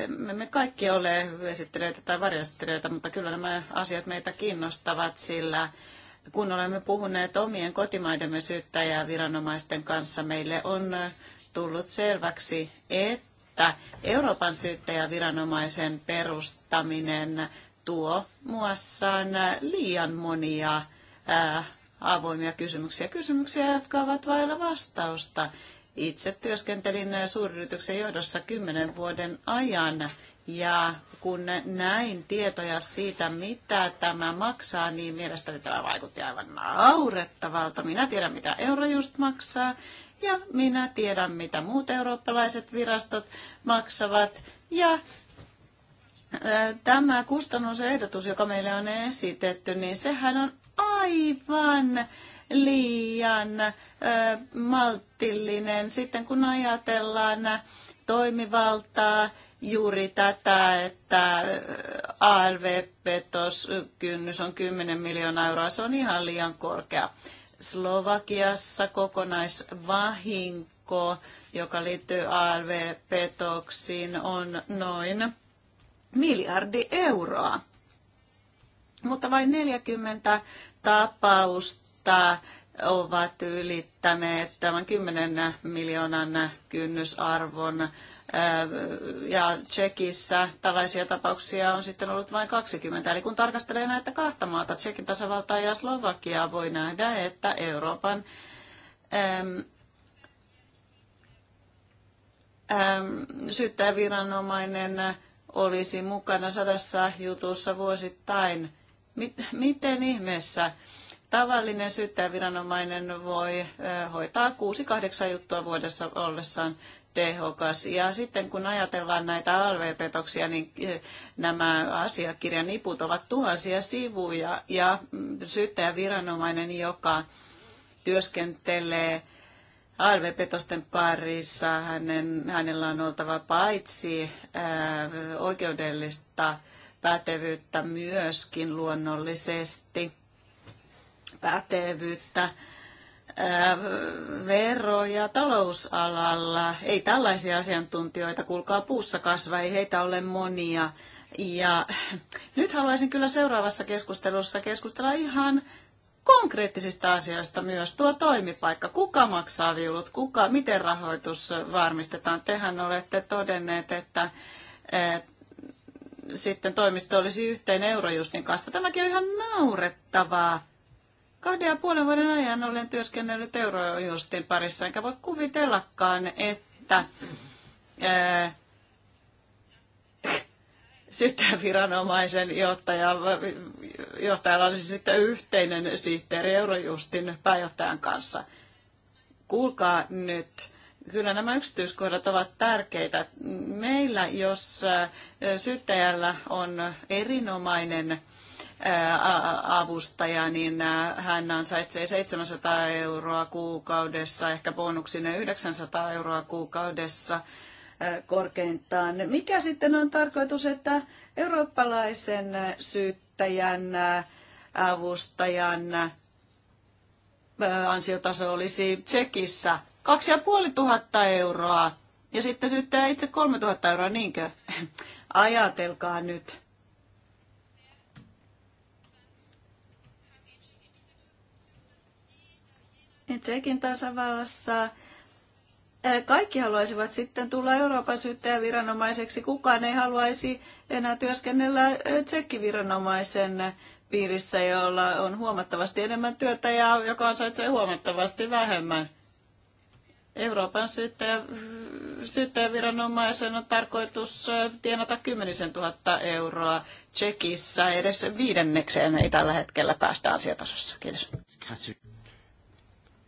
me kaikki ole esittelijöitä tai varjostelijoita, mutta kyllä nämä asiat meitä kiinnostavat, sillä kun olemme puhuneet omien kotimaidemme viranomaisten kanssa, meille on tullut selväksi, että Euroopan syyttäjäviranomaisen perustaminen tuo muassaan liian monia avoimia kysymyksiä, kysymyksiä, jotka ovat vailla vastausta. Itse työskentelin suuryrityksen johdossa kymmenen vuoden ajan ja kun näin tietoja siitä, mitä tämä maksaa, niin mielestäni tämä vaikutti aivan naurettavalta. Minä tiedän, mitä Eurojust maksaa ja minä tiedän, mitä muut eurooppalaiset virastot maksavat. Ja tämä kustannusehdotus, joka meille on esitetty, niin sehän on aivan liian ö, maltillinen sitten kun ajatellaan toimivaltaa juuri tätä, että ARV-petoskynnys on 10 miljoonaa euroa, se on ihan liian korkea. Slovakiassa kokonaisvahinko, joka liittyy ARV-petoksiin, on noin miljardi euroa mutta vain 40 tapausta ovat ylittäneet tämän 10 miljoonan kynnysarvon. Ja Tsekissä tällaisia tapauksia on sitten ollut vain 20. Eli kun tarkastelee näitä kahta maata, Tsekin tasavaltaa ja Slovakiaa, voi nähdä, että Euroopan äm, äm, syyttäjäviranomainen olisi mukana sadassa jutussa vuosittain – miten ihmeessä tavallinen syyttäjäviranomainen voi hoitaa 6-8 juttua vuodessa ollessaan tehokas. Ja sitten kun ajatellaan näitä alv-petoksia, niin nämä asiakirjaniput ovat tuhansia sivuja ja mm, syyttäjäviranomainen, joka työskentelee ALV-petosten parissa, hänen, hänellä on oltava paitsi ää, oikeudellista pätevyyttä myöskin luonnollisesti, pätevyyttä vero- ja talousalalla. Ei tällaisia asiantuntijoita, kuulkaa puussa kasva, ei heitä ole monia. Ja nyt haluaisin kyllä seuraavassa keskustelussa keskustella ihan konkreettisista asioista myös tuo toimipaikka. Kuka maksaa viulut, kuka, miten rahoitus varmistetaan. Tehän olette todenneet, että sitten toimisto olisi yhteen Eurojustin kanssa. Tämäkin on ihan naurettavaa. Kahden ja puolen vuoden ajan olen työskennellyt Eurojustin parissa, enkä voi kuvitellakaan, että eh, ää, viranomaisen johtaja, johtajalla olisi sitten yhteinen sihteeri Eurojustin pääjohtajan kanssa. Kuulkaa nyt kyllä nämä yksityiskohdat ovat tärkeitä. Meillä, jos äh, syyttäjällä on erinomainen äh, avustaja, niin äh, hän ansaitsee 700 euroa kuukaudessa, ehkä bonuksinen 900 euroa kuukaudessa korkeintaan. Mikä sitten on tarkoitus, että eurooppalaisen syyttäjän avustajan ansiotaso olisi Tsekissä 2500 euroa ja sitten syyttää itse 3000 euroa, niinkö? Ajatelkaa nyt. Tsekin tasavallassa eh, kaikki haluaisivat sitten tulla Euroopan syyttäjäviranomaiseksi. Kukaan ei haluaisi enää työskennellä eh, tsekkiviranomaisen piirissä, jolla on huomattavasti enemmän työtä ja joka ansaitsee huomattavasti vähemmän. Euroopan syyttäjä, syyttäjäviranomaisen on tarkoitus tienata kymmenisen tuhatta euroa Tsekissä. Edes viidennekseen ei tällä hetkellä päästä asiatasossa. Kiitos.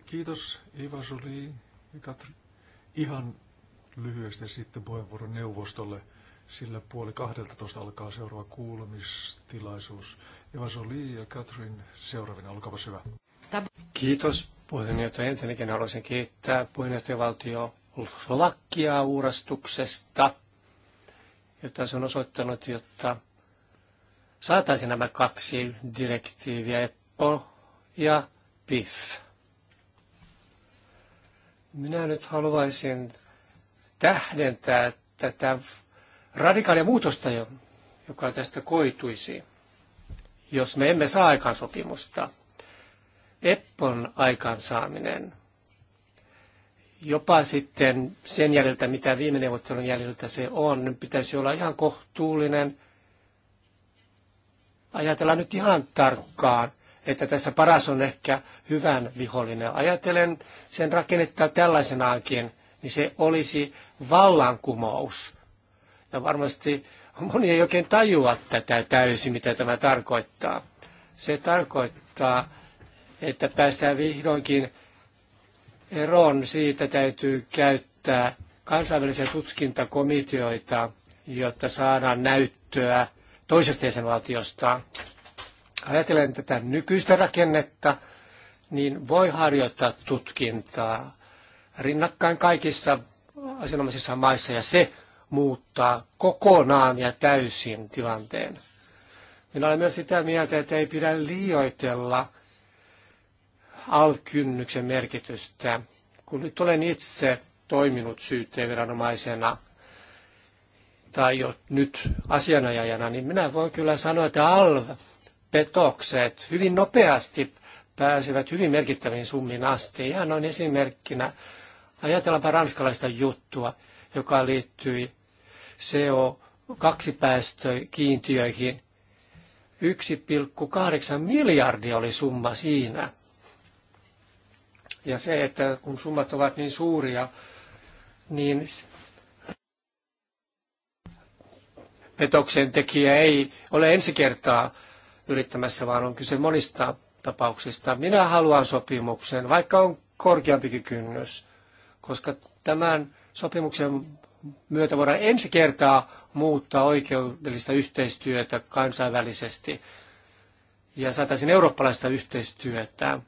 Kiitos Iva Suli ja Katri. Ihan lyhyesti sitten puheenvuoro neuvostolle, sillä puoli 12 alkaa seuraava kuulemistilaisuus. Iva Suli ja Katrin seuraavina, olkaapa hyvä. Kiitos puheenjohtaja. Ensinnäkin haluaisin kiittää puheenjohtajavaltio Slovakia uurastuksesta, jota se on osoittanut, jotta saataisiin nämä kaksi direktiiviä, EPPO ja PIF. Minä nyt haluaisin tähdentää tätä radikaalia muutosta, joka tästä koituisi, jos me emme saa aikaan sopimusta – Eppon aikaansaaminen, jopa sitten sen jäljiltä, mitä viime neuvottelun jäljiltä se on, pitäisi olla ihan kohtuullinen. Ajatellaan nyt ihan tarkkaan, että tässä paras on ehkä hyvän vihollinen. Ajatelen sen rakennetta tällaisenaankin, niin se olisi vallankumous. Ja varmasti moni ei oikein tajua tätä täysin, mitä tämä tarkoittaa. Se tarkoittaa että päästään vihdoinkin eroon, siitä täytyy käyttää kansainvälisiä tutkintakomiteoita, jotta saadaan näyttöä toisesta jäsenvaltiosta. Ajatellen tätä nykyistä rakennetta, niin voi harjoittaa tutkintaa rinnakkain kaikissa asianomaisissa maissa ja se muuttaa kokonaan ja täysin tilanteen. Minä olen myös sitä mieltä, että ei pidä liioitella – alkynnyksen merkitystä. Kun nyt olen itse toiminut syyttäjäviranomaisena tai jo nyt asianajajana, niin minä voin kyllä sanoa, että alv-petokset hyvin nopeasti pääsevät hyvin merkittäviin summiin asti. Ihan on esimerkkinä, ajatellaanpa ranskalaista juttua, joka liittyi CO2-päästökiintiöihin. 1,8 miljardia oli summa siinä. Ja se, että kun summat ovat niin suuria, niin petoksen tekijä ei ole ensi kertaa yrittämässä, vaan on kyse monista tapauksista. Minä haluan sopimuksen, vaikka on korkeampikin kynnys, koska tämän sopimuksen myötä voidaan ensi kertaa muuttaa oikeudellista yhteistyötä kansainvälisesti ja saataisiin eurooppalaista yhteistyötä.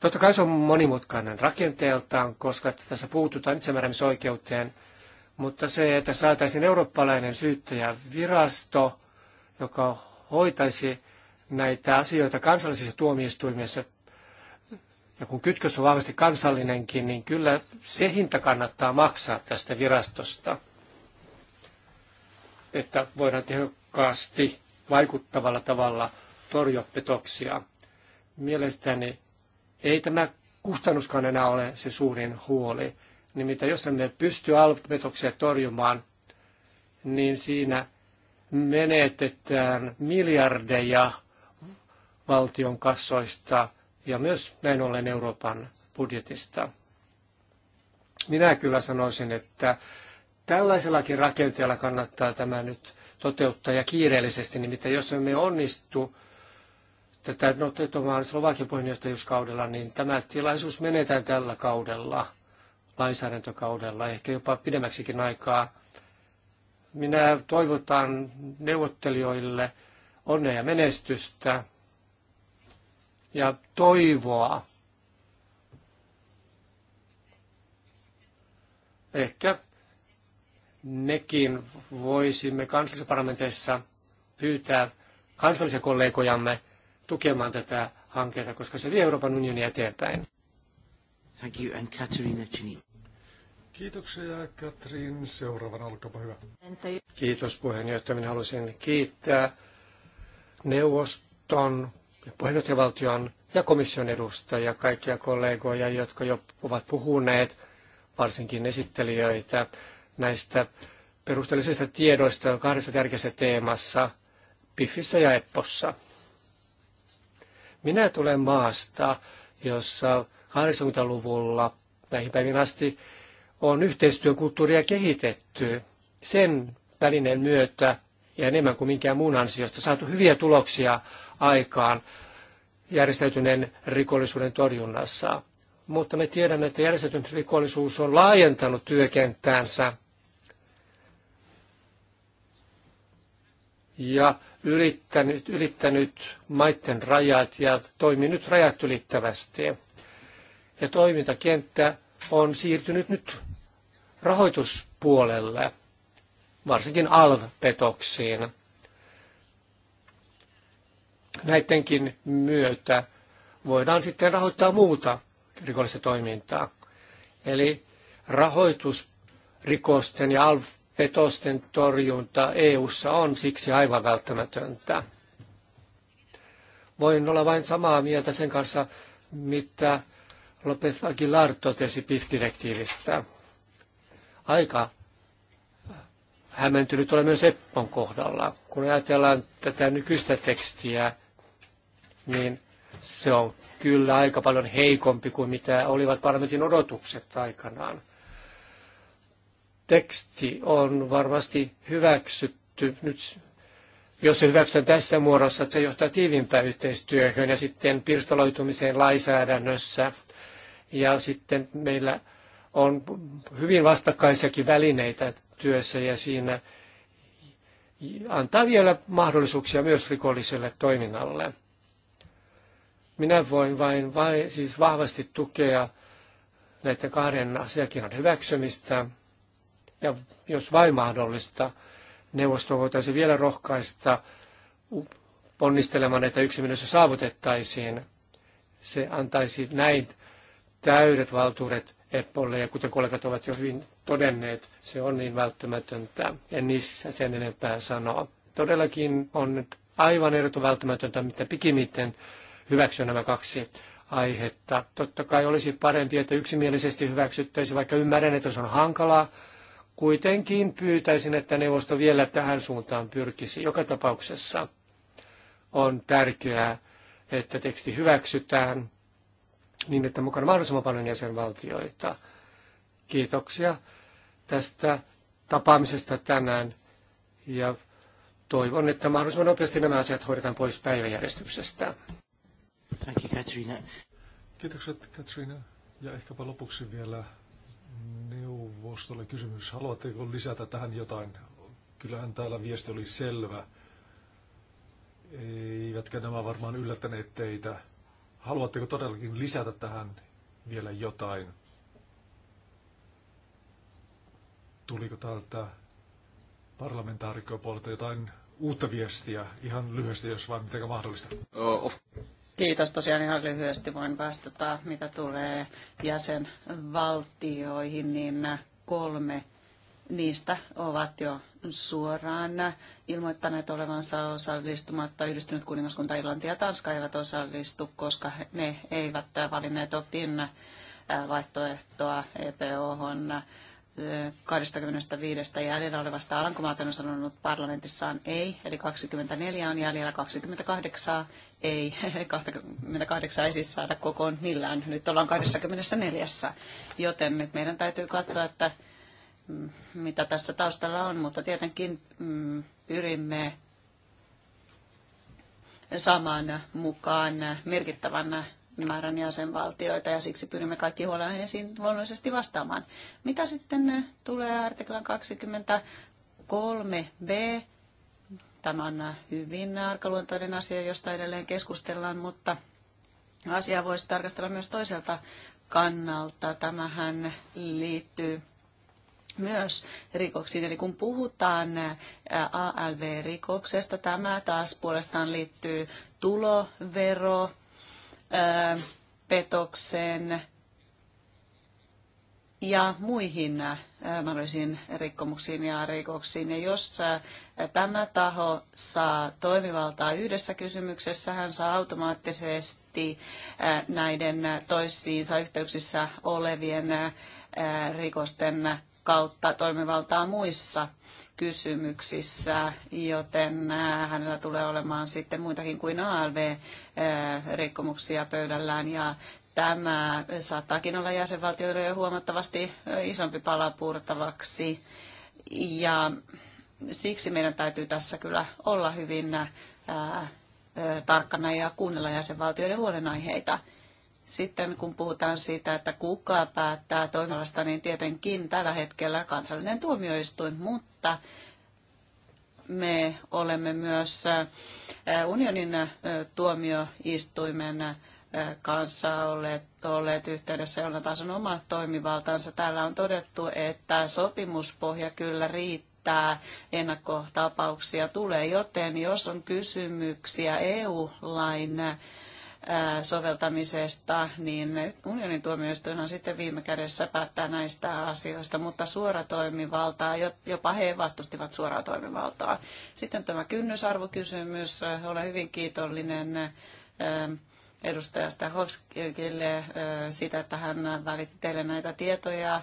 Totta kai se on monimutkainen rakenteeltaan, koska tässä puututaan itsemääräämisoikeuteen, mutta se, että saataisiin eurooppalainen syyttäjävirasto, joka hoitaisi näitä asioita kansallisissa tuomioistuimissa, ja kun kytkös on vahvasti kansallinenkin, niin kyllä se hinta kannattaa maksaa tästä virastosta, että voidaan tehokkaasti vaikuttavalla tavalla torjua petoksia. Mielestäni ei tämä kustannuskaan enää ole se suurin huoli. Nimittäin jos emme pysty alvetoksia torjumaan, niin siinä menetetään miljardeja valtion kassoista ja myös näin ollen Euroopan budjetista. Minä kyllä sanoisin, että tällaisellakin rakenteella kannattaa tämä nyt toteuttaa ja kiireellisesti, nimittäin jos emme onnistu tätä notetomaan Slovakian puheenjohtajuuskaudella, niin tämä tilaisuus menetään tällä kaudella, lainsäädäntökaudella, ehkä jopa pidemmäksikin aikaa. Minä toivotan neuvottelijoille onnea ja menestystä ja toivoa. Ehkä mekin voisimme kansallisissa parlamenteissa pyytää kansallisia kollegojamme tukemaan tätä hanketta, koska se vie Euroopan unionin eteenpäin. Thank you, and Katarina Chini. Kiitoksia Katrin. Seuraavana olkaapa hyvä. Kiitos puheenjohtaja. Minä haluaisin kiittää neuvoston ja puheenjohtajavaltion ja komission edustajia, kaikkia kollegoja, jotka jo ovat puhuneet, varsinkin esittelijöitä, näistä perusteellisista tiedoista kahdessa tärkeässä teemassa, PIFissä ja EPPOssa. Minä tulen maasta, jossa 80-luvulla näihin päivin asti on yhteistyökulttuuria kehitetty. Sen välineen myötä ja enemmän kuin minkään muun ansiosta saatu hyviä tuloksia aikaan järjestäytyneen rikollisuuden torjunnassa. Mutta me tiedämme, että järjestäytynyt rikollisuus on laajentanut työkenttäänsä ja ylittänyt, ylittänyt maiden rajat ja toimii nyt rajat ylittävästi. Ja toimintakenttä on siirtynyt nyt rahoituspuolelle, varsinkin ALV-petoksiin. Näidenkin myötä voidaan sitten rahoittaa muuta rikollista toimintaa. Eli rahoitusrikosten ja alv petosten torjunta EU:ssa on siksi aivan välttämätöntä. Voin olla vain samaa mieltä sen kanssa, mitä Lopez Aguilar totesi PIF-direktiivistä. Aika hämmentynyt olen myös Eppon kohdalla. Kun ajatellaan tätä nykyistä tekstiä, niin se on kyllä aika paljon heikompi kuin mitä olivat parlamentin odotukset aikanaan teksti on varmasti hyväksytty nyt, jos se hyväksytään tässä muodossa, että se johtaa tiiviimpään yhteistyöhön ja sitten pirstaloitumiseen lainsäädännössä. Ja sitten meillä on hyvin vastakkaisiakin välineitä työssä ja siinä antaa vielä mahdollisuuksia myös rikolliselle toiminnalle. Minä voin vain siis vahvasti tukea näiden kahden asiakirjan hyväksymistä ja jos vain mahdollista, neuvosto voitaisiin vielä rohkaista ponnistelemaan, että yksimielisyys saavutettaisiin. Se antaisi näin täydet valtuudet Eppolle, ja kuten kollegat ovat jo hyvin todenneet, se on niin välttämätöntä. En niissä sen enempää sanoa. Todellakin on aivan ehdoton välttämätöntä, mitä pikimiten hyväksyä nämä kaksi aihetta. Totta kai olisi parempi, että yksimielisesti hyväksyttäisiin, vaikka ymmärrän, että se on hankalaa, Kuitenkin pyytäisin, että neuvosto vielä tähän suuntaan pyrkisi. Joka tapauksessa on tärkeää, että teksti hyväksytään niin, että mukana mahdollisimman paljon jäsenvaltioita. Kiitoksia tästä tapaamisesta tänään ja toivon, että mahdollisimman nopeasti nämä asiat hoidetaan pois päiväjärjestyksestä. Thank you, Katrina. Kiitokset Katrina. Ja ehkäpä lopuksi vielä neuvostolle kysymys. Haluatteko lisätä tähän jotain? Kyllähän täällä viesti oli selvä. Eivätkä nämä varmaan yllättäneet teitä. Haluatteko todellakin lisätä tähän vielä jotain? Tuliko täältä puolelta jotain uutta viestiä? Ihan lyhyesti, jos vain mitenkään mahdollista. Kiitos. Tosiaan ihan lyhyesti voin vastata, mitä tulee jäsenvaltioihin, niin kolme niistä ovat jo suoraan ilmoittaneet olevansa osallistumatta. Yhdistynyt kuningaskunta, Irlanti ja Tanska eivät osallistu, koska ne eivät valinneet optin vaihtoehtoa EPO. -hon 25 jäljellä olevasta Alankomaat on sanonut parlamentissaan ei, eli 24 on jäljellä, 28 ei, 28 ei siis saada kokoon millään. Nyt ollaan 24, joten nyt meidän täytyy katsoa, että mm, mitä tässä taustalla on, mutta tietenkin mm, pyrimme saamaan mukaan merkittävän määrän jäsenvaltioita ja siksi pyrimme kaikki huolenaiheisiin luonnollisesti vastaamaan. Mitä sitten eh, tulee artiklan 23b? Tämä on eh, hyvin arkaluontoinen asia, josta edelleen keskustellaan, mutta asia voisi tarkastella myös toiselta kannalta. Tämähän liittyy myös rikoksiin. Eli kun puhutaan eh, ALV-rikoksesta, tämä taas puolestaan liittyy tulovero petoksen ja muihin mahdollisiin rikkomuksiin ja rikoksiin. Ja jos tämä taho saa toimivaltaa yhdessä kysymyksessä, hän saa automaattisesti näiden toisiinsa yhteyksissä olevien rikosten kautta toimivaltaa muissa kysymyksissä, joten äh, hänellä tulee olemaan sitten muitakin kuin ALV-rikkomuksia äh, pöydällään ja tämä saattaakin olla jäsenvaltioille jo huomattavasti äh, isompi pala purtavaksi. Ja siksi meidän täytyy tässä kyllä olla hyvin tarkkana ja kuunnella jäsenvaltioiden huolenaiheita. Sitten kun puhutaan siitä, että kuka päättää toimialasta, niin tietenkin tällä hetkellä kansallinen tuomioistuin, mutta me olemme myös eh, unionin eh, tuomioistuimen eh, kanssa olleet, olleet yhteydessä, jolla taas on oma toimivaltansa. Täällä on todettu, että sopimuspohja kyllä riittää, ennakkotapauksia tulee, joten jos on kysymyksiä EU-lain soveltamisesta, niin unionin tuomioistuinhan sitten viime kädessä päättää näistä asioista, mutta suora toimivaltaa, jopa he vastustivat suoraa toimivaltaa. Sitten tämä kynnysarvokysymys, olen hyvin kiitollinen edustaja Stahovskille sitä että hän välitti teille näitä tietoja,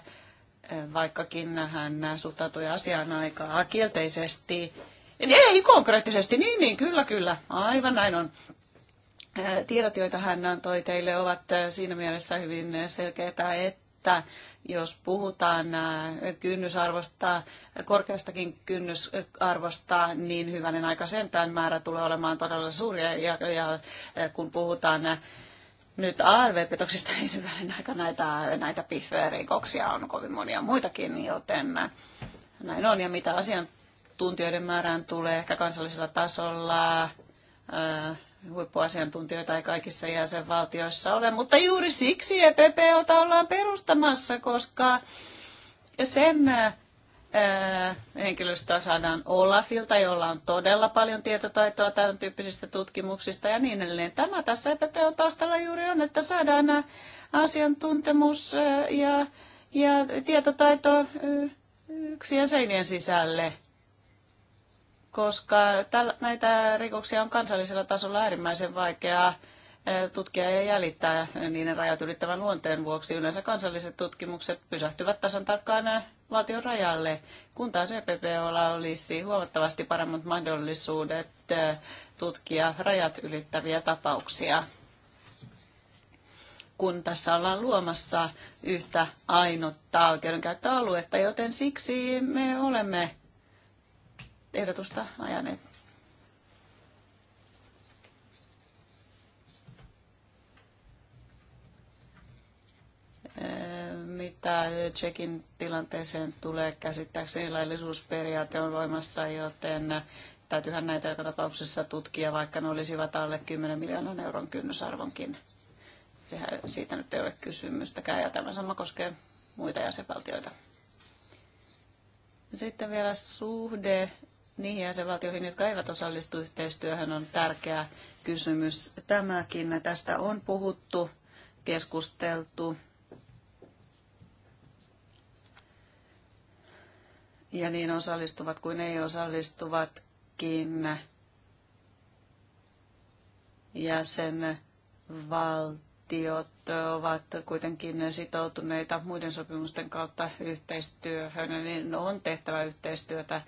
vaikkakin hän suhtautui asiaan aika kielteisesti. Ei, konkreettisesti, niin, niin, kyllä, kyllä, aivan näin on. Tiedot, joita hän antoi teille, ovat siinä mielessä hyvin selkeitä, että jos puhutaan kynnysarvosta, korkeastakin kynnysarvosta, niin hyvänen aika sentään määrä tulee olemaan todella suuri. Ja, ja kun puhutaan nyt ARV-petoksista, niin hyvänen aika näitä, näitä rikoksia on kovin monia muitakin, joten näin on. Ja mitä asiantuntijoiden määrään tulee ehkä kansallisella tasolla, huippuasiantuntijoita ei kaikissa jäsenvaltioissa ole, mutta juuri siksi EPPOta ollaan perustamassa, koska sen henkilöstöä saadaan Olafilta, jolla on todella paljon tietotaitoa tämän tyyppisistä tutkimuksista ja niin edelleen. Tämä tässä EPP on taustalla juuri on, että saadaan asiantuntemus ja, ja tietotaito yksien seinien sisälle koska näitä rikoksia on kansallisella tasolla äärimmäisen vaikeaa eh, tutkia ja jäljittää niiden rajat ylittävän luonteen vuoksi. Yleensä kansalliset tutkimukset pysähtyvät tasan tarkkaan eh, valtion rajalle, kun taas EPPOlla olisi huomattavasti paremmat mahdollisuudet eh, tutkia rajat ylittäviä tapauksia kun tässä ollaan luomassa yhtä ainutta oikeudenkäyttöaluetta, joten siksi me olemme ehdotusta ajaneet. Mitä Tsekin tilanteeseen tulee käsittääkseni laillisuusperiaate on voimassa, joten täytyyhän näitä joka tapauksessa tutkia, vaikka ne olisivat alle 10 miljoonan euron kynnysarvonkin. Sehän, siitä nyt ei ole kysymystäkään ja tämä sama koskee muita jäsenvaltioita. Sitten vielä suhde niihin jäsenvaltioihin, jotka eivät osallistu yhteistyöhön, on tärkeä kysymys tämäkin. Tästä on puhuttu, keskusteltu. Ja niin osallistuvat kuin ei osallistuvatkin jäsenvaltiot ovat kuitenkin sitoutuneita muiden sopimusten kautta yhteistyöhön, niin on tehtävä yhteistyötä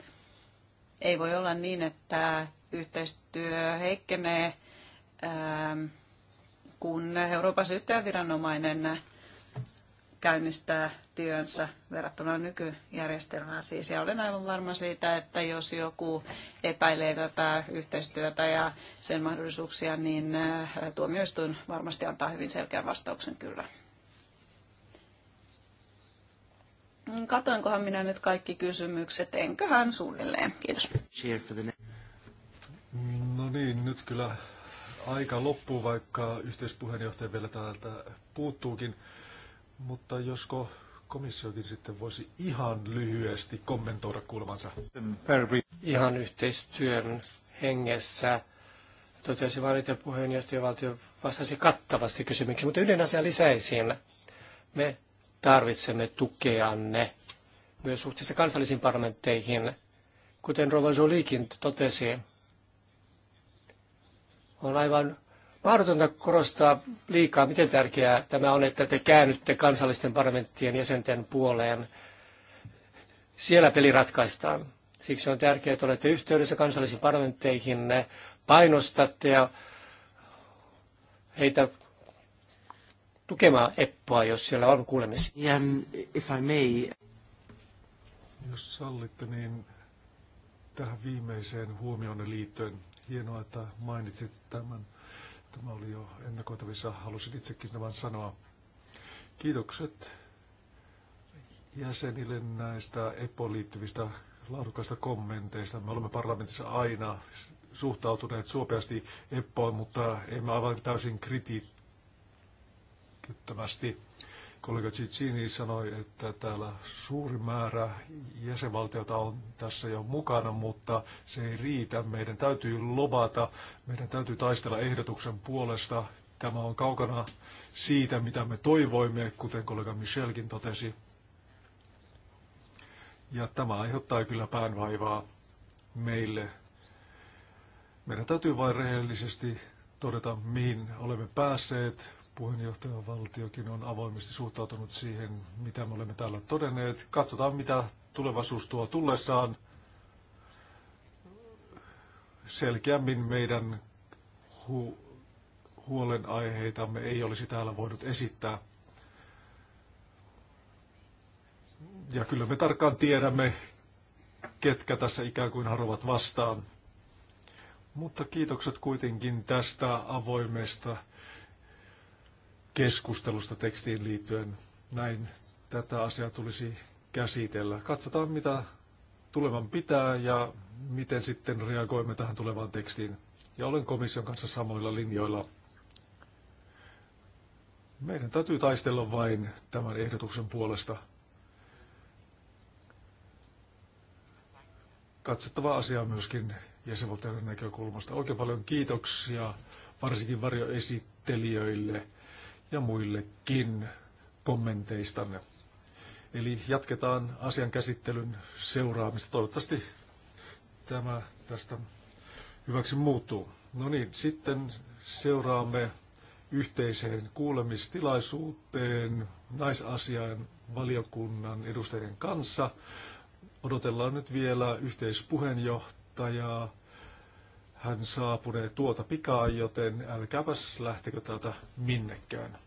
ei voi olla niin, että yhteistyö heikkenee, ähm, kun Euroopan syyttäjäviranomainen käynnistää työnsä verrattuna nykyjärjestelmään siis. Ja olen aivan varma siitä, että jos joku epäilee tätä yhteistyötä ja sen mahdollisuuksia, niin äh, tuomioistuin varmasti antaa hyvin selkeän vastauksen kyllä. Katoinkohan minä nyt kaikki kysymykset? Enköhän suunnilleen. Kiitos. No niin, nyt kyllä aika loppuu, vaikka yhteispuheenjohtaja vielä täältä puuttuukin. Mutta josko komissiokin sitten voisi ihan lyhyesti kommentoida kuulemansa? Ihan yhteistyön hengessä totesi puheenjohtaja valtio vastasi kattavasti kysymyksiin, mutta yhden asian lisäisin. Me tarvitsemme tukeanne myös suhteessa kansallisiin parlamentteihin. Kuten Rova Jolikin totesi, on aivan mahdotonta korostaa liikaa, miten tärkeää tämä on, että te käännytte kansallisten parlamenttien jäsenten puoleen. Siellä peli ratkaistaan. Siksi on tärkeää, että olette yhteydessä kansallisiin parlamentteihin, painostatte ja heitä tukemaan EPPOa, jos siellä on kuulemisia. if I may. Jos sallitte, niin tähän viimeiseen huomioon liittyen hienoa, että mainitsit tämän. Tämä oli jo ennakoitavissa, halusin itsekin tämän sanoa. Kiitokset jäsenille näistä Eppoon liittyvistä laadukkaista kommenteista. Me olemme parlamentissa aina suhtautuneet suopeasti EPPOon, mutta emme aivan täysin kritiikkiä järkyttävästi. Kollega Cicini sanoi, että täällä suuri määrä jäsenvaltiota on tässä jo mukana, mutta se ei riitä. Meidän täytyy lobata, meidän täytyy taistella ehdotuksen puolesta. Tämä on kaukana siitä, mitä me toivoimme, kuten kollega Michelkin totesi. Ja tämä aiheuttaa kyllä päänvaivaa meille. Meidän täytyy vain rehellisesti todeta, mihin olemme päässeet. Puheenjohtajan valtiokin on avoimesti suhtautunut siihen, mitä me olemme täällä todenneet. Katsotaan, mitä tulevaisuus tuo tullessaan. Selkeämmin meidän hu- huolenaiheitamme ei olisi täällä voinut esittää. Ja kyllä me tarkkaan tiedämme, ketkä tässä ikään kuin harovat vastaan. Mutta kiitokset kuitenkin tästä avoimesta keskustelusta tekstiin liittyen. Näin tätä asiaa tulisi käsitellä. Katsotaan, mitä tulevan pitää ja miten sitten reagoimme tähän tulevaan tekstiin. Ja olen komission kanssa samoilla linjoilla. Meidän täytyy taistella vain tämän ehdotuksen puolesta. Katsottava asia myöskin jäsenvaltioiden näkökulmasta. Oikein paljon kiitoksia varsinkin varjoesittelijöille ja muillekin kommenteistanne. Eli jatketaan asian käsittelyn seuraamista. Toivottavasti tämä tästä hyväksi muuttuu. No niin, sitten seuraamme yhteiseen kuulemistilaisuuteen naisasian valiokunnan edustajien kanssa. Odotellaan nyt vielä yhteispuheenjohtajaa hän saapunee tuota pikaa, joten älkääpäs lähtekö täältä minnekään.